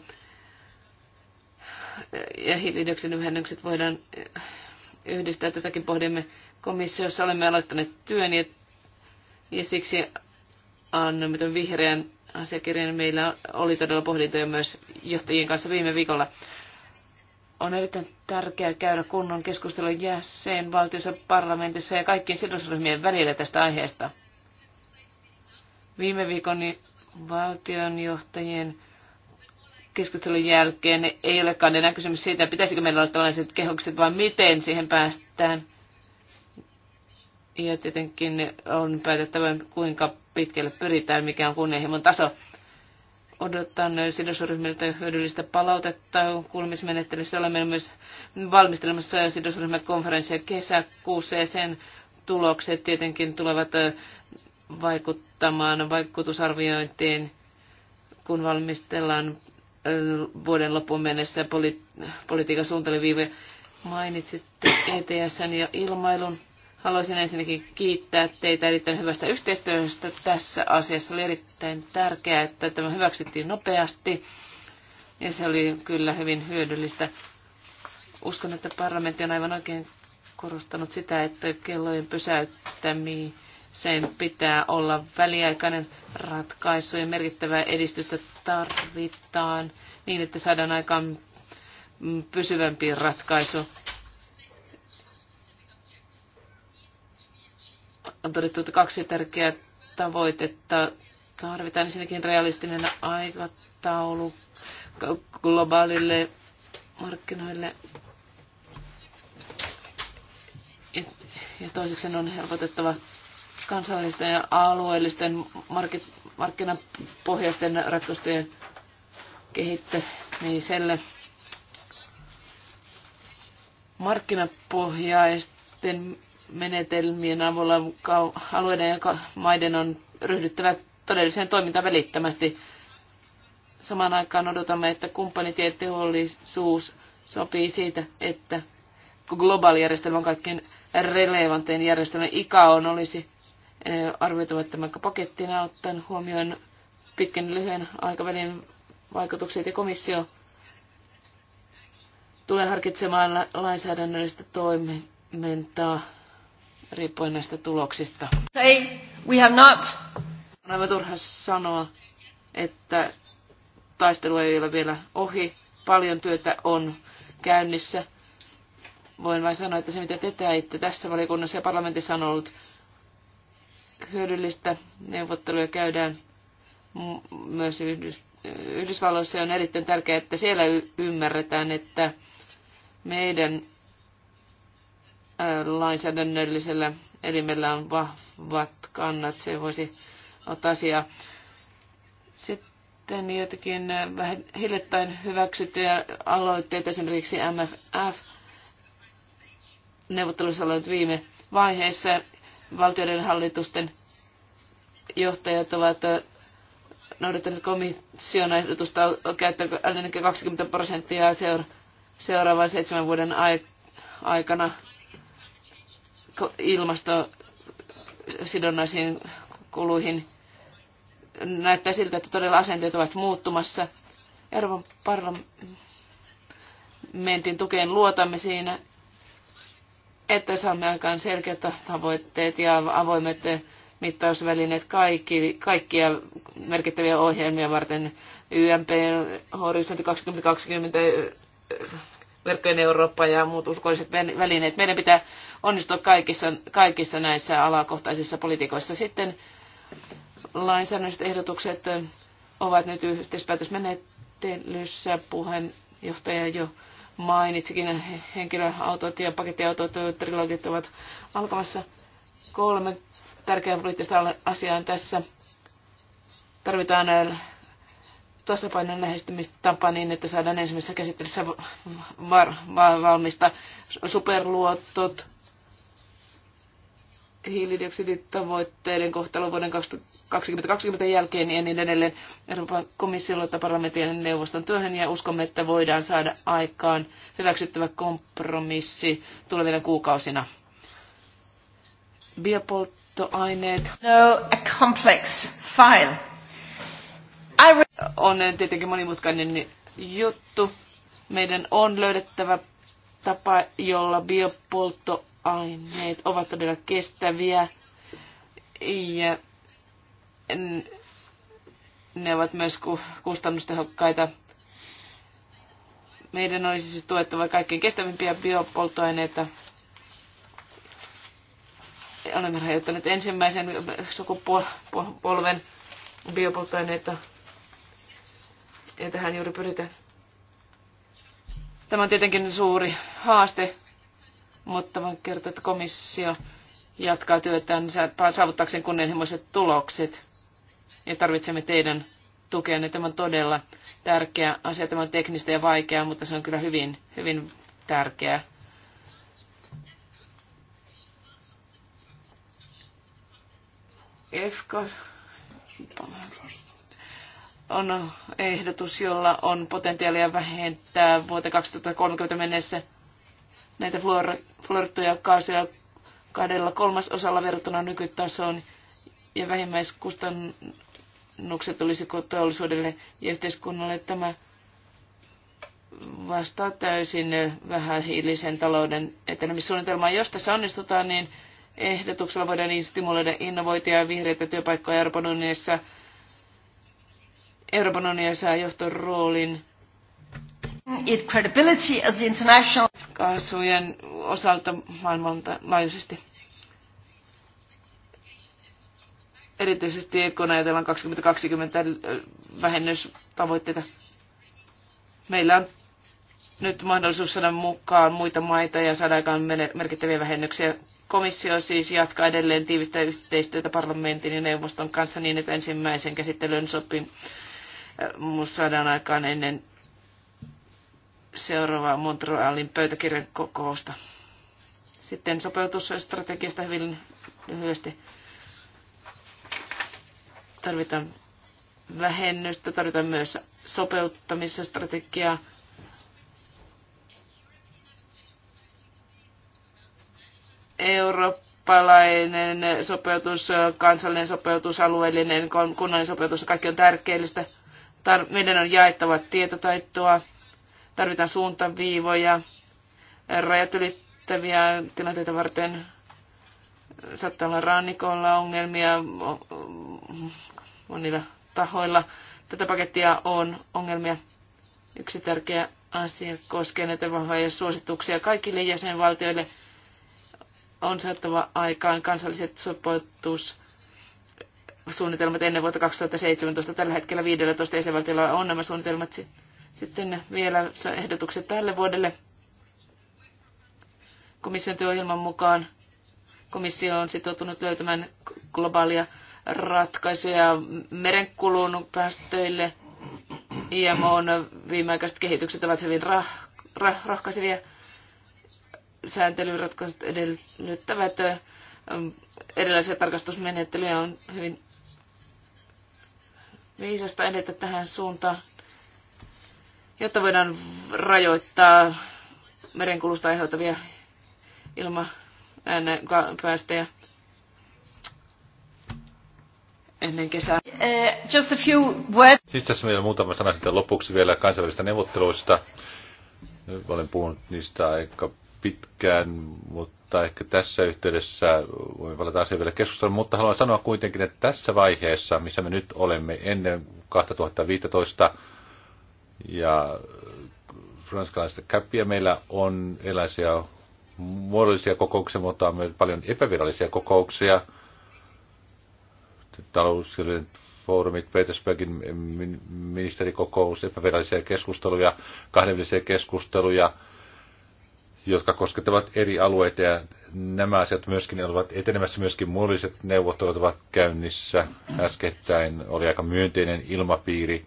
ja hiilidioksidin voidaan yhdistää. Tätäkin pohdimme komissiossa. Olemme aloittaneet työn ja, ja siksi on tuon vihreän asiakirjan. Meillä oli todella pohdintoja myös johtajien kanssa viime viikolla. On erittäin tärkeää käydä kunnon keskustelua jäsenvaltiossa, parlamentissa ja kaikkien sidosryhmien välillä tästä aiheesta. Viime viikon valtionjohtajien keskustelun jälkeen ei olekaan enää kysymys siitä, pitäisikö meillä olla tällaiset kehokset, vaan miten siihen päästään. Ja tietenkin on päätettävä, kuinka pitkälle pyritään, mikä on kunnianhimon taso. Odotan sidosryhmiltä hyödyllistä palautetta kuulemismenettelyssä. Olemme myös valmistelemassa sidosryhmän konferenssia kesäkuussa ja sen tulokset tietenkin tulevat vaikuttamaan vaikutusarviointiin, kun valmistellaan vuoden loppuun mennessä poli- politiikan suunteleviivoja. Mainitsitte ETSn ja ilmailun Haluaisin ensinnäkin kiittää teitä erittäin hyvästä yhteistyöstä tässä asiassa. Oli erittäin tärkeää, että tämä hyväksyttiin nopeasti ja se oli kyllä hyvin hyödyllistä. Uskon, että parlamentti on aivan oikein korostanut sitä, että kellojen pysäyttämiseen pitää olla väliaikainen ratkaisu ja merkittävää edistystä tarvitaan niin, että saadaan aikaan pysyvämpi ratkaisu. on todettu, että kaksi tärkeää tavoitetta tarvitaan. Ensinnäkin realistinen aikataulu globaalille markkinoille. Ja toiseksi on helpotettava kansallisten ja alueellisten markki, markkinapohjaisten ratkaisujen kehittämiselle. Markkinapohjaisten menetelmien avulla alueiden ja maiden on ryhdyttävä todelliseen toimintaan välittömästi. Samaan aikaan odotamme, että kumppanitieteollisuus sopii siitä, että globaali järjestelmä on kaikkein relevantein järjestelmä. on olisi eh, arvioitava tämän pakettina ottaen huomioon pitkän lyhyen aikavälin vaikutukset ja komissio tulee harkitsemaan lainsäädännöllistä toimintaa riippuen näistä tuloksista. Say, we have not. On aivan turha sanoa, että taistelu ei ole vielä ohi. Paljon työtä on käynnissä. Voin vain sanoa, että se mitä te teitte tässä valiokunnassa ja parlamentissa on ollut hyödyllistä. Neuvotteluja käydään myös Yhdysvalloissa. On erittäin tärkeää, että siellä ymmärretään, että meidän lainsäädännöllisellä elimellä on vahvat kannat, se voisi ottaa asiaa. Sitten joitakin vähän hiljattain hyväksyttyjä aloitteita, esimerkiksi MFF, neuvottelussa ollut viime vaiheessa. Valtioiden hallitusten johtajat ovat noudattaneet komission ehdotusta käyttää 20 prosenttia seuraavan seitsemän vuoden aikana ilmastosidonnaisiin kuluihin. Näyttää siltä, että todella asenteet ovat muuttumassa. Euroopan parlamentin tukeen luotamme siinä, että saamme aikaan selkeät tavoitteet ja avoimet mittausvälineet kaikki, kaikkia merkittäviä ohjelmia varten. YMP, Horizon 2020, verkkojen Eurooppa ja muut uskoiset välineet. Meidän pitää onnistua kaikissa, kaikissa näissä alakohtaisissa politiikoissa. Sitten lainsäädännölliset ehdotukset ovat nyt yhteispäätösmenettelyssä. Puheenjohtaja jo mainitsikin henkilöautot ja pakettiautot, trilogit ovat alkamassa. Kolme tärkeää poliittista asiaa on tässä. Tarvitaan tasapainon lähestymistapa niin, että saadaan ensimmäisessä käsittelyssä var, var, valmista superluottot, hiilidioksiditavoitteiden kohtalo vuoden 2020 jälkeen ja niin edelleen Euroopan komissiolla tai parlamentin neuvoston työhön ja uskomme, että voidaan saada aikaan hyväksyttävä kompromissi tulevina kuukausina. Biopolttoaineet. No, a complex file on tietenkin monimutkainen juttu. Meidän on löydettävä tapa, jolla biopolttoaineet ovat todella kestäviä ja ne ovat myös kustannustehokkaita. Meidän olisi siis tuettava kaikkein kestävimpiä biopolttoaineita. Olemme rajoittaneet ensimmäisen sukupolven biopolttoaineita ja tähän juuri pyritään. Tämä on tietenkin suuri haaste, mutta voin kertoa, että komissio jatkaa työtään saavuttaakseen kunnianhimoiset tulokset. Ja tarvitsemme teidän tukenne. Tämä on todella tärkeä asia. Tämä on teknistä ja vaikeaa, mutta se on kyllä hyvin, hyvin tärkeää. EFKA on ehdotus, jolla on potentiaalia vähentää vuoteen 2030 mennessä näitä fluorittuja kaasuja kahdella kolmasosalla verrattuna nykytasoon ja vähimmäiskustannukset olisi teollisuudelle ja yhteiskunnalle. Tämä vastaa täysin vähähiilisen talouden etenemissuunnitelmaan. Jos tässä onnistutaan, niin ehdotuksella voidaan niin stimuloida innovointia ja vihreitä työpaikkoja Euroopan unionissa – Euroopan unionia saa johtoon roolin it credibility as the international kaasujen osalta maailmanlaajuisesti. Erityisesti kun ajatellaan 2020 vähennystavoitteita. Meillä on nyt mahdollisuus saada mukaan muita maita ja saada aikaan merkittäviä vähennyksiä. Komissio siis jatkaa edelleen tiivistä yhteistyötä parlamentin ja neuvoston kanssa niin, että ensimmäisen käsittelyn sopimus saadaan aikaan ennen seuraavaa Montrealin pöytäkirjan kokousta. Sitten sopeutusstrategiasta hyvin lyhyesti. Tarvitaan vähennystä, tarvitaan myös sopeuttamisstrategiaa. Eurooppalainen sopeutus, kansallinen sopeutus, alueellinen, kunnallinen sopeutus, kaikki on tärkeellistä. Tar- meidän on jaettava tietotaitoa, tarvitaan suuntaviivoja, rajat ylittäviä tilanteita varten saattaa olla rannikolla ongelmia monilla tahoilla. Tätä pakettia on ongelmia. Yksi tärkeä asia koskee näitä vahvoja suosituksia kaikille jäsenvaltioille. On saattava aikaan kansalliset sopeutus suunnitelmat ennen vuotta 2017. Tällä hetkellä 15 jäsenvaltiolla on nämä suunnitelmat. Sitten vielä ehdotukset tälle vuodelle. Komission työohjelman mukaan komissio on sitoutunut löytämään globaalia ratkaisuja merenkulun päästöille. IMOn viimeaikaiset kehitykset ovat hyvin rah- rah- rahkaisevia. Sääntelyratkaisut edellyttävät erilaisia tarkastusmenettelyjä on hyvin viisasta edetä tähän suuntaan, jotta voidaan rajoittaa merenkulusta aiheutavia ilmapäästöjä ennen kesää. Eh, just a few words. Siis tässä vielä muutama sana sitten lopuksi vielä kansainvälisistä neuvotteluista. Olen puhunut niistä aika pitkään, mutta mutta ehkä tässä yhteydessä voi valita asia vielä keskustelua, mutta haluan sanoa kuitenkin, että tässä vaiheessa, missä me nyt olemme ennen 2015 ja ranskalaista käppiä, meillä on erilaisia muodollisia kokouksia, mutta on myös paljon epävirallisia kokouksia. Taloudellinen foorumit, Petersbergin ministerikokous, epävirallisia keskusteluja, kahdenvälisiä keskusteluja – jotka koskettavat eri alueita ja nämä asiat myöskin ovat etenemässä myöskin muodolliset neuvottelut ovat käynnissä. Äskettäin oli aika myönteinen ilmapiiri.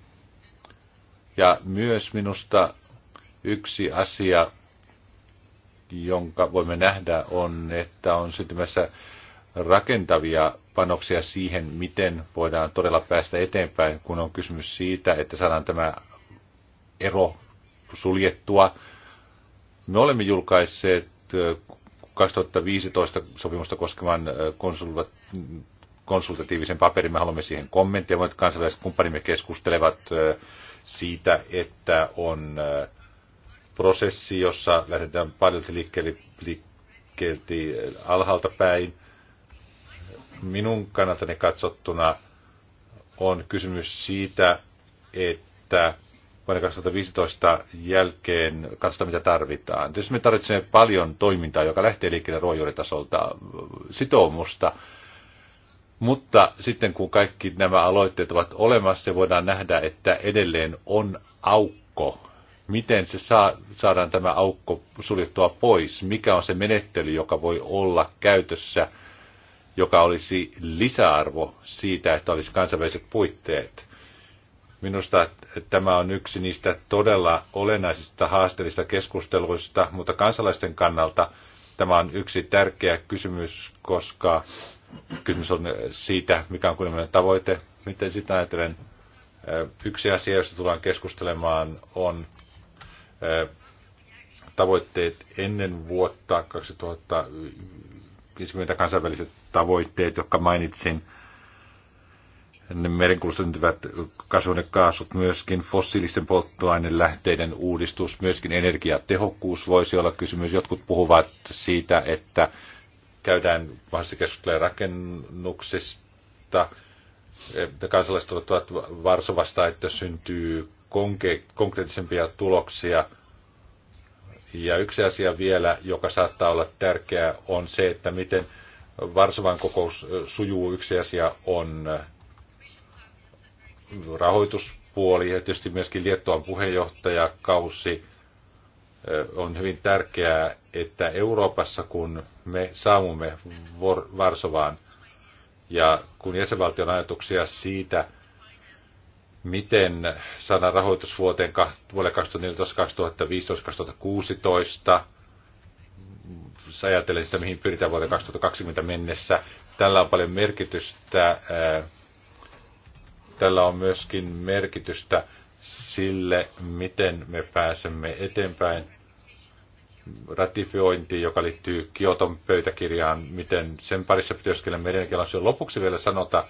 Ja myös minusta yksi asia, jonka voimme nähdä, on, että on syntymässä rakentavia panoksia siihen, miten voidaan todella päästä eteenpäin, kun on kysymys siitä, että saadaan tämä ero suljettua me olemme julkaisseet 2015 äh, sopimusta koskevan äh, konsultatiivisen paperin. Me haluamme siihen kommenttia. Monet kansainväliset kumppanimme keskustelevat äh, siitä, että on prosessi, jossa lähdetään paljon liikkeelle, liikkeelle alhaalta päin. Minun kannaltani katsottuna on kysymys siitä, että vuoden 2015 jälkeen katsotaan, mitä tarvitaan. Tietysti me tarvitsemme paljon toimintaa, joka lähtee liikkeelle ruohonjuuritasolta sitoumusta, mutta sitten kun kaikki nämä aloitteet ovat olemassa, niin voidaan nähdä, että edelleen on aukko. Miten se saa, saadaan tämä aukko suljettua pois? Mikä on se menettely, joka voi olla käytössä, joka olisi lisäarvo siitä, että olisi kansainväliset puitteet? Minusta tämä on yksi niistä todella olennaisista haasteellisista keskusteluista, mutta kansalaisten kannalta tämä on yksi tärkeä kysymys, koska kysymys on siitä, mikä on kuitenkin tavoite. Miten sitä ajatellen? Äh, yksi asia, josta tullaan keskustelemaan, on äh, tavoitteet ennen vuotta 2050 kansainväliset tavoitteet, jotka mainitsin – merenkulusta syntyvät kasvuhuonekaasut, myöskin fossiilisten lähteiden uudistus, myöskin energiatehokkuus voisi olla kysymys. Jotkut puhuvat siitä, että käydään mahdollisesti keskustelua rakennuksista, että kansalaiset ovat Varsovasta, että syntyy konkreettisempia tuloksia. Ja yksi asia vielä, joka saattaa olla tärkeä, on se, että miten Varsovan kokous sujuu. Yksi asia on rahoituspuoli ja tietysti myöskin Liettuan Kaussi on hyvin tärkeää, että Euroopassa kun me saamumme Varsovaan ja kun jäsenvaltion ajatuksia siitä, miten saadaan rahoitus vuoteen 2014, 2015, 2016, ajatellen sitä, mihin pyritään vuoteen 2020 mennessä. Tällä on paljon merkitystä Tällä on myöskin merkitystä sille, miten me pääsemme eteenpäin ratifiointiin, joka liittyy Kioton pöytäkirjaan, miten sen parissa meidän energialaisuuden. Lopuksi vielä sanota,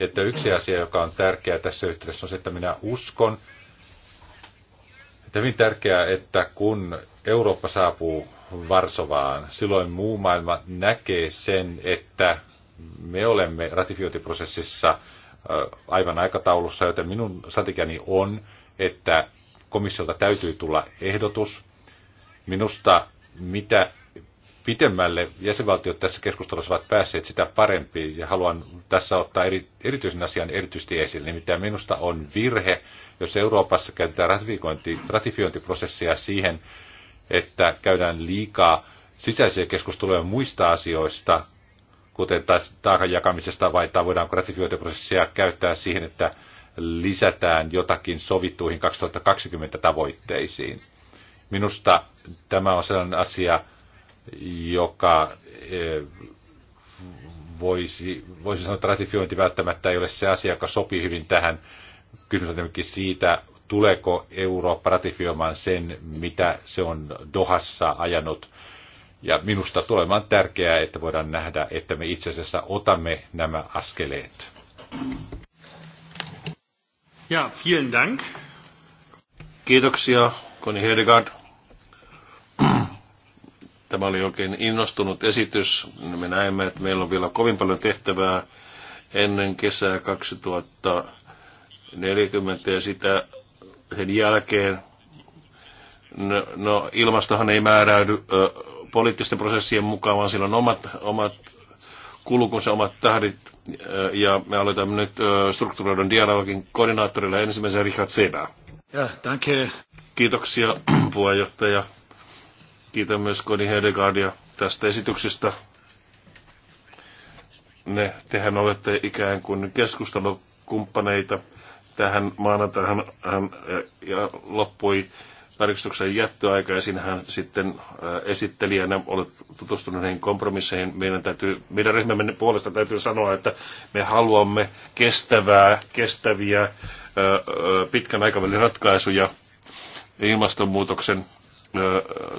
että yksi asia, joka on tärkeää tässä yhteydessä, on se, että minä uskon, että hyvin tärkeää, että kun Eurooppa saapuu Varsovaan, silloin muu maailma näkee sen, että me olemme ratifiointiprosessissa aivan aikataulussa, joten minun strategiani on, että komissiolta täytyy tulla ehdotus. Minusta mitä pitemmälle jäsenvaltiot tässä keskustelussa ovat päässeet, sitä parempi. Ja haluan tässä ottaa eri, erityisen asian erityisesti esille. Nimittäin minusta on virhe, jos Euroopassa käytetään ratifiointi, ratifiointiprosessia siihen, että käydään liikaa sisäisiä keskusteluja muista asioista kuten taas taakan jakamisesta vai tai voidaanko ratifiointiprosessia käyttää siihen, että lisätään jotakin sovittuihin 2020 tavoitteisiin. Minusta tämä on sellainen asia, joka e, voisi, voisi sanoa, että ratifiointi välttämättä ei ole se asia, joka sopii hyvin tähän. Kysymys on siitä, tuleeko Eurooppa ratifioimaan sen, mitä se on Dohassa ajanut ja minusta tulemaan tärkeää, että voidaan nähdä, että me itse asiassa otamme nämä askeleet. Ja, vielen dank. Kiitoksia, Koni Hedegaard. <clears throat> Tämä oli oikein innostunut esitys. Me näemme, että meillä on vielä kovin paljon tehtävää ennen kesää 2040 ja sitä sen jälkeen. No, no ilmastohan ei määräydy ö, poliittisten prosessien mukaan, vaan sillä on omat, omat kulkunsa, omat tahdit. Ja me aloitamme nyt strukturoidun dialogin koordinaattorilla ensimmäisen Richard Sebää. Ja, danke. Kiitoksia <clears throat> puheenjohtaja. Kiitän myös Koni Hedegaardia tästä esityksestä. Ne, tehän olette ikään kuin keskustelukumppaneita tähän maanantaihan ja loppui tarkistuksen jättöaika ja sinähän sitten äh, esittelijänä olet tutustunut näihin kompromisseihin. Meidän, täytyy, meidän ryhmämme puolesta täytyy sanoa, että me haluamme kestävää, kestäviä äh, äh, pitkän aikavälin ratkaisuja ilmastonmuutoksen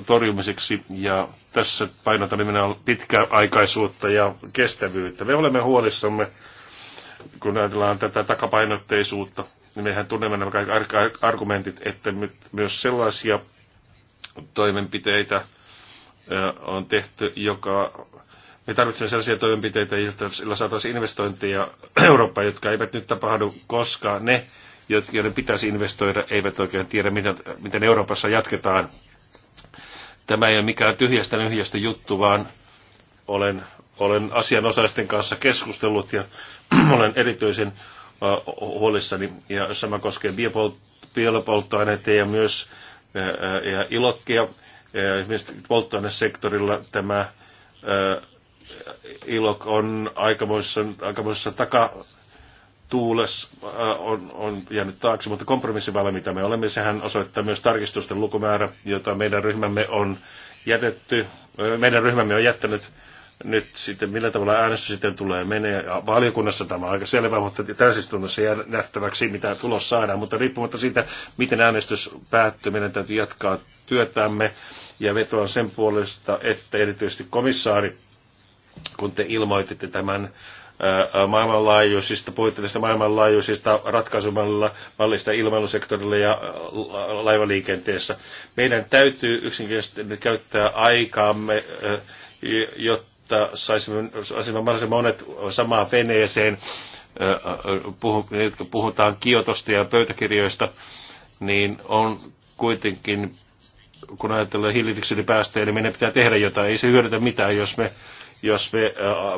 torjumiseksi ja tässä painotan nimenomaan pitkäaikaisuutta ja kestävyyttä. Me olemme huolissamme, kun ajatellaan tätä takapainotteisuutta mehän tunnemme nämä kaikki argumentit, että myös sellaisia toimenpiteitä on tehty, joka me tarvitsemme sellaisia toimenpiteitä, joilla saataisiin investointeja <clears throat> Eurooppaan, jotka eivät nyt tapahdu koskaan. Ne, joiden pitäisi investoida, eivät oikein tiedä, miten, miten Euroopassa jatketaan. Tämä ei ole mikään tyhjästä nyhjästä juttu, vaan olen, olen asianosaisten kanssa keskustellut ja <clears throat> olen erityisen huolissani. Ja sama koskee biopolttoaineita ja myös ja ilokkia. Esimerkiksi polttoainesektorilla tämä ilok on aikamoissa, aikamoissa taka, tuules on, on jäänyt taakse, mutta kompromissiväylä, mitä me olemme, sehän osoittaa myös tarkistusten lukumäärä, jota meidän ryhmämme on jätetty, meidän ryhmämme on jättänyt nyt sitten millä tavalla äänestys sitten tulee menee. Ja valiokunnassa tämä on aika selvä, mutta täysistunnossa jää nähtäväksi, mitä tulos saadaan. Mutta riippumatta siitä, miten äänestys päättyy, meidän täytyy jatkaa työtämme ja vetoan sen puolesta, että erityisesti komissaari, kun te ilmoititte tämän maailmanlaajuisista, puhuitte maailmanlaajuisista ratkaisumallista mallista ilmailusektorilla ja laivaliikenteessä. Meidän täytyy yksinkertaisesti käyttää aikaamme, jotta jotta saisimme, saisimme mahdollisimman monet samaan veneeseen, kun puhutaan kiotosta ja pöytäkirjoista, niin on kuitenkin, kun ajatellaan hiilidioksidipäästöjä, niin meidän pitää tehdä jotain. Ei se hyödytä mitään, jos me, jos me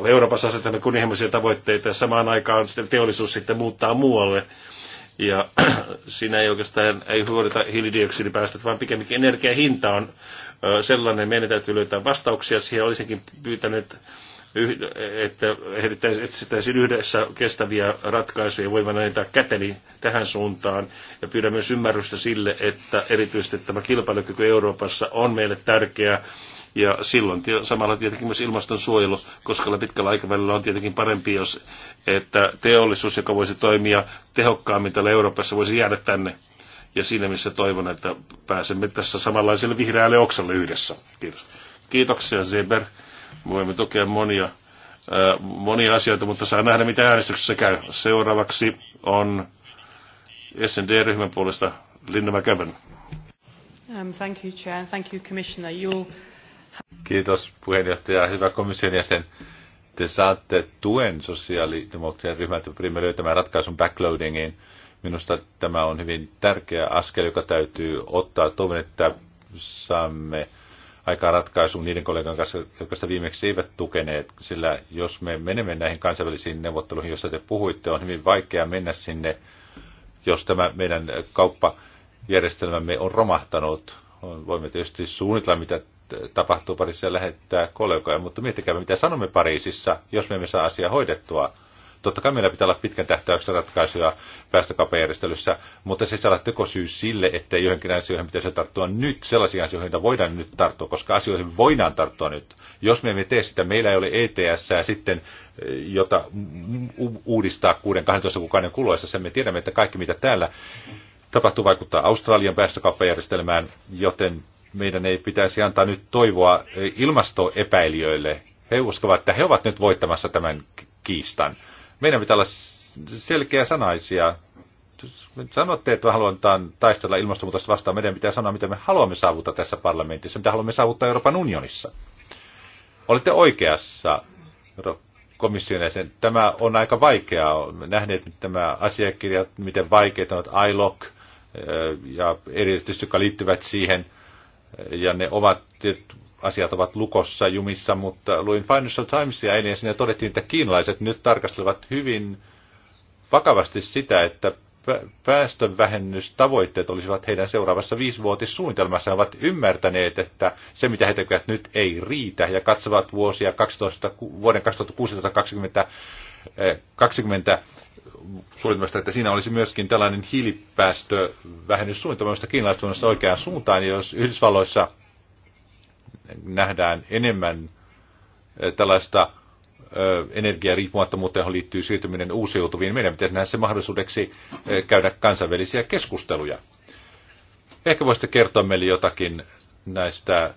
Euroopassa asetamme kunnianhimoisia tavoitteita ja samaan aikaan sitten teollisuus sitten muuttaa muualle. Ja <clears throat> siinä ei oikeastaan ei hyödytä hiilidioksidipäästöt, vaan pikemminkin energiahinta on sellainen. Meidän täytyy löytää vastauksia siihen. Olisinkin pyytänyt että etsittäisiin yhdessä kestäviä ratkaisuja, voivan näitä käteli tähän suuntaan. Ja pyydän myös ymmärrystä sille, että erityisesti tämä kilpailukyky Euroopassa on meille tärkeä. Ja silloin samalla tietenkin myös ilmastonsuojelu, koska pitkällä aikavälillä on tietenkin parempi, jos että teollisuus, joka voisi toimia tehokkaammin täällä Euroopassa, voisi jäädä tänne. Ja siinä missä toivon, että pääsemme tässä samanlaiselle vihreälle oksalle yhdessä. Kiitos. Kiitoksia Zeber. Voimme tukea monia, ää, äh, monia asioita, mutta saa nähdä, mitä äänestyksessä käy. Seuraavaksi on SND-ryhmän puolesta Linda McEwen. Um, thank you, Chair. Thank you, Commissioner. You'll... Kiitos puheenjohtaja. Hyvä komission jäsen. Te saatte tuen sosiaalidemokraattien ryhmältä pyrimme löytämään ratkaisun backloadingiin – Minusta tämä on hyvin tärkeä askel, joka täytyy ottaa. Toivon, että saamme aikaa ratkaisun niiden kollegan kanssa, jotka sitä viimeksi eivät tukeneet, sillä jos me menemme näihin kansainvälisiin neuvotteluihin, joissa te puhuitte, on hyvin vaikea mennä sinne, jos tämä meidän kauppajärjestelmämme on romahtanut. Voimme tietysti suunnitella, mitä tapahtuu Pariisissa ja lähettää kollegoja, mutta miettikää, mitä sanomme Pariisissa, jos me emme saa asiaa hoidettua. Totta kai meillä pitää olla pitkän tähtäyksen ratkaisuja päästökauppajärjestelyssä, mutta se saa tekosyy sille, että johonkin asioihin pitäisi tarttua nyt, sellaisiin asioihin, joita voidaan nyt tarttua, koska asioihin voidaan tarttua nyt. Jos me emme tee sitä, meillä ei ole ETS sitten, eh, jota uudistaa 6-12 kuukauden kuluessa, sen me tiedämme, että kaikki mitä täällä tapahtuu vaikuttaa Australian päästökauppajärjestelmään, joten meidän ei pitäisi antaa nyt toivoa eh, ilmastoepäilijöille. He uskovat, että he ovat nyt voittamassa tämän kiistan. Meidän pitää olla selkeä sanaisia. Sanotte, että halutaan taistella ilmastonmuutosta vastaan. Meidän pitää sanoa, mitä me haluamme saavuttaa tässä parlamentissa, mitä haluamme saavuttaa Euroopan unionissa. Olette oikeassa, komission jäsen. Tämä on aika vaikeaa. Olemme nähneet nyt nämä asiakirjat, miten vaikeita on ILOC eh, ja erityisesti, jotka liittyvät siihen, eh, ja ne ovat asiat ovat lukossa jumissa, mutta luin Financial Timesia eilen ja siinä todettiin, että kiinalaiset nyt tarkastelevat hyvin vakavasti sitä, että päästönvähennystavoitteet olisivat heidän seuraavassa viisivuotissuunnitelmassa. He ovat ymmärtäneet, että se mitä he tekevät nyt ei riitä ja katsovat vuosia 12, vuoden 2016-2020 eh, suunnitelmasta, että siinä olisi myöskin tällainen hiilipäästövähennyssuunnitelma, josta kiinalaiset oikeaan suuntaan. Ja jos Yhdysvalloissa nähdään enemmän tällaista energiariippumattomuutta, johon liittyy siirtyminen uusiutuviin. Meidän pitäisi nähdä se mahdollisuudeksi käydä kansainvälisiä keskusteluja. Ehkä voisitte kertoa meille jotakin näistä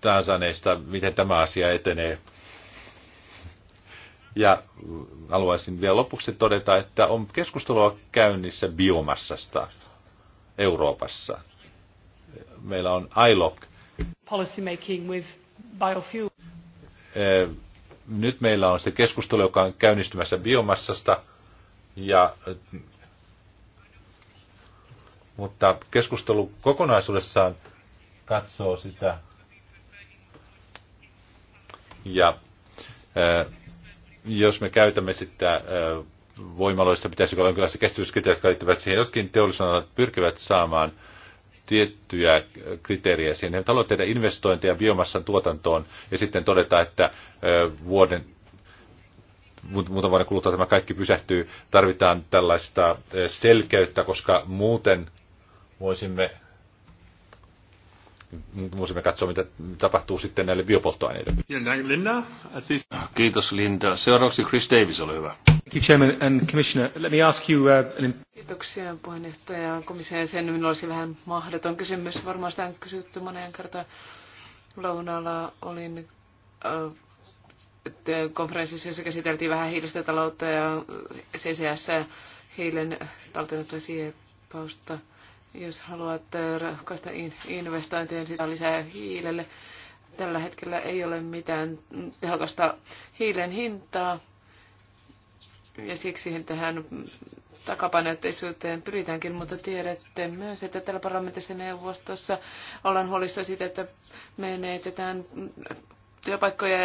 Tansaneista, miten tämä asia etenee. Ja haluaisin vielä lopuksi todeta, että on keskustelua käynnissä biomassasta Euroopassa. Meillä on ILOC, Policy making with biofuel. Eh, nyt meillä on se keskustelu, joka on käynnistymässä biomassasta, ja, mutta keskustelu kokonaisuudessaan katsoo sitä ja eh, jos me käytämme sitä eh, voimaloista, pitäisi olla jonkinlaisia kestävyyskriteerit, jotka liittyvät siihen, jotkin teollisuudet pyrkivät saamaan tiettyjä kriteerejä siihen. Ne haluavat tehdä investointeja biomassan tuotantoon ja sitten todeta, että vuoden, muutaman vuoden kuluttua tämä kaikki pysähtyy. Tarvitaan tällaista selkeyttä, koska muuten voisimme, voisimme katsoa, mitä tapahtuu sitten näille biopolttoaineille. Siis- Kiitos Linda. Seuraavaksi Chris Davis, ole hyvä. Uh, Kiitoksia puheenjohtaja komission jäsen. Minulla olisi vähän mahdoton kysymys. Varmaan sitä on kysytty moneen kertaan. Lounaalla olin äh, konferenssissa, jossa käsiteltiin vähän hiilistä taloutta ja CCS hiilen talteenottoa siepausta. Jos haluat äh, rohkaista investointeja, niin sitä lisää hiilelle. Tällä hetkellä ei ole mitään tehokasta hiilen hintaa ja siksi tähän takapainotteisuuteen pyritäänkin, mutta tiedätte myös, että täällä parlamentissa neuvostossa ollaan huolissa siitä, että menetetään työpaikkoja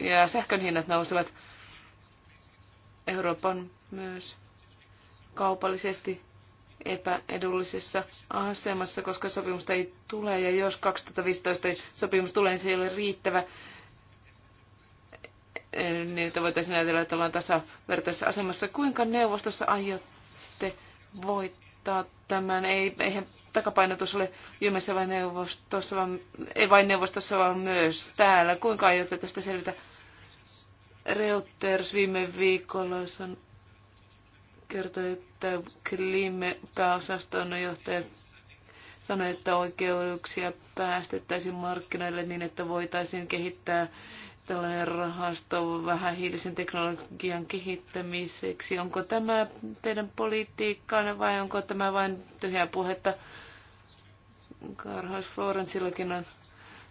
ja sähkön hinnat nousevat. Euroopan myös kaupallisesti epäedullisessa asemassa, koska sopimusta ei tule, ja jos 2015 sopimus tulee, niin se ei ole riittävä niin, että voitaisiin ajatella, että ollaan tasavertaisessa asemassa. Kuinka neuvostossa aiotte voittaa tämän? Ei, eihän takapainotus ole ilmeisesti vain neuvostossa, vaan, ei vain neuvostossa, vaan myös täällä. Kuinka aiotte tästä selvitä? Reuters viime viikolla on kertoi, että Klimme pääosaston johtaja sanoi, että oikeuksia päästettäisiin markkinoille niin, että voitaisiin kehittää tällainen rahasto vähän hiilisen teknologian kehittämiseksi. Onko tämä teidän politiikkaanne vai onko tämä vain tyhjää puhetta? Karhaus Florensillakin on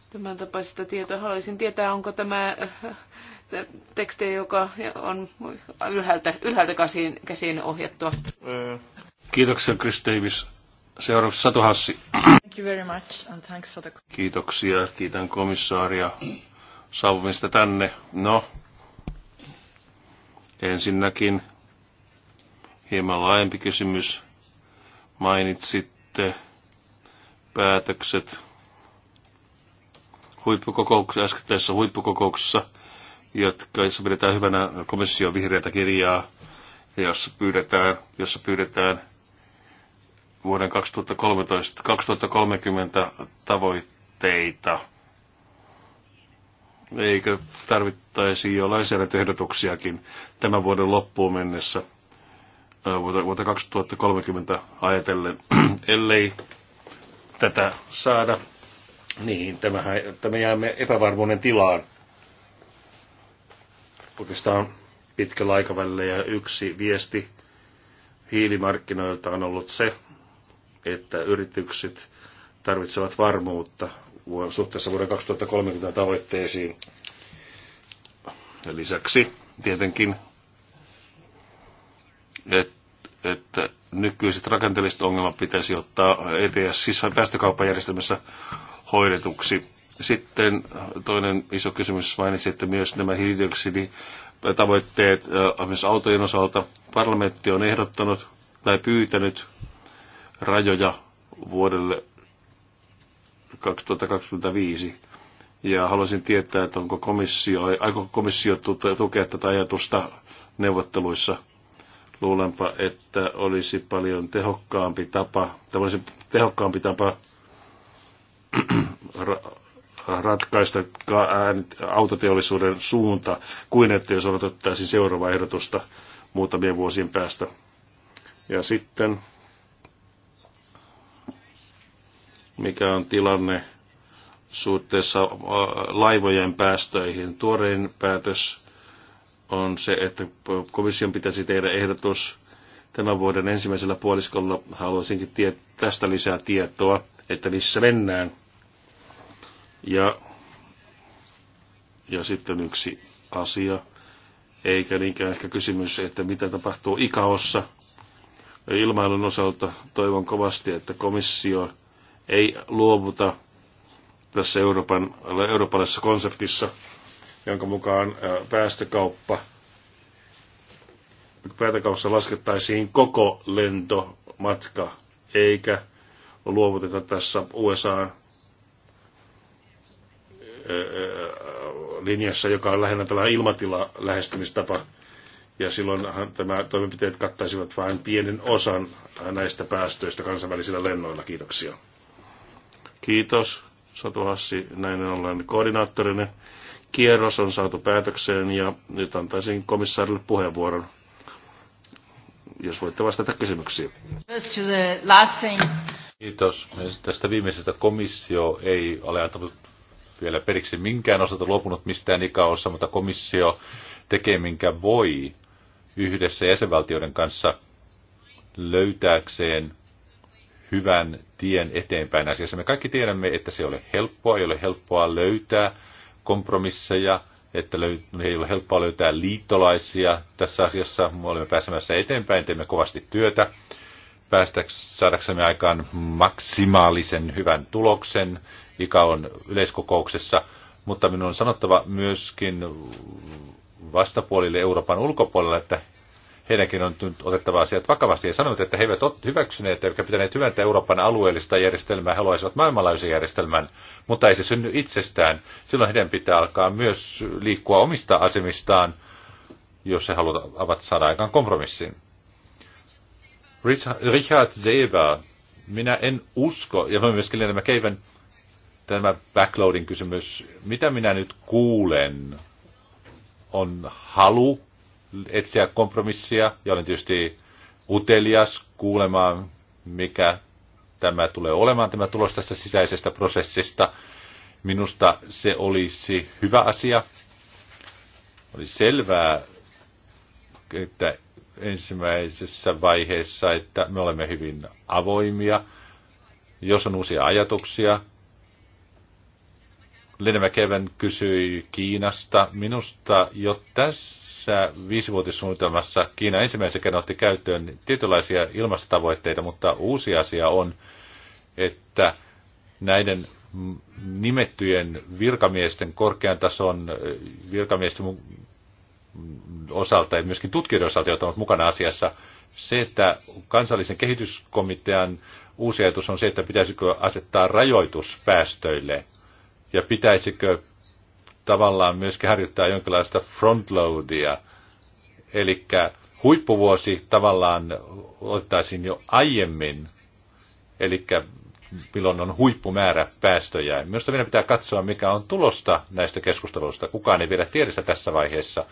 tämän tapaista tietoa. Haluaisin tietää, onko tämä äh, teksti, joka on ylhäältä, ylhäältä käsiin, käsiin ohjattua. Kiitoksia Chris Davis. Seuraavaksi Satu Hassi. Thank you very much and thanks for the... Kiitoksia. Kiitän komissaaria saavumista tänne. No, ensinnäkin hieman laajempi kysymys. Mainitsitte päätökset huippukokouksessa, äskettäisessä huippukokouksessa, jotka, jossa pidetään hyvänä komission vihreätä kirjaa, jossa pyydetään, jossa pyydetään vuoden 2013, 2030 tavoitteita eikö tarvittaisi jo lainsäädäntöehdotuksiakin tämän vuoden loppuun mennessä vuotta 2030 ajatellen, <clears throat> ellei tätä saada, niin tämähän, tämä jäämme epävarmuuden tilaan. Oikeastaan pitkällä aikavälillä ja yksi viesti hiilimarkkinoilta on ollut se, että yritykset tarvitsevat varmuutta suhteessa vuoden 2030 tavoitteisiin. Lisäksi tietenkin, että et nykyiset rakenteelliset ongelmat pitäisi ottaa ETS siis päästökauppajärjestelmässä hoidetuksi. Sitten toinen iso kysymys mainitsi, että myös nämä hiilidioksiditavoitteet myös autojen osalta parlamentti on ehdottanut tai pyytänyt rajoja vuodelle 2025. Ja haluaisin tietää, että onko komissio, aikooko komissio tuota, tukea tätä ajatusta neuvotteluissa. Luulenpa, että olisi paljon tehokkaampi tapa, olisi tehokkaampi tapa <clears throat> ratkaista autoteollisuuden suunta kuin että jos odotettaisiin seuraavaa ehdotusta muutamien vuosien päästä. Ja sitten mikä on tilanne suhteessa äh, laivojen päästöihin. Tuorein päätös on se, että komission pitäisi tehdä ehdotus tämän vuoden ensimmäisellä puoliskolla. Haluaisinkin tie- tästä lisää tietoa, että missä mennään. Ja, ja sitten yksi asia, eikä niinkään ehkä kysymys, että mitä tapahtuu ikaossa. Ilmailun osalta toivon kovasti, että komissio ei luovuta tässä Euroopan, eurooppalaisessa konseptissa, jonka mukaan päästökauppa päätökaupassa laskettaisiin koko lentomatka, eikä luovuteta tässä USA linjassa, joka on lähinnä tällainen ilmatila lähestymistapa. Ja silloinhan tämä toimenpiteet kattaisivat vain pienen osan näistä päästöistä kansainvälisillä lennoilla. Kiitoksia. Kiitos, Satu Hassi, näin ollen koordinaattorinen. Kierros on saatu päätökseen ja nyt antaisin komissaarille puheenvuoron, jos voitte vastata kysymyksiin. Kiitos. Tästä viimeisestä komissio ei ole antanut vielä periksi minkään osalta lopunut mistään ikäossa, mutta komissio tekee minkä voi yhdessä jäsenvaltioiden kanssa löytääkseen hyvän tien eteenpäin asiassa. Me kaikki tiedämme, että se ei ole helppoa, ei ole helppoa löytää kompromisseja, että löy- ei ole helppoa löytää liittolaisia tässä asiassa. Me olemme pääsemässä eteenpäin, teemme kovasti työtä saadaksemme aikaan maksimaalisen hyvän tuloksen on yleiskokouksessa, mutta minun on sanottava myöskin vastapuolille Euroopan ulkopuolella, että heidänkin on nyt otettava asiat vakavasti. Ja sanovat, että he eivät hyväksyneet eivätkä pitäneet hyvänä Euroopan alueellista järjestelmää, he haluaisivat maailmanlaajuisen järjestelmän, mutta ei se synny itsestään. Silloin heidän pitää alkaa myös liikkua omista asemistaan, jos he haluavat saada aikaan kompromissin. Richard Zeber, minä en usko, ja myöskin nämä keivän tämä backloading kysymys, mitä minä nyt kuulen, on halu etsiä kompromissia ja olen tietysti utelias kuulemaan, mikä tämä tulee olemaan, tämä tulos tästä sisäisestä prosessista. Minusta se olisi hyvä asia. Oli selvää, että ensimmäisessä vaiheessa, että me olemme hyvin avoimia. Jos on uusia ajatuksia, Lenemä Kevin kysyi Kiinasta. Minusta jo tässä tässä viisivuotissuunnitelmassa Kiina ensimmäisen kerran otti käyttöön tietynlaisia ilmastotavoitteita, mutta uusi asia on, että näiden nimettyjen virkamiesten korkean tason äh, virkamiesten osalta ja myöskin tutkijoiden osalta, joita ovat mukana asiassa, se, että kansallisen kehityskomitean uusi ajatus on se, että pitäisikö asettaa rajoitus päästöille ja pitäisikö tavallaan myöskin harjoittaa jonkinlaista frontloadia, eli huippuvuosi tavallaan otettaisiin jo aiemmin, eli milloin on huippumäärä päästöjä. Minusta meidän pitää katsoa, mikä on tulosta näistä keskusteluista. Kukaan ei vielä tiedä sitä tässä vaiheessa.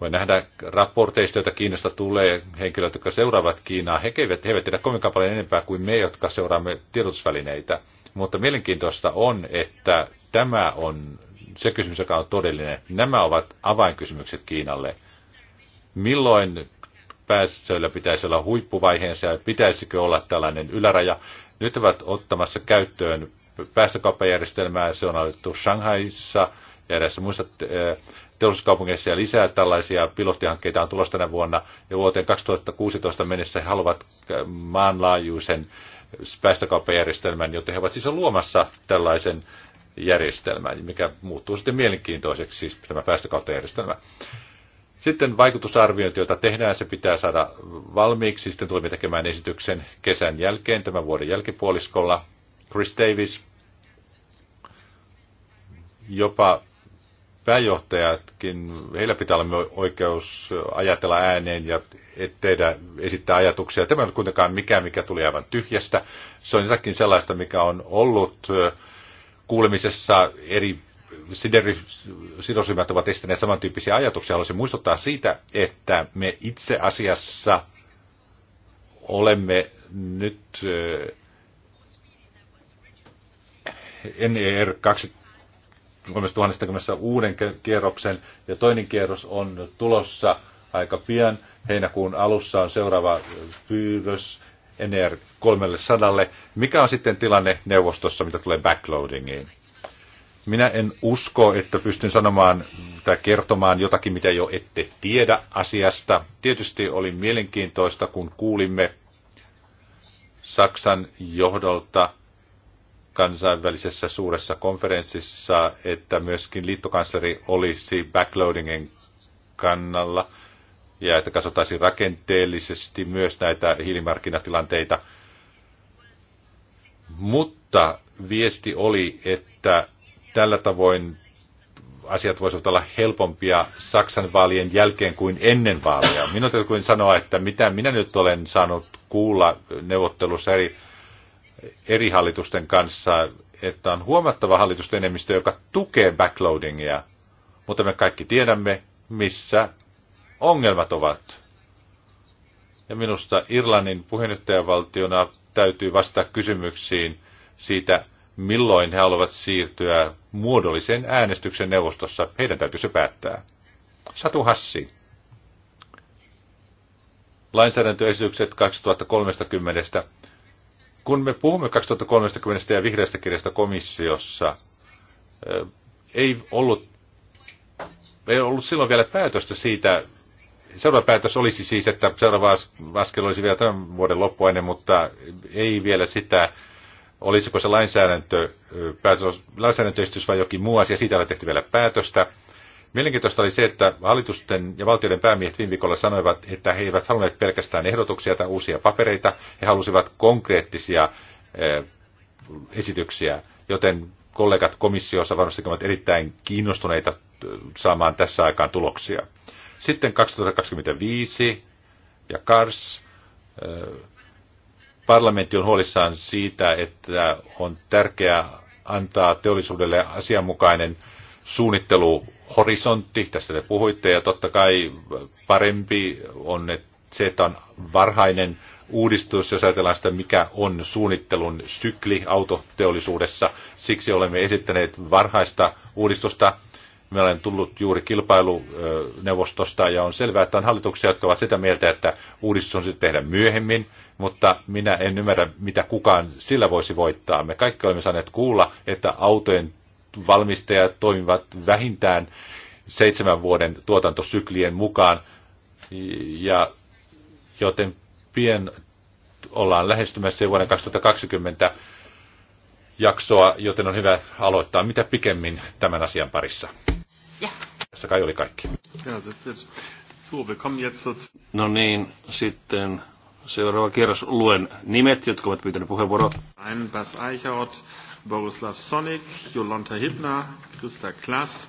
Voi nähdä raporteista, joita Kiinasta tulee, henkilöt, jotka seuraavat Kiinaa, he eivät, he eivät tiedä kovin paljon enempää kuin me, jotka seuraamme tiedotusvälineitä. Mutta mielenkiintoista on, että Tämä on se kysymys, joka on todellinen. Nämä ovat avainkysymykset Kiinalle. Milloin päässöillä pitäisi olla huippuvaiheensa ja pitäisikö olla tällainen yläraja? Nyt ovat ottamassa käyttöön päästökauppajärjestelmää. Se on alettu Shanghaissa ja edessä muissa eh, teollisuuskaupungeissa ja lisää tällaisia pilottihankkeita on tulossa tänä vuonna. Ja vuoteen 2016 mennessä he haluavat eh, maanlaajuisen päästökauppajärjestelmän, joten he ovat siis luomassa tällaisen järjestelmä, mikä muuttuu sitten mielenkiintoiseksi, siis tämä päästökauppajärjestelmä. Sitten vaikutusarviointi, jota tehdään, se pitää saada valmiiksi. Sitten tulemme tekemään esityksen kesän jälkeen, tämän vuoden jälkipuoliskolla. Chris Davis, jopa pääjohtajatkin, heillä pitää olla oikeus ajatella ääneen ja tehdä, esittää ajatuksia. Tämä ei ole kuitenkaan mikään, mikä tuli aivan tyhjästä. Se on jotakin sellaista, mikä on ollut äh, kuulemisessa eri sidosryhmät ovat esittäneet samantyyppisiä ajatuksia. Haluaisin muistuttaa siitä, että me itse asiassa olemme nyt eh, e NER 2030 uuden kierroksen ja toinen kierros on tulossa aika pian. Heinäkuun alussa on seuraava eh, pyydös NR 300, mikä on sitten tilanne neuvostossa, mitä tulee backloadingiin? Minä en usko, että pystyn sanomaan tai kertomaan jotakin, mitä jo ette tiedä asiasta. Tietysti oli mielenkiintoista, kun kuulimme Saksan johdolta kansainvälisessä suuressa konferenssissa, että myöskin liittokansleri olisi backloadingin kannalla ja että katsotaisiin rakenteellisesti myös näitä hiilimarkkinatilanteita. Mutta viesti oli, että tällä tavoin asiat voisivat olla helpompia Saksan vaalien jälkeen kuin ennen vaaleja. Minun täytyy sanoa, että mitä minä nyt olen saanut kuulla neuvottelussa eri, eri hallitusten kanssa, että on huomattava hallitusten enemmistö, joka tukee backloadingia. Mutta me kaikki tiedämme, missä ongelmat ovat. Ja minusta Irlannin puheenjohtajavaltiona täytyy vastata kysymyksiin siitä, milloin he haluavat siirtyä muodollisen äänestyksen neuvostossa. Heidän täytyy se päättää. Satu Hassi. Lainsäädäntöesitykset 2030. Kun me puhumme 2030 ja vihreästä kirjasta komissiossa, eh, ei ollut, ei ollut silloin vielä päätöstä siitä, Seuraava päätös olisi siis, että seuraava askel olisi vielä tämän vuoden loppuainen, mutta ei vielä sitä, olisiko se lainsäädäntö, päätös, lainsäädäntöistys vai jokin muu asia, siitä ei ole tehty vielä päätöstä. Mielenkiintoista oli se, että hallitusten ja valtioiden päämiehet viime viikolla sanoivat, että he eivät halunneet pelkästään ehdotuksia tai uusia papereita, he halusivat konkreettisia esityksiä, joten kollegat komissiossa varmasti ovat erittäin kiinnostuneita saamaan tässä aikaan tuloksia. Sitten 2025 ja KARS. Parlamentti on huolissaan siitä, että on tärkeää antaa teollisuudelle asianmukainen suunnitteluhorisontti, tästä te puhuitte, ja totta kai parempi on että se, että on varhainen uudistus, jos ajatellaan sitä, mikä on suunnittelun sykli autoteollisuudessa. Siksi olemme esittäneet varhaista uudistusta minä olen tullut juuri kilpailuneuvostosta ja on selvää, että on hallituksia, jotka ovat sitä mieltä, että uudistus on sitten tehdä myöhemmin, mutta minä en ymmärrä, mitä kukaan sillä voisi voittaa. Me kaikki olemme saaneet kuulla, että autojen valmistajat toimivat vähintään seitsemän vuoden tuotantosyklien mukaan, ja joten pien ollaan lähestymässä vuoden 2020 jaksoa, joten on hyvä aloittaa mitä pikemmin tämän asian parissa. Ja. Tässä kai oli kaikki. se se. se. No niin, sitten seuraava kierros luen nimet, jotka ovat pyytäneet puheenvuoroa. Ein Bas Eichhaut, Borislav Sonic, Jolanta Hibner, Christa Klass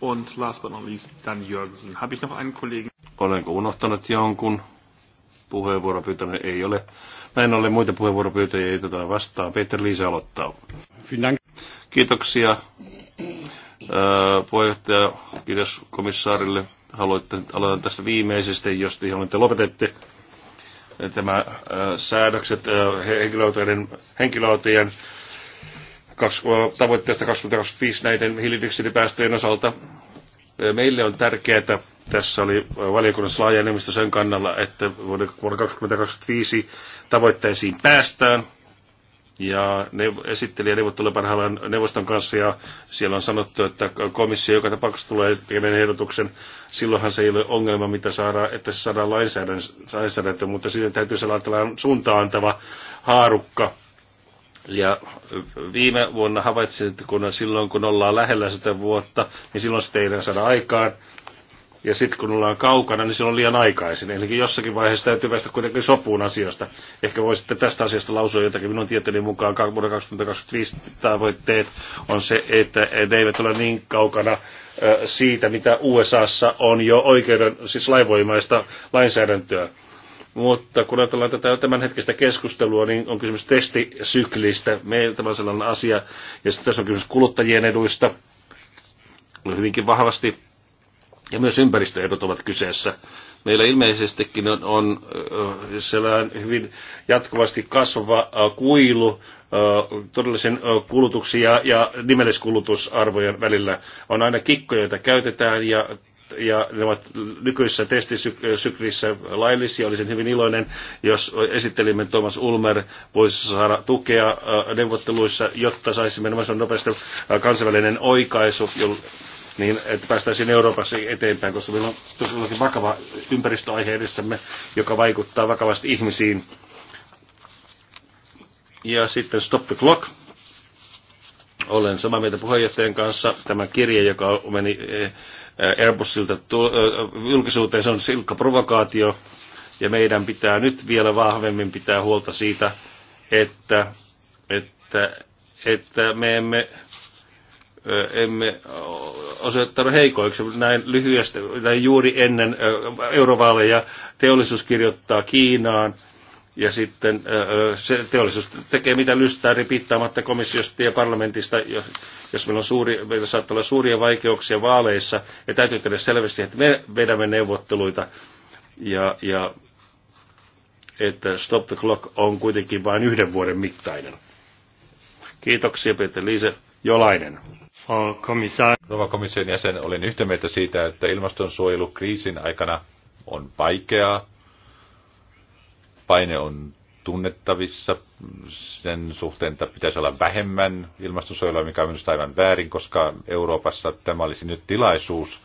und last but not least Dan Jörgensen. Habe ich noch einen Kollegen? Olenko unohtanut jonkun? Puheenvuoro pyytänyt ei ole. Näin ollen muita puheenvuoropyytäjiä ei tätä vastaan. Peter Liisa aloittaa. Kiitoksia Puheenjohtaja, kiitos komissaarille. Haluatte, aloitan tästä viimeisestä, jos te lopetette tämä säädökset henkilöautojen, henkilöautojen tavoitteesta 2025 näiden hiilidioksidipäästöjen osalta. Meille on tärkeää, että tässä oli valiokunnassa laaja enemmistö sen kannalla, että vuonna 2025 tavoitteisiin päästään ja esittelijä neuvottelee parhaillaan neuvoston kanssa ja siellä on sanottu, että komissio joka tapauksessa tulee tekemään ehdotuksen. Silloinhan se ei ole ongelma, mitä saada että se saadaan lainsäädäntö, mutta sitten täytyy sellainen suuntaan suuntaantava haarukka. Ja viime vuonna havaitsin, että kun silloin kun ollaan lähellä sitä vuotta, niin silloin sitä ei saada aikaan ja sitten kun ollaan kaukana, niin se on liian aikaisin. Eli jossakin vaiheessa täytyy päästä kuitenkin sopuun asiasta. Ehkä voisitte tästä asiasta lausua jotakin. Minun tietoni mukaan vuoden 2025 tavoitteet on se, että ne eivät ole niin kaukana siitä, mitä USAssa on jo oikeuden, siis laivoimaista lainsäädäntöä. Mutta kun ajatellaan tätä tämänhetkistä keskustelua, niin on kysymys testisyklistä. Meillä tämä on sellainen asia, ja sitten tässä on kysymys kuluttajien eduista hyvinkin vahvasti ja myös ympäristöedot ovat kyseessä. Meillä ilmeisestikin on, on sellainen hyvin jatkuvasti kasvava kuilu todellisen kulutuksen ja, ja nimelliskulutusarvojen välillä. On aina kikkoja, joita käytetään ja ja ne ovat nykyisessä testisyklissä laillisia. Olisin hyvin iloinen, jos esittelimme Thomas Ulmer voisi saada tukea neuvotteluissa, jotta saisimme nopeasti kansainvälinen oikaisu, niin että päästäisiin Euroopassa eteenpäin, koska meillä on tosiaan vakava ympäristöaihe edessämme, joka vaikuttaa vakavasti ihmisiin. Ja sitten Stop the Clock. Olen samaa mieltä puheenjohtajan kanssa. Tämä kirje, joka meni eh, Airbusilta eh, julkisuuteen, se on silkka provokaatio. Ja meidän pitää nyt vielä vahvemmin pitää huolta siitä, että, että, että me emme emme osoittanut heikoiksi. Näin lyhyesti, näin juuri ennen eurovaaleja teollisuus kirjoittaa Kiinaan ja sitten se teollisuus tekee mitä lystää ripittämättä komissiosta ja parlamentista, jos meillä, on suuri, meillä saattaa olla suuria vaikeuksia vaaleissa ja täytyy tehdä selvästi, että me vedämme neuvotteluita ja, ja että stop the clock on kuitenkin vain yhden vuoden mittainen. Kiitoksia Peter Liise Jolainen. Rova komission jäsen, olen yhtä mieltä siitä, että ilmastonsuojelu kriisin aikana on vaikeaa. Paine on tunnettavissa sen suhteen, että pitäisi olla vähemmän ilmastonsuojelua, mikä on minusta aivan väärin, koska Euroopassa tämä olisi nyt tilaisuus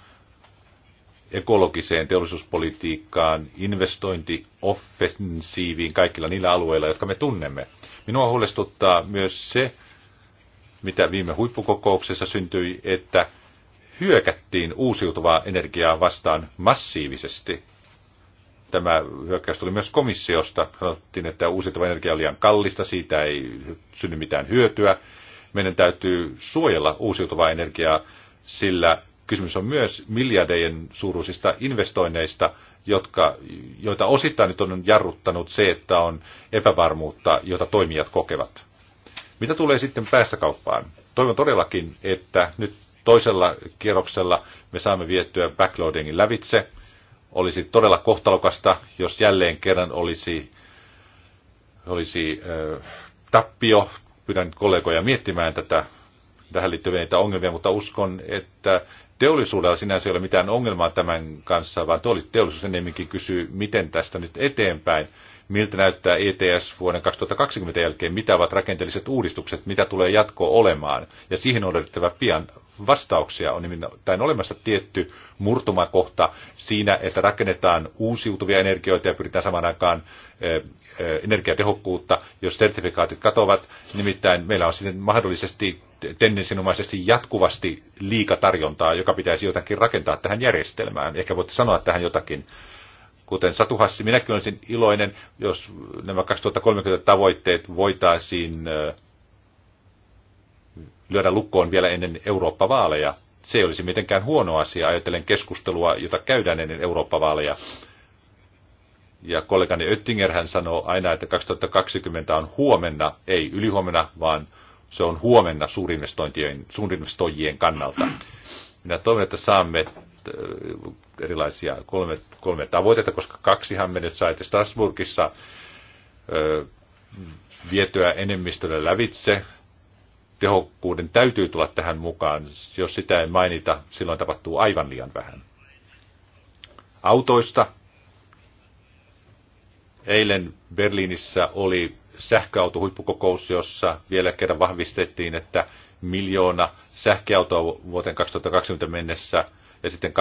ekologiseen teollisuuspolitiikkaan, investointioffensiiviin kaikilla niillä alueilla, jotka me tunnemme. Minua huolestuttaa myös se, mitä viime huippukokouksessa syntyi, että hyökättiin uusiutuvaa energiaa vastaan massiivisesti. Tämä hyökkäys tuli myös komissiosta. Sanottiin, että uusiutuva energia on liian kallista, siitä ei synny mitään hyötyä. Meidän täytyy suojella uusiutuvaa energiaa, sillä kysymys on myös miljardejen suuruisista investoinneista, jotka, joita osittain nyt on jarruttanut se, että on epävarmuutta, jota toimijat kokevat. Mitä tulee sitten päässäkauppaan? Toivon todellakin, että nyt toisella kierroksella me saamme viettyä backloadingin lävitse. Olisi todella kohtalokasta, jos jälleen kerran olisi, olisi äh, tappio. Pyydän kollegoja miettimään tätä tähän liittyviä niitä ongelmia, mutta uskon, että teollisuudella sinänsä ei ole mitään ongelmaa tämän kanssa, vaan teollisuus enemmänkin kysyy, miten tästä nyt eteenpäin miltä näyttää ETS vuoden 2020 jälkeen, mitä ovat rakenteelliset uudistukset, mitä tulee jatko olemaan. Ja siihen on odotettava pian vastauksia. On nimittäin olemassa tietty murtumakohta siinä, että rakennetaan uusiutuvia energioita ja pyritään samaan aikaan eh, eh, energiatehokkuutta, jos sertifikaatit katovat, Nimittäin meillä on sitten mahdollisesti tendensinomaisesti jatkuvasti liikatarjontaa, joka pitäisi jotakin rakentaa tähän järjestelmään. Ehkä voitte sanoa tähän jotakin kuten Hassi, minäkin olisin iloinen, jos nämä 2030 tavoitteet voitaisiin lyödä lukkoon vielä ennen Eurooppa-vaaleja. Se ei olisi mitenkään huono asia, ajatellen keskustelua, jota käydään ennen Eurooppa-vaaleja. Ja kollegani Oettinger hän sanoo aina, että 2020 on huomenna, ei ylihuomenna, vaan se on huomenna suurinvestoijien, suurinvestoijien kannalta. Minä toivon, että saamme erilaisia kolme, kolme tavoitetta, koska kaksihan me nyt saitte Strasbourgissa ö, vietyä enemmistölle lävitse. Tehokkuuden täytyy tulla tähän mukaan. Jos sitä ei mainita, silloin tapahtuu aivan liian vähän. Autoista. Eilen Berliinissä oli sähköautohuippukokous, jossa vielä kerran vahvistettiin, että miljoona sähköautoa vuoteen 2020 mennessä – ja sitten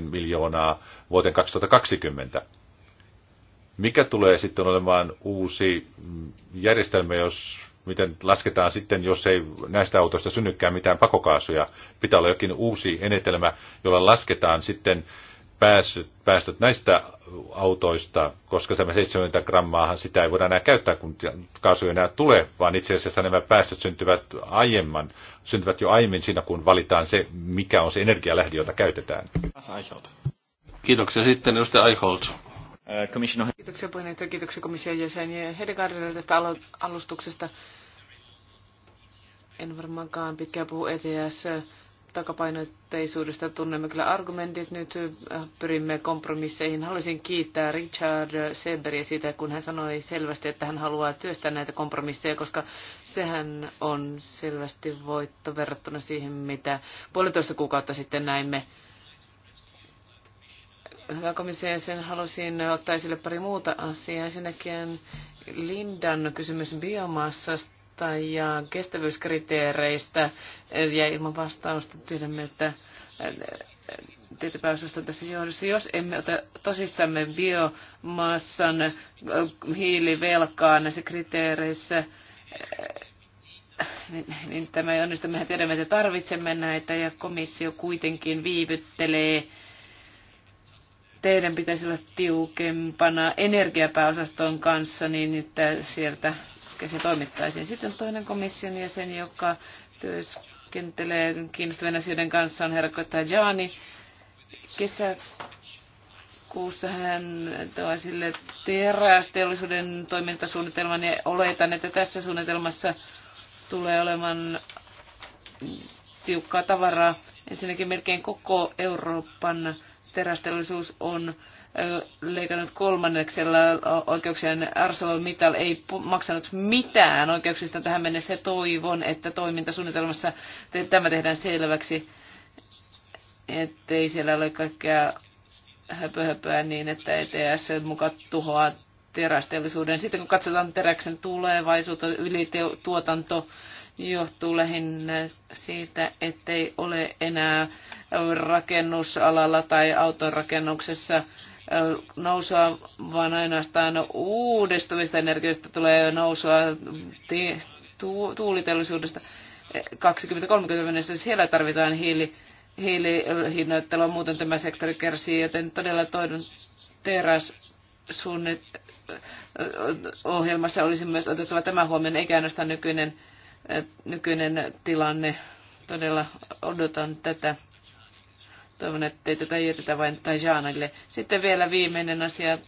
2-3 miljoonaa vuoteen 2020. Mikä tulee sitten olemaan uusi järjestelmä, jos miten lasketaan sitten, jos ei näistä autoista synnykään mitään pakokaasuja? Pitää olla jokin uusi enetelmä, jolla lasketaan sitten päässyt, päästöt näistä autoista, koska tämä 70 grammaahan sitä ei voida enää käyttää, kun kaasu ei enää tule, vaan itse asiassa nämä päästöt syntyvät aiemman, syntyvät jo aiemmin siinä, kun valitaan se, mikä on se energialähde, jota käytetään. Kiitoksia sitten edustaja Eichholz. Kiitoksia puheenjohtaja, kiitoksia komission jäseniä Hedegaardille tästä alustuksesta. En varmaankaan pitkään puhu ETS takapainotteisuudesta tunnemme kyllä argumentit. Nyt äh, pyrimme kompromisseihin. Haluaisin kiittää Richard Seberia siitä, kun hän sanoi selvästi, että hän haluaa työstää näitä kompromisseja, koska sehän on selvästi voitto verrattuna siihen, mitä puolitoista kuukautta sitten näimme. Hyvä komissio, sen halusin ottaa esille pari muuta asiaa. Ensinnäkin Lindan kysymys biomassasta vastausta ja kestävyyskriteereistä ja ilman vastausta tiedämme, että äh, tietopäiväisystä tässä johdossa. Jos emme ota tosissamme biomassan äh, hiilivelkaa näissä kriteereissä, äh, niin, niin tämä ei onnistu. Mehän tiedämme, että tarvitsemme näitä ja komissio kuitenkin viivyttelee. Teidän pitäisi olla tiukempana energiapääosaston kanssa niin, että sieltä se toimittaisiin. Sitten toinen komission jäsen, joka työskentelee kiinnostavien asioiden kanssa, on herra Kotajani. Kesäkuussa hän toi sille terästeollisuuden toimintasuunnitelman ja oletan, että tässä suunnitelmassa tulee olemaan tiukkaa tavaraa. Ensinnäkin melkein koko Euroopan terästeollisuus on leikannut kolmanneksella oikeuksien ArcelorMittal ei maksanut mitään oikeuksista tähän mennessä. Toivon, että toimintasuunnitelmassa te- tämä tehdään selväksi, ettei siellä ole kaikkea höpöhöpöä niin, että ETS mukaan tuhoaa terästeollisuuden. Sitten kun katsotaan teräksen tulevaisuutta, ylituotanto johtuu lähinnä siitä, ettei ole enää rakennusalalla tai autorakennuksessa rakennuksessa nousua, vaan ainoastaan uudistuvista energioista tulee nousua tuuliteollisuudesta 2030 e, mennessä. Siellä tarvitaan hiili, hiilihinnoittelua, muuten tämä sektori kärsii, joten todella toivon teräs ohjelmassa olisi myös otettava tämä huomioon, eikä ainoastaan nykyinen, e, nykyinen tilanne. Todella odotan tätä. Toivon, ettei tätä irritä vain Tajanalle. Sitten vielä viimeinen asia.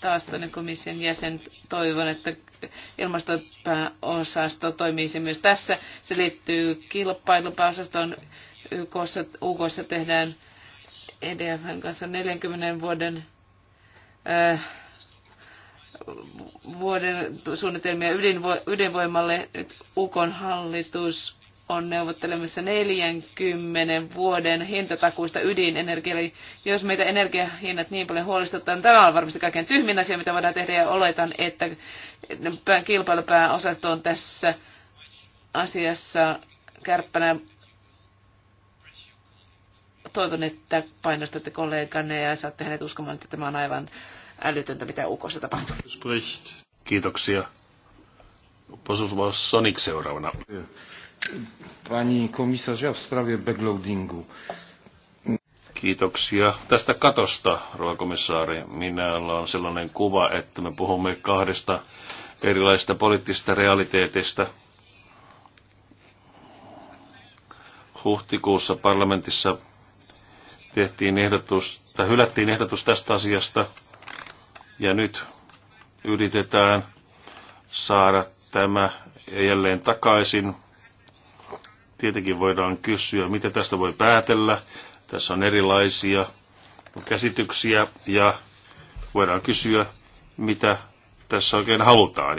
Taas tuonne komission jäsen toivon, että ilmastopääosasto toimisi myös tässä. Se liittyy kilpailupääosastoon. YKssa, UKssa tehdään EDFn kanssa 40 vuoden äh, vuoden suunnitelmia ydinvo, ydinvoimalle. Nyt UKon hallitus on neuvottelemassa 40 vuoden hintatakuista ydinenergialle. jos meitä energiahinnat niin paljon huolestuttaa, niin tämä on varmasti kaikkein tyhmin asia, mitä voidaan tehdä, ja oletan, että kilpailupääosasto on tässä asiassa kärppänä. Toivon, että painostatte kolleganne ja saatte hänet uskomaan, että tämä on aivan älytöntä, mitä UKossa tapahtuu. Kiitoksia. Posusvaus Sonic seuraavana pani komisarz, w sprawie backloadingu. Kiitoksia tästä katosta, komissaari. Minulla on sellainen kuva, että me puhumme kahdesta erilaisesta poliittisesta realiteetista. Huhtikuussa parlamentissa tehtiin ehdotus, tai hylättiin ehdotus tästä asiasta, ja nyt yritetään saada tämä jälleen takaisin Tietenkin voidaan kysyä, mitä tästä voi päätellä. Tässä on erilaisia käsityksiä ja voidaan kysyä, mitä tässä oikein halutaan.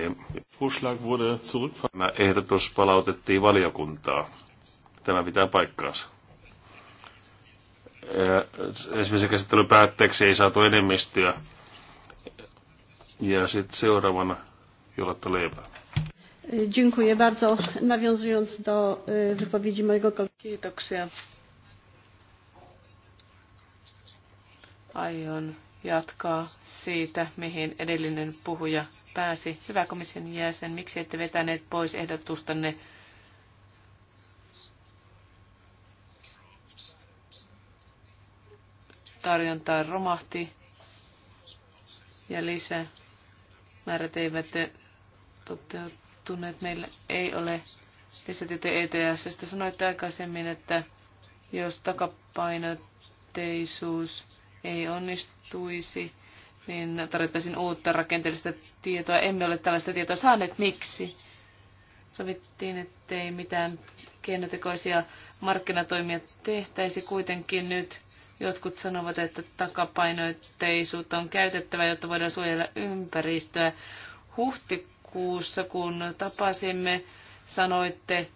Tämä ehdotus palautettiin valiokuntaa. Tämä pitää paikkaansa. Ensimmäisen käsittelyn päätteeksi ei saatu enemmistöä. Ja sitten seuraavana Jolatta Leipää. Dziękuję bardzo. Nawiązując do wypowiedzi mojego kolegi. Kiitoksia. Aion jatkaa siitä, mihin edellinen puhuja pääsi. Hyvä komission jäsen, miksi ette vetäneet pois ehdotustanne tarjontaa romahti ja lisää määrät eivät toteutu muuttuneet. Meillä ei ole lisätietoja e Sitä Sanoitte aikaisemmin, että jos takapainotteisuus ei onnistuisi, niin tarvittaisiin uutta rakenteellista tietoa. Emme ole tällaista tietoa saaneet. Miksi? Sovittiin, ettei mitään keinotekoisia markkinatoimia tehtäisi kuitenkin nyt. Jotkut sanovat, että takapainoitteisuutta on käytettävä, jotta voidaan suojella ympäristöä. Huhti kesäkuussa, kun tapasimme, sanoitte,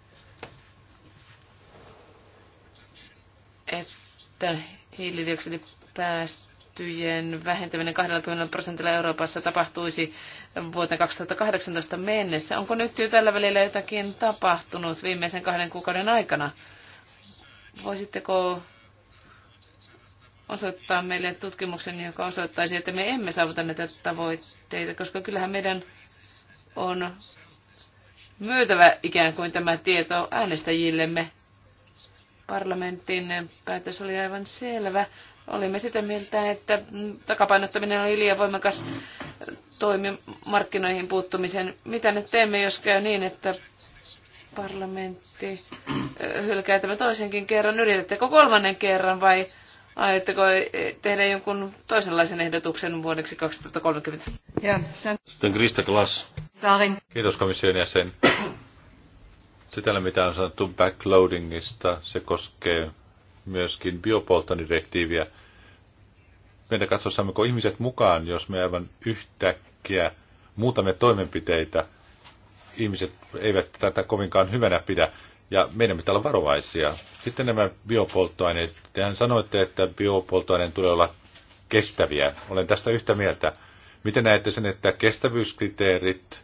että hiilidioksidipäästöjen vähentäminen 20 prosentilla Euroopassa tapahtuisi vuoteen 2018 mennessä. Onko nyt jo tällä välillä jotakin tapahtunut viimeisen kahden kuukauden aikana? Voisitteko osoittaa meille tutkimuksen, joka osoittaisi, että me emme saavuta näitä tavoitteita, koska kyllähän meidän on myytävä ikään kuin tämä tieto äänestäjillemme. Parlamentin päätös oli aivan selvä. Olimme sitä mieltä, että takapainottaminen oli liian voimakas toimi markkinoihin puuttumisen. Mitä nyt teemme, jos käy niin, että parlamentti hylkää tämän toisenkin kerran? Yritättekö kolmannen kerran vai aiotteko tehdä jonkun toisenlaisen ehdotuksen vuodeksi 2030? Ja. Sitten Krista Glass. Kiitos komission jäsen. Sitä mitä on sanottu backloadingista, se koskee myöskin biopolttonidirektiiviä. Meidän katsoa, saammeko ihmiset mukaan, jos me aivan yhtäkkiä muutamme toimenpiteitä. Ihmiset eivät tätä kovinkaan hyvänä pidä, ja meidän pitää olla varovaisia. Sitten nämä biopolttoaineet. Tehän sanoitte, että biopolttoaineen tulee olla kestäviä. Olen tästä yhtä mieltä. Miten näette sen, että kestävyyskriteerit,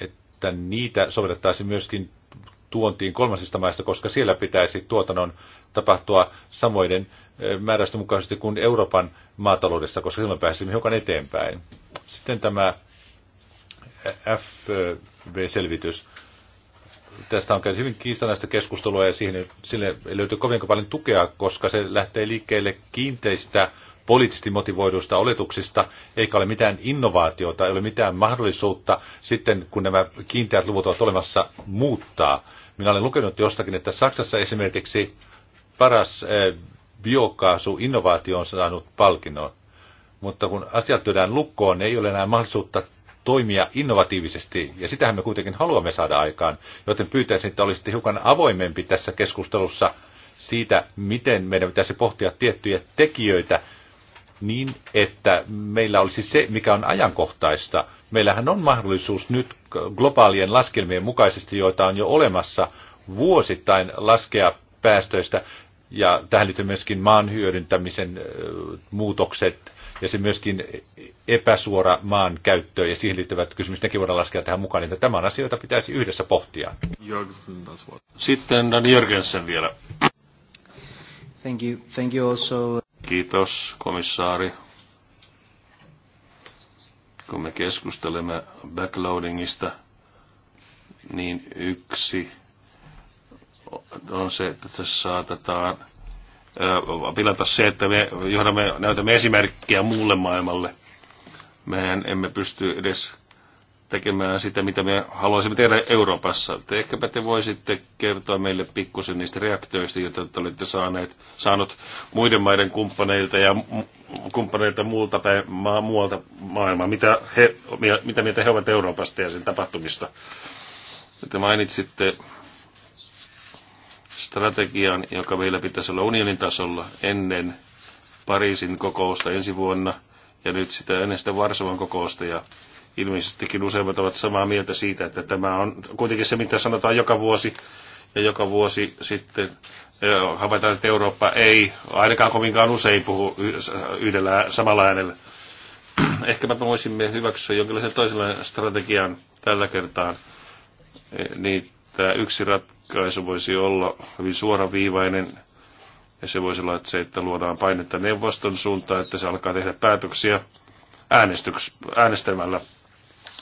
että niitä sovellettaisiin myöskin tuontiin kolmansista maista, koska siellä pitäisi tuotannon tapahtua samoiden eh, määräysten mukaisesti kuin Euroopan maataloudessa, koska silloin pääsisimme hiukan eteenpäin. Sitten tämä eh, FV-selvitys. Tästä on käyty hyvin kiistanaista keskustelua ja siihen, sille ei löytyy kovin paljon tukea, koska se lähtee liikkeelle kiinteistä poliittisesti motivoiduista oletuksista, eikä ole mitään innovaatiota, ei ole mitään mahdollisuutta sitten, kun nämä kiinteät luvut ovat olemassa, muuttaa. Minä olen lukenut jostakin, että Saksassa esimerkiksi paras eh, biokaasuinnovaatio on saanut palkinnon. Mutta kun asiat työdään lukkoon, ei ole enää mahdollisuutta toimia innovatiivisesti, ja sitähän me kuitenkin haluamme saada aikaan, joten pyytäisin, että olisitte hiukan avoimempi tässä keskustelussa siitä, miten meidän pitäisi pohtia tiettyjä tekijöitä, niin, että meillä olisi se, mikä on ajankohtaista. Meillähän on mahdollisuus nyt globaalien laskelmien mukaisesti, joita on jo olemassa, vuosittain laskea päästöistä. Ja tähän liittyy myöskin maan hyödyntämisen muutokset ja se myöskin epäsuora maan käyttö ja siihen liittyvät kysymykset, nekin voidaan laskea tähän mukaan, että tämän asioita pitäisi yhdessä pohtia. Sitten Dan Jörgensen vielä. Thank you. Thank you also. Kiitos, komissaari. Kun me keskustelemme backloadingista, niin yksi on se, että tässä saatetaan pilata se, että me johdamme, näytämme esimerkkiä muulle maailmalle. Mehän emme pysty edes tekemään sitä, mitä me haluaisimme tehdä Euroopassa. Te ehkäpä te voisitte kertoa meille pikkusen niistä reaktioista, joita te olette saaneet, saanut muiden maiden kumppaneilta ja kumppaneilta muulta päin, maa, muualta maailmaa, mitä, he, mitä mieltä he ovat Euroopasta ja sen tapahtumista. Te mainitsitte strategian, joka meillä pitäisi olla unionin tasolla ennen Pariisin kokousta ensi vuonna ja nyt sitä ennen sitä Varsovan kokousta ja Ilmeisestikin useimmat ovat samaa mieltä siitä, että tämä on kuitenkin se, mitä sanotaan joka vuosi. Ja joka vuosi sitten havaitaan, että Eurooppa ei ainakaan kovinkaan usein puhu yhdellä samalla äänellä. <clears throat> Ehkä me voisimme hyväksyä jonkinlaisen toisenlaisen strategian tällä kertaa. E, niin tämä yksi ratkaisu voisi olla hyvin suoraviivainen ja se voisi olla että se, että luodaan painetta neuvoston suuntaan, että se alkaa tehdä päätöksiä äänestämällä.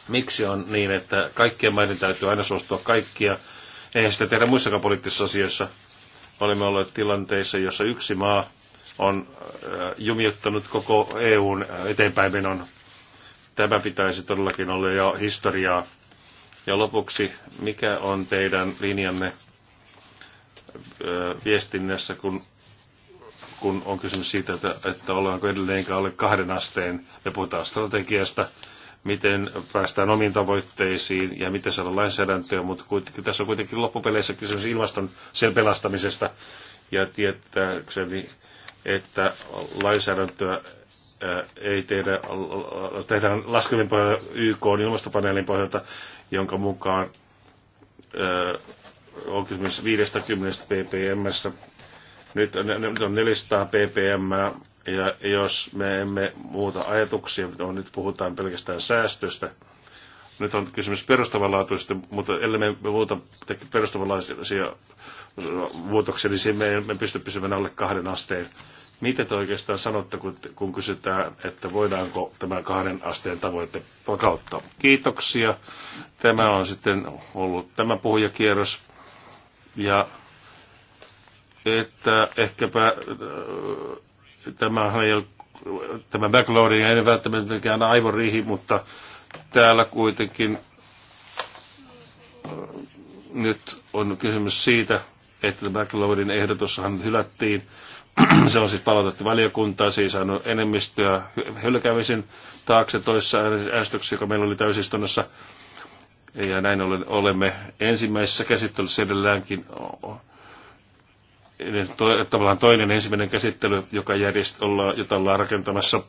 Miksi on niin, että kaikkien maiden täytyy aina suostua kaikkia? Eihän sitä tehdä muissakaan poliittisissa asioissa. Olemme olleet tilanteissa, jossa yksi maa on äh, jumiuttanut koko EUn eteenpäinmenon. Tämä pitäisi todellakin olla jo historiaa. Ja lopuksi, mikä on teidän linjanne äh, viestinnässä, kun, kun on kysymys siitä, että, että ollaanko edelleenkään alle kahden asteen, ja puhutaan strategiasta, miten päästään omiin tavoitteisiin ja miten saada lainsäädäntöä, mutta kuitenkin, tässä on kuitenkin loppupeleissä kysymys ilmaston sen pelastamisesta ja tietääkseni, että lainsäädäntöä ei tehdä, tehdään laskelmien pohjalta YK ilmastopaneelin pohjalta, jonka mukaan on kysymys 50 ppm. Nyt on 400 ppm ja jos me emme muuta ajatuksia, no nyt puhutaan pelkästään säästöstä, nyt on kysymys perustavanlaatuista, mutta ellei me muuta perustavanlaatuisia muutoksia, niin me emme pysty pysymään alle kahden asteen. Mitä te oikeastaan sanotte, kun, kun kysytään, että voidaanko tämä kahden asteen tavoite vakauttaa? Kiitoksia. Tämä on sitten ollut tämä puhujakierros. Ja että ehkäpä äh, tämä, tämä backloading ei ole välttämättä mikään aivorihi, mutta täällä kuitenkin äh, nyt on kysymys siitä, että backloadin ehdotushan hylättiin. <clears throat> Se on siis palautettu valiokuntaan, siis saanut enemmistöä hylkäämisen taakse toisessa äänestyksessä, joka meillä oli täysistunnossa. Ja näin ollen olemme ensimmäisessä käsittelyssä edelläänkin niin, tavallaan toinen ensimmäinen käsittely, joka järjest, olla, jota ollaan rakentamassa.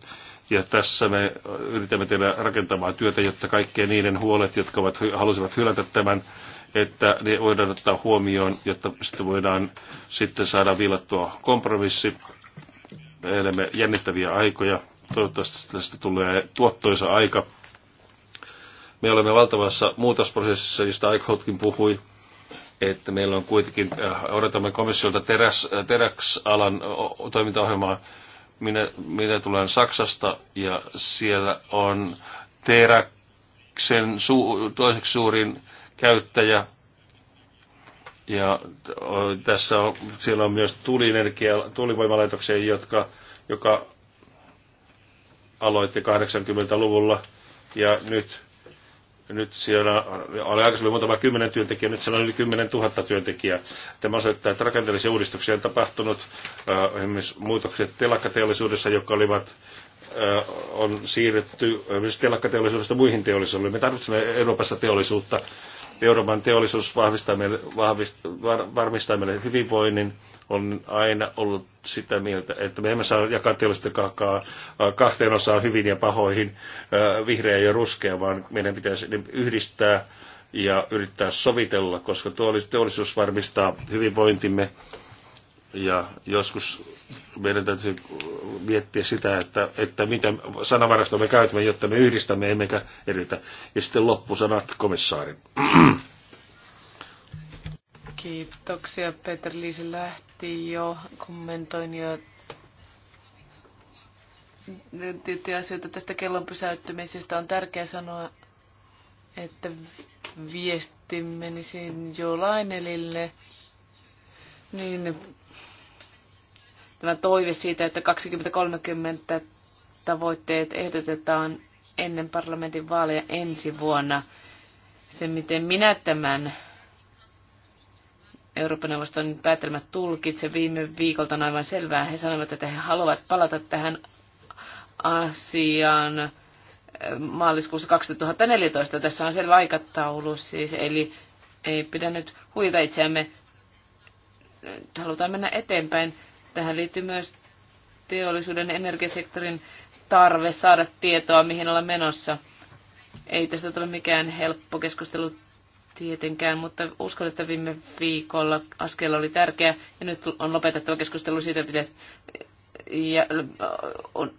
Ja tässä me yritämme tehdä rakentamaan työtä, jotta kaikkien niiden huolet, jotka ovat, halusivat hylätä tämän, että ne voidaan ottaa huomioon, jotta sitten voidaan sitten saada viilattua kompromissi. Me elämme jännittäviä aikoja. Toivottavasti tästä tulee tuottoisa aika. Me olemme valtavassa muutosprosessissa, josta Eichhoutkin puhui että meillä on kuitenkin, äh, odotamme komissiolta teräs, äh, teräksalan toimintaohjelmaa. Minä, minä tulen Saksasta ja siellä on teräksen su, toiseksi suurin käyttäjä. Ja tässä on, siellä on myös tulienergia, tulivoimalaitoksia, jotka, joka aloitti 80-luvulla ja nyt nyt siellä oli aikaisemmin muutama kymmenen työntekijää, nyt siellä on yli kymmenen tuhatta työntekijää. Tämä osoittaa, että rakenteellisia uudistuksia on tapahtunut, esimerkiksi muutokset telakkateollisuudessa, jotka olivat on siirretty esimerkiksi telakkateollisuudesta muihin teollisuuksiin. Me tarvitsemme Euroopassa teollisuutta, Euroopan teollisuus vahvistaa meille, vahvist, var, varmistaa meille hyvinvoinnin. On aina ollut sitä mieltä, että me emme saa jakaa teollisuutta kahkaa, äh, kahteen osaan hyvin ja pahoihin, äh, vihreä ja ruskea, vaan meidän pitäisi yhdistää ja yrittää sovitella, koska teollisuus varmistaa hyvinvointimme ja joskus meidän täytyy miettiä sitä, että, että mitä sanavarastoa me käytämme, jotta me yhdistämme emmekä eritä. Ja sitten loppusanat komissaarin. Kiitoksia. Peter Liisi lähti jo. Kommentoin jo tiettyjä asioita tästä kellon pysäyttämisestä. On tärkeää sanoa, että viesti menisi jo lainelille niin tämä toive siitä, että 2030 tavoitteet ehdotetaan ennen parlamentin vaaleja ensi vuonna. Se, miten minä tämän Euroopan neuvoston päätelmät tulkitsen viime viikolta on aivan selvää. He sanovat, että he haluavat palata tähän asiaan eh, maaliskuussa 2014. Tässä on selvä aikataulu siis, eli ei pidä nyt huita itseämme halutaan mennä eteenpäin. Tähän liittyy myös teollisuuden energiasektorin tarve saada tietoa, mihin olla menossa. Ei tästä tule mikään helppo keskustelu tietenkään, mutta uskon, että viime viikolla askel oli tärkeä ja nyt on lopetettava keskustelu siitä, pitäisi, ja on,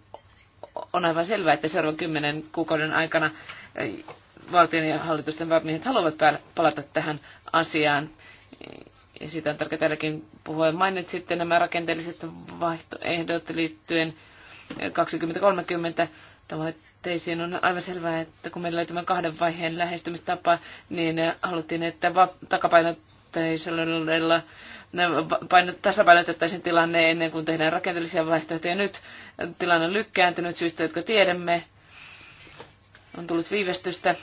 on aivan selvää, että seuraavan kymmenen kuukauden aikana valtion ja hallitusten päämiehet haluavat palata tähän asiaan ja siitä on tärkeää tälläkin puhua. Mainitsitte nämä rakenteelliset vaihtoehdot liittyen 2030 tavoitteisiin. On aivan selvää, että kun meillä oli tämä kahden vaiheen lähestymistapa, niin haluttiin, että takapainotteisella tasapainotettaisiin tilanne ennen kuin tehdään rakenteellisia vaihtoehtoja. Nyt tilanne on lykkääntynyt syystä, jotka tiedämme. On tullut viivästystä.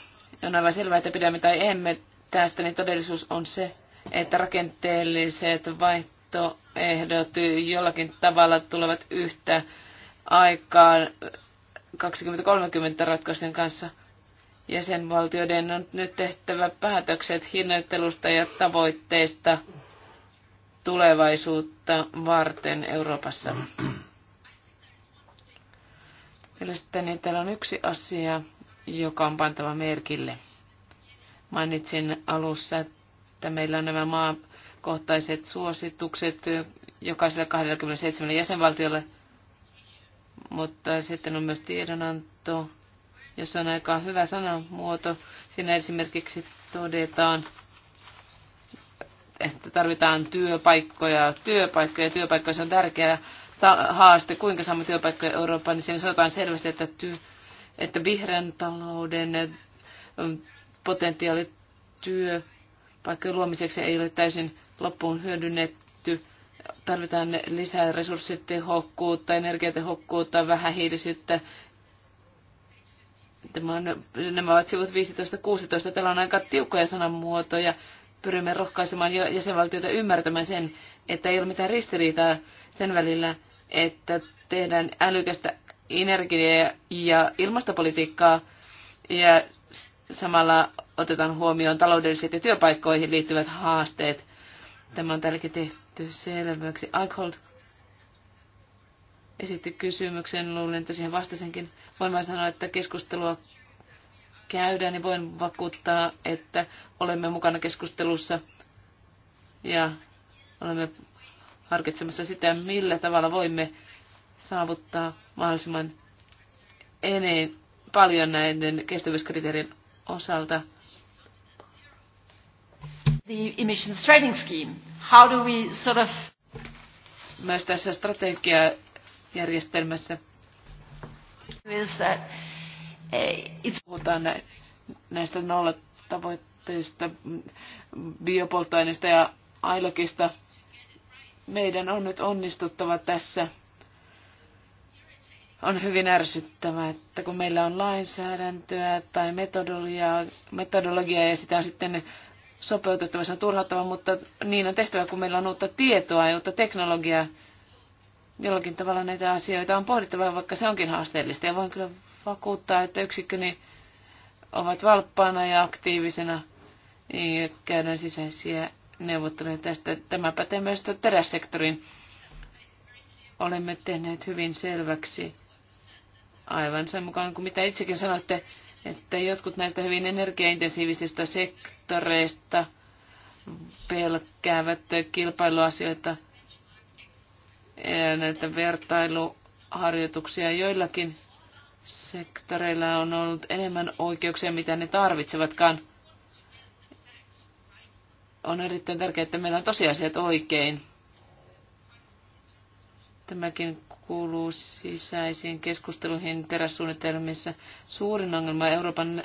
On aivan selvää, että pidämme tai emme tästä, niin todellisuus on se, että rakenteelliset vaihtoehdot jollakin tavalla tulevat yhtä aikaan 2030 ratkaisujen kanssa. Jäsenvaltioiden on nyt tehtävä päätökset hinnoittelusta ja tavoitteista tulevaisuutta varten Euroopassa. Mielestäni täällä on yksi asia, joka on pantava merkille. Mainitsin alussa, että että meillä on nämä maakohtaiset suositukset jokaiselle 27 jäsenvaltiolle, mutta sitten on myös tiedonanto, jossa on aika hyvä sanamuoto. Siinä esimerkiksi todetaan, että tarvitaan työpaikkoja, työpaikkoja, työpaikkoja, se on tärkeä haaste, kuinka saamme työpaikkoja Eurooppaan, niin siinä sanotaan selvästi, että, ty- että vihreän talouden potentiaali työ paikkojen luomiseksi ei ole täysin loppuun hyödynnetty. Tarvitaan lisää resurssitehokkuutta, energiatehokkuutta, vähähiilisyyttä. Tämä on, nämä ovat sivut 15-16. Täällä on aika tiukkoja sanamuotoja. Pyrimme rohkaisemaan jäsenvaltioita ymmärtämään sen, että ei ole mitään ristiriitaa sen välillä, että tehdään älykästä energia- ja ilmastopolitiikkaa ja Samalla otetaan huomioon taloudelliset ja työpaikkoihin liittyvät haasteet. Tämä on tälläkin tehty selväksi. Eichhold esitti kysymyksen, luulen, että siihen vastasinkin. Voin vain sanoa, että keskustelua käydään, niin voin vakuuttaa, että olemme mukana keskustelussa ja olemme harkitsemassa sitä, millä tavalla voimme saavuttaa mahdollisimman eneen paljon näiden kestävyyskriteerien osalta. The emissions trading scheme. How do we sort of... Myös tässä strategiajärjestelmässä is that eh, it's... puhutaan nä- näistä nollatavoitteista, biopolttoaineista ja ailokista. Meidän on nyt onnistuttava tässä – on hyvin ärsyttävää, että kun meillä on lainsäädäntöä tai metodologiaa, ja sitä on sitten sopeutettava, se on turhauttava, mutta niin on tehtävä, kun meillä on uutta tietoa ja uutta teknologiaa. Jollakin tavalla näitä asioita on pohdittava, vaikka se onkin haasteellista. Ja voin kyllä vakuuttaa, että yksikköni ovat valppaana ja aktiivisena. Niin käydään sisäisiä neuvotteluja tästä. Tämä pätee myös terässektorin. Olemme tehneet hyvin selväksi aivan sen mukaan kuin mitä itsekin sanoitte, että jotkut näistä hyvin energiaintensiivisistä sektoreista pelkäävät kilpailuasioita ja näitä vertailuharjoituksia joillakin sektoreilla on ollut enemmän oikeuksia, mitä ne tarvitsevatkaan. On erittäin tärkeää, että meillä on tosiasiat oikein. Tämäkin kuuluu sisäisiin keskusteluihin teräsuunnitelmissa. Suurin ongelma Euroopan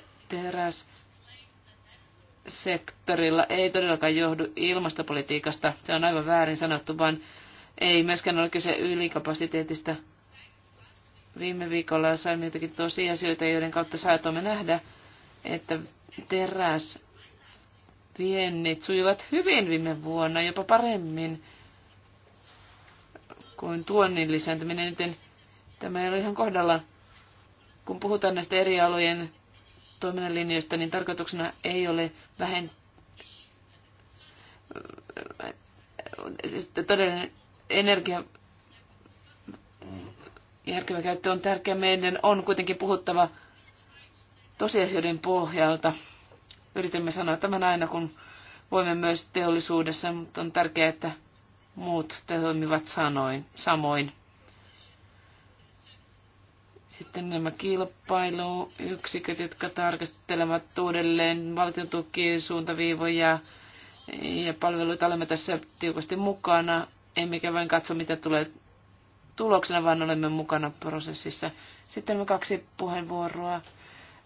teräsektorilla ei todellakaan johdu ilmastopolitiikasta. Se on aivan väärin sanottu, vaan ei myöskään ole kyse ylikapasiteetista. Viime viikolla saimme jotakin tosiasioita, joiden kautta saatoimme nähdä, että teräs viennit sujuvat hyvin viime vuonna, jopa paremmin kuin tuonnin lisääntyminen, joten tämä ei ole ihan kohdalla, Kun puhutaan näistä eri alojen toiminnan linjoista, niin tarkoituksena ei ole vähen... Siis todellinen energia järkevä käyttö on tärkeä. Meidän on kuitenkin puhuttava tosiasioiden pohjalta. yritämme sanoa tämän aina, kun voimme myös teollisuudessa, mutta on tärkeää, että muut toimivat sanoin, samoin. Sitten nämä kilpailuyksiköt, jotka tarkastelevat uudelleen valtion tukien suuntaviivoja ja palveluita olemme tässä tiukasti mukana, emmekä vain katso, mitä tulee tuloksena, vaan olemme mukana prosessissa. Sitten me kaksi puheenvuoroa.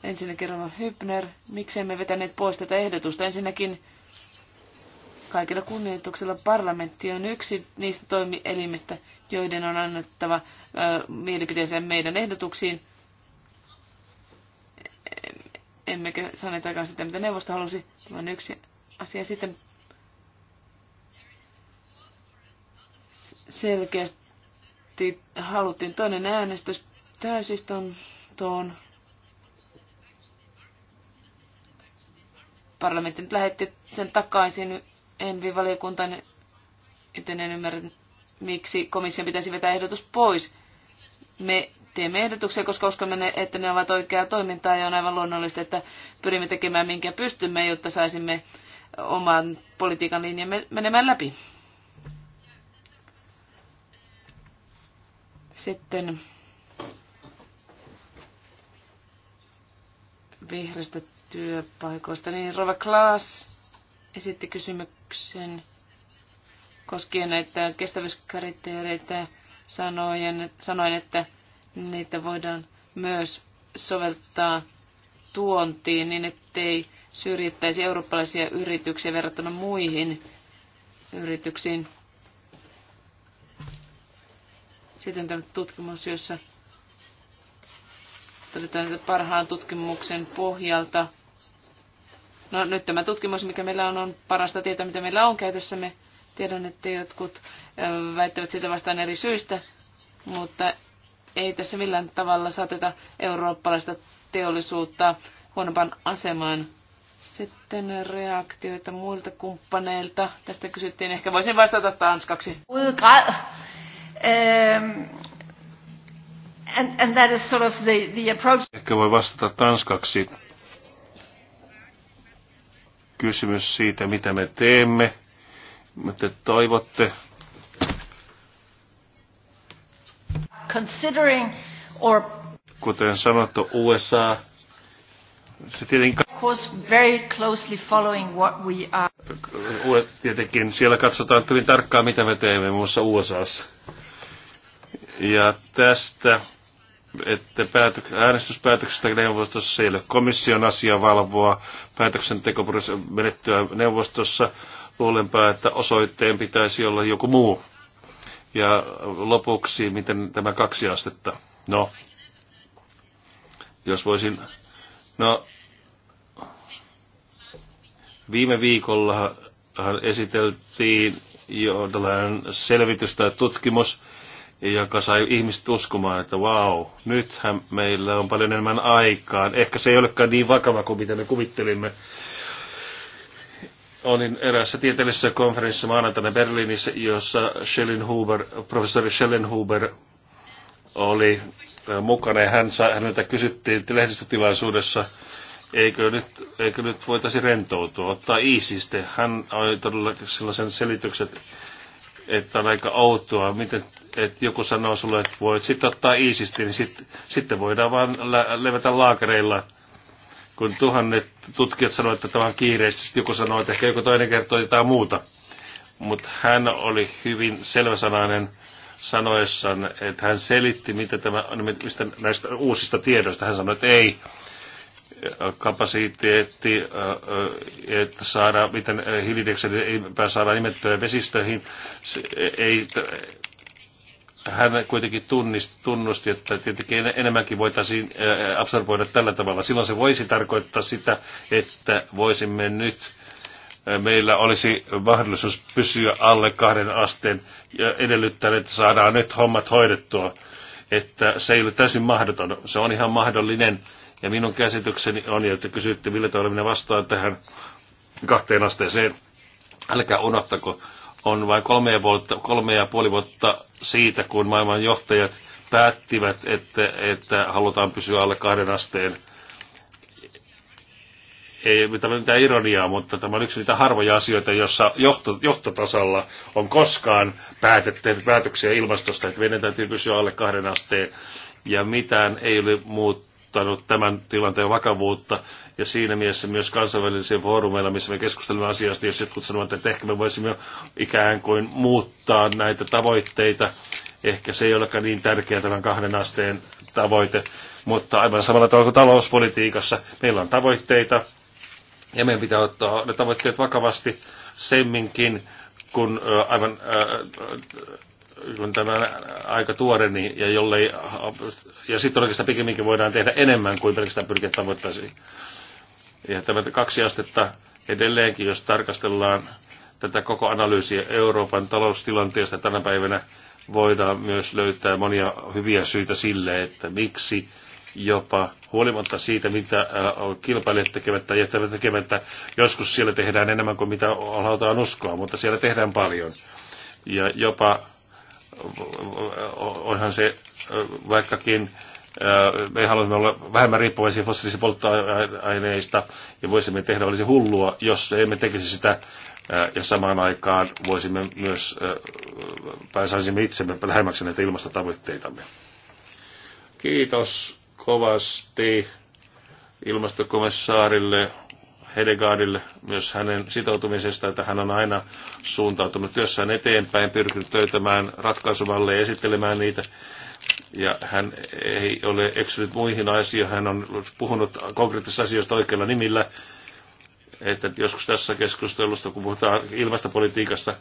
Ensinnäkin Rova hypner, miksei me vetäneet pois tätä ehdotusta. Ensinnäkin Kaikilla kunnioituksella parlamentti on yksi niistä toimielimistä, joiden on annettava mielipiteensä meidän ehdotuksiin. Emmekä saaneet aikaan sitä, mitä neuvosto halusi. Tämä on yksi asia. Sitten selkeästi haluttiin toinen äänestys täysistuntoon. Parlamentti nyt lähetti sen takaisin Envi-valiokuntaan, joten en ymmärrä, miksi komission pitäisi vetää ehdotus pois. Me teemme ehdotuksia, koska uskomme, että ne ovat oikeaa toimintaa ja on aivan luonnollista, että pyrimme tekemään minkä pystymme, jotta saisimme oman politiikan linjamme menemään läpi. Sitten vihreistä työpaikoista. Niin, Rova Klaas esitti kysymyksen koskien näitä kestävyyskriteereitä sanoen, sanoen, että niitä voidaan myös soveltaa tuontiin niin, ettei syrjittäisi eurooppalaisia yrityksiä verrattuna muihin yrityksiin. Sitten tämä tutkimus, jossa todetaan, että parhaan tutkimuksen pohjalta No nyt tämä tutkimus, mikä meillä on, on parasta tietoa, mitä meillä on käytössämme. Tiedän, että jotkut väittävät sitä vastaan eri syistä, mutta ei tässä millään tavalla saateta eurooppalaista teollisuutta huonompaan asemaan. Sitten reaktioita muilta kumppaneilta. Tästä kysyttiin. Ehkä voisin vastata tanskaksi. Um, and, and that is sort of the, the approach. Ehkä voi vastata tanskaksi kysymys siitä, mitä me teemme, mitä te toivotte. Considering or Kuten sanottu, USA se tietenkin very closely following what we are. Tietenkin siellä katsotaan hyvin tarkkaan, mitä me teemme muun muassa USAssa. Ja tästä että päätö- äänestyspäätöksestä neuvostossa ei ole komission asia valvoa menettyä neuvostossa. Luulenpa, että osoitteen pitäisi olla joku muu. Ja lopuksi, miten tämä kaksi astetta? No, jos voisin... No, viime viikolla esiteltiin jo tällainen selvitys tai tutkimus, joka sai ihmiset uskomaan, että vau, wow, nythän meillä on paljon enemmän aikaa. Ehkä se ei olekaan niin vakava kuin mitä me kuvittelimme. Olin eräässä tieteellisessä konferenssissa maanantaina Berliinissä, jossa Huber professori Schellenhuber oli mukana ja hän, häneltä kysyttiin lehdistötilaisuudessa, eikö nyt, eikö nyt voitaisiin rentoutua, ottaa iisisti. Hän oli todella sellaisen selityksen, että on aika outoa, miten että joku sanoo sulle, että voit sitten ottaa iisisti, niin sit, sitten voidaan vaan lä- levätä laakereilla. Kun tuhannet tutkijat sanoivat, että tämä on sitten joku sanoi, että ehkä joku toinen kertoo jotain muuta. Mutta hän oli hyvin selväsanainen sanoessaan, että hän selitti, mitä tämä, mistä näistä uusista tiedoista. Hän sanoi, että ei, kapasiteetti, että saada, miten hiilidioksidin ei saada nimettyä vesistöihin, ei, hän kuitenkin tunnist, tunnusti, että tietenkin enemmänkin voitaisiin absorboida tällä tavalla. Silloin se voisi tarkoittaa sitä, että voisimme nyt, meillä olisi mahdollisuus pysyä alle kahden asteen ja edellyttää, että saadaan nyt hommat hoidettua. Että se ei ole täysin mahdoton, se on ihan mahdollinen. Ja minun käsitykseni on, että te kysytte, millä tavalla minä vastaan tähän kahteen asteeseen. Älkää unohtako, on vain kolme ja, vuotta, kolme ja puoli vuotta siitä, kun maailman johtajat päättivät, että, että halutaan pysyä alle kahden asteen. Ei tämä mitään ironiaa, mutta tämä on yksi niitä harvoja asioita, jossa johto, johtotasalla on koskaan päätetty päätöksiä ilmastosta, että veden täytyy pysyä alle kahden asteen. Ja mitään ei ole muuttanut tämän tilanteen vakavuutta, ja siinä mielessä myös kansainvälisillä foorumeilla, missä me keskustelemme asiasta, jos jotkut sanovat, että ehkä me voisimme ikään kuin muuttaa näitä tavoitteita, ehkä se ei olekaan niin tärkeä tämän kahden asteen tavoite, mutta aivan samalla tavalla kuin talouspolitiikassa, meillä on tavoitteita, ja meidän pitää ottaa ne tavoitteet vakavasti semminkin, kun aivan kun tämä on aika tuore, niin, ja, jollei, ja sitten oikeastaan pikemminkin voidaan tehdä enemmän kuin pelkästään pyrkiä tavoittaisiin. Ja tämä kaksi astetta edelleenkin, jos tarkastellaan tätä koko analyysiä Euroopan taloustilanteesta tänä päivänä, voidaan myös löytää monia hyviä syitä sille, että miksi jopa huolimatta siitä, mitä kilpailijat tekevät tai jättävät tekemättä, joskus siellä tehdään enemmän kuin mitä halutaan uskoa, mutta siellä tehdään paljon. Ja jopa onhan se vaikkakin me haluamme olla vähemmän riippuvaisia fossiilisista polttoaineista ja voisimme tehdä, olisi hullua, jos emme tekisi sitä ja samaan aikaan voisimme myös, pääsaisimme itsemme lähemmäksi näitä ilmastotavoitteitamme. Kiitos kovasti ilmastokomissaarille Hedegaardille myös hänen sitoutumisesta, että hän on aina suuntautunut työssään eteenpäin, pyrkinyt löytämään ratkaisumalle ja esittelemään niitä ja hän ei ole eksynyt muihin asioihin, hän on puhunut konkreettisista asioista oikeilla nimillä, että joskus tässä keskustelusta, kun puhutaan ilmastopolitiikasta,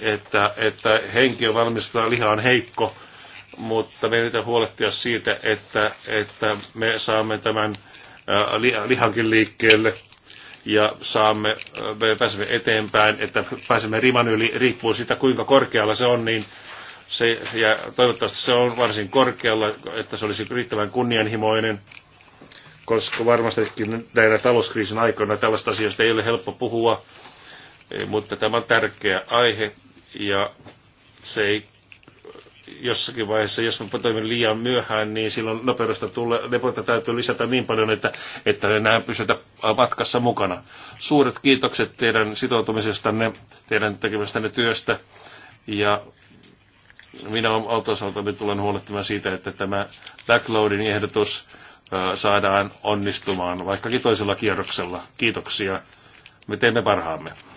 että, että henki on valmistunut, liha on heikko, mutta meidän pitää huolehtia siitä, että, että me saamme tämän äh, lihankin liikkeelle ja saamme, äh, me pääsemme eteenpäin, että pääsemme riman yli, riippuu siitä kuinka korkealla se on, niin se, ja toivottavasti se on varsin korkealla, että se olisi riittävän kunnianhimoinen, koska varmastikin näinä talouskriisin aikoina tällaista asioista ei ole helppo puhua, eh, mutta tämä on tärkeä aihe ja se ei jossakin vaiheessa, jos me toimin liian myöhään, niin silloin nopeudesta tulee, lepoita täytyy lisätä niin paljon, että, että enää pysytä matkassa mukana. Suuret kiitokset teidän sitoutumisestanne, teidän tekemästänne työstä ja minä autosaltani tulen huolehtimaan siitä, että tämä backloadin ehdotus saadaan onnistumaan, vaikkakin toisella kierroksella. Kiitoksia. Me teemme parhaamme.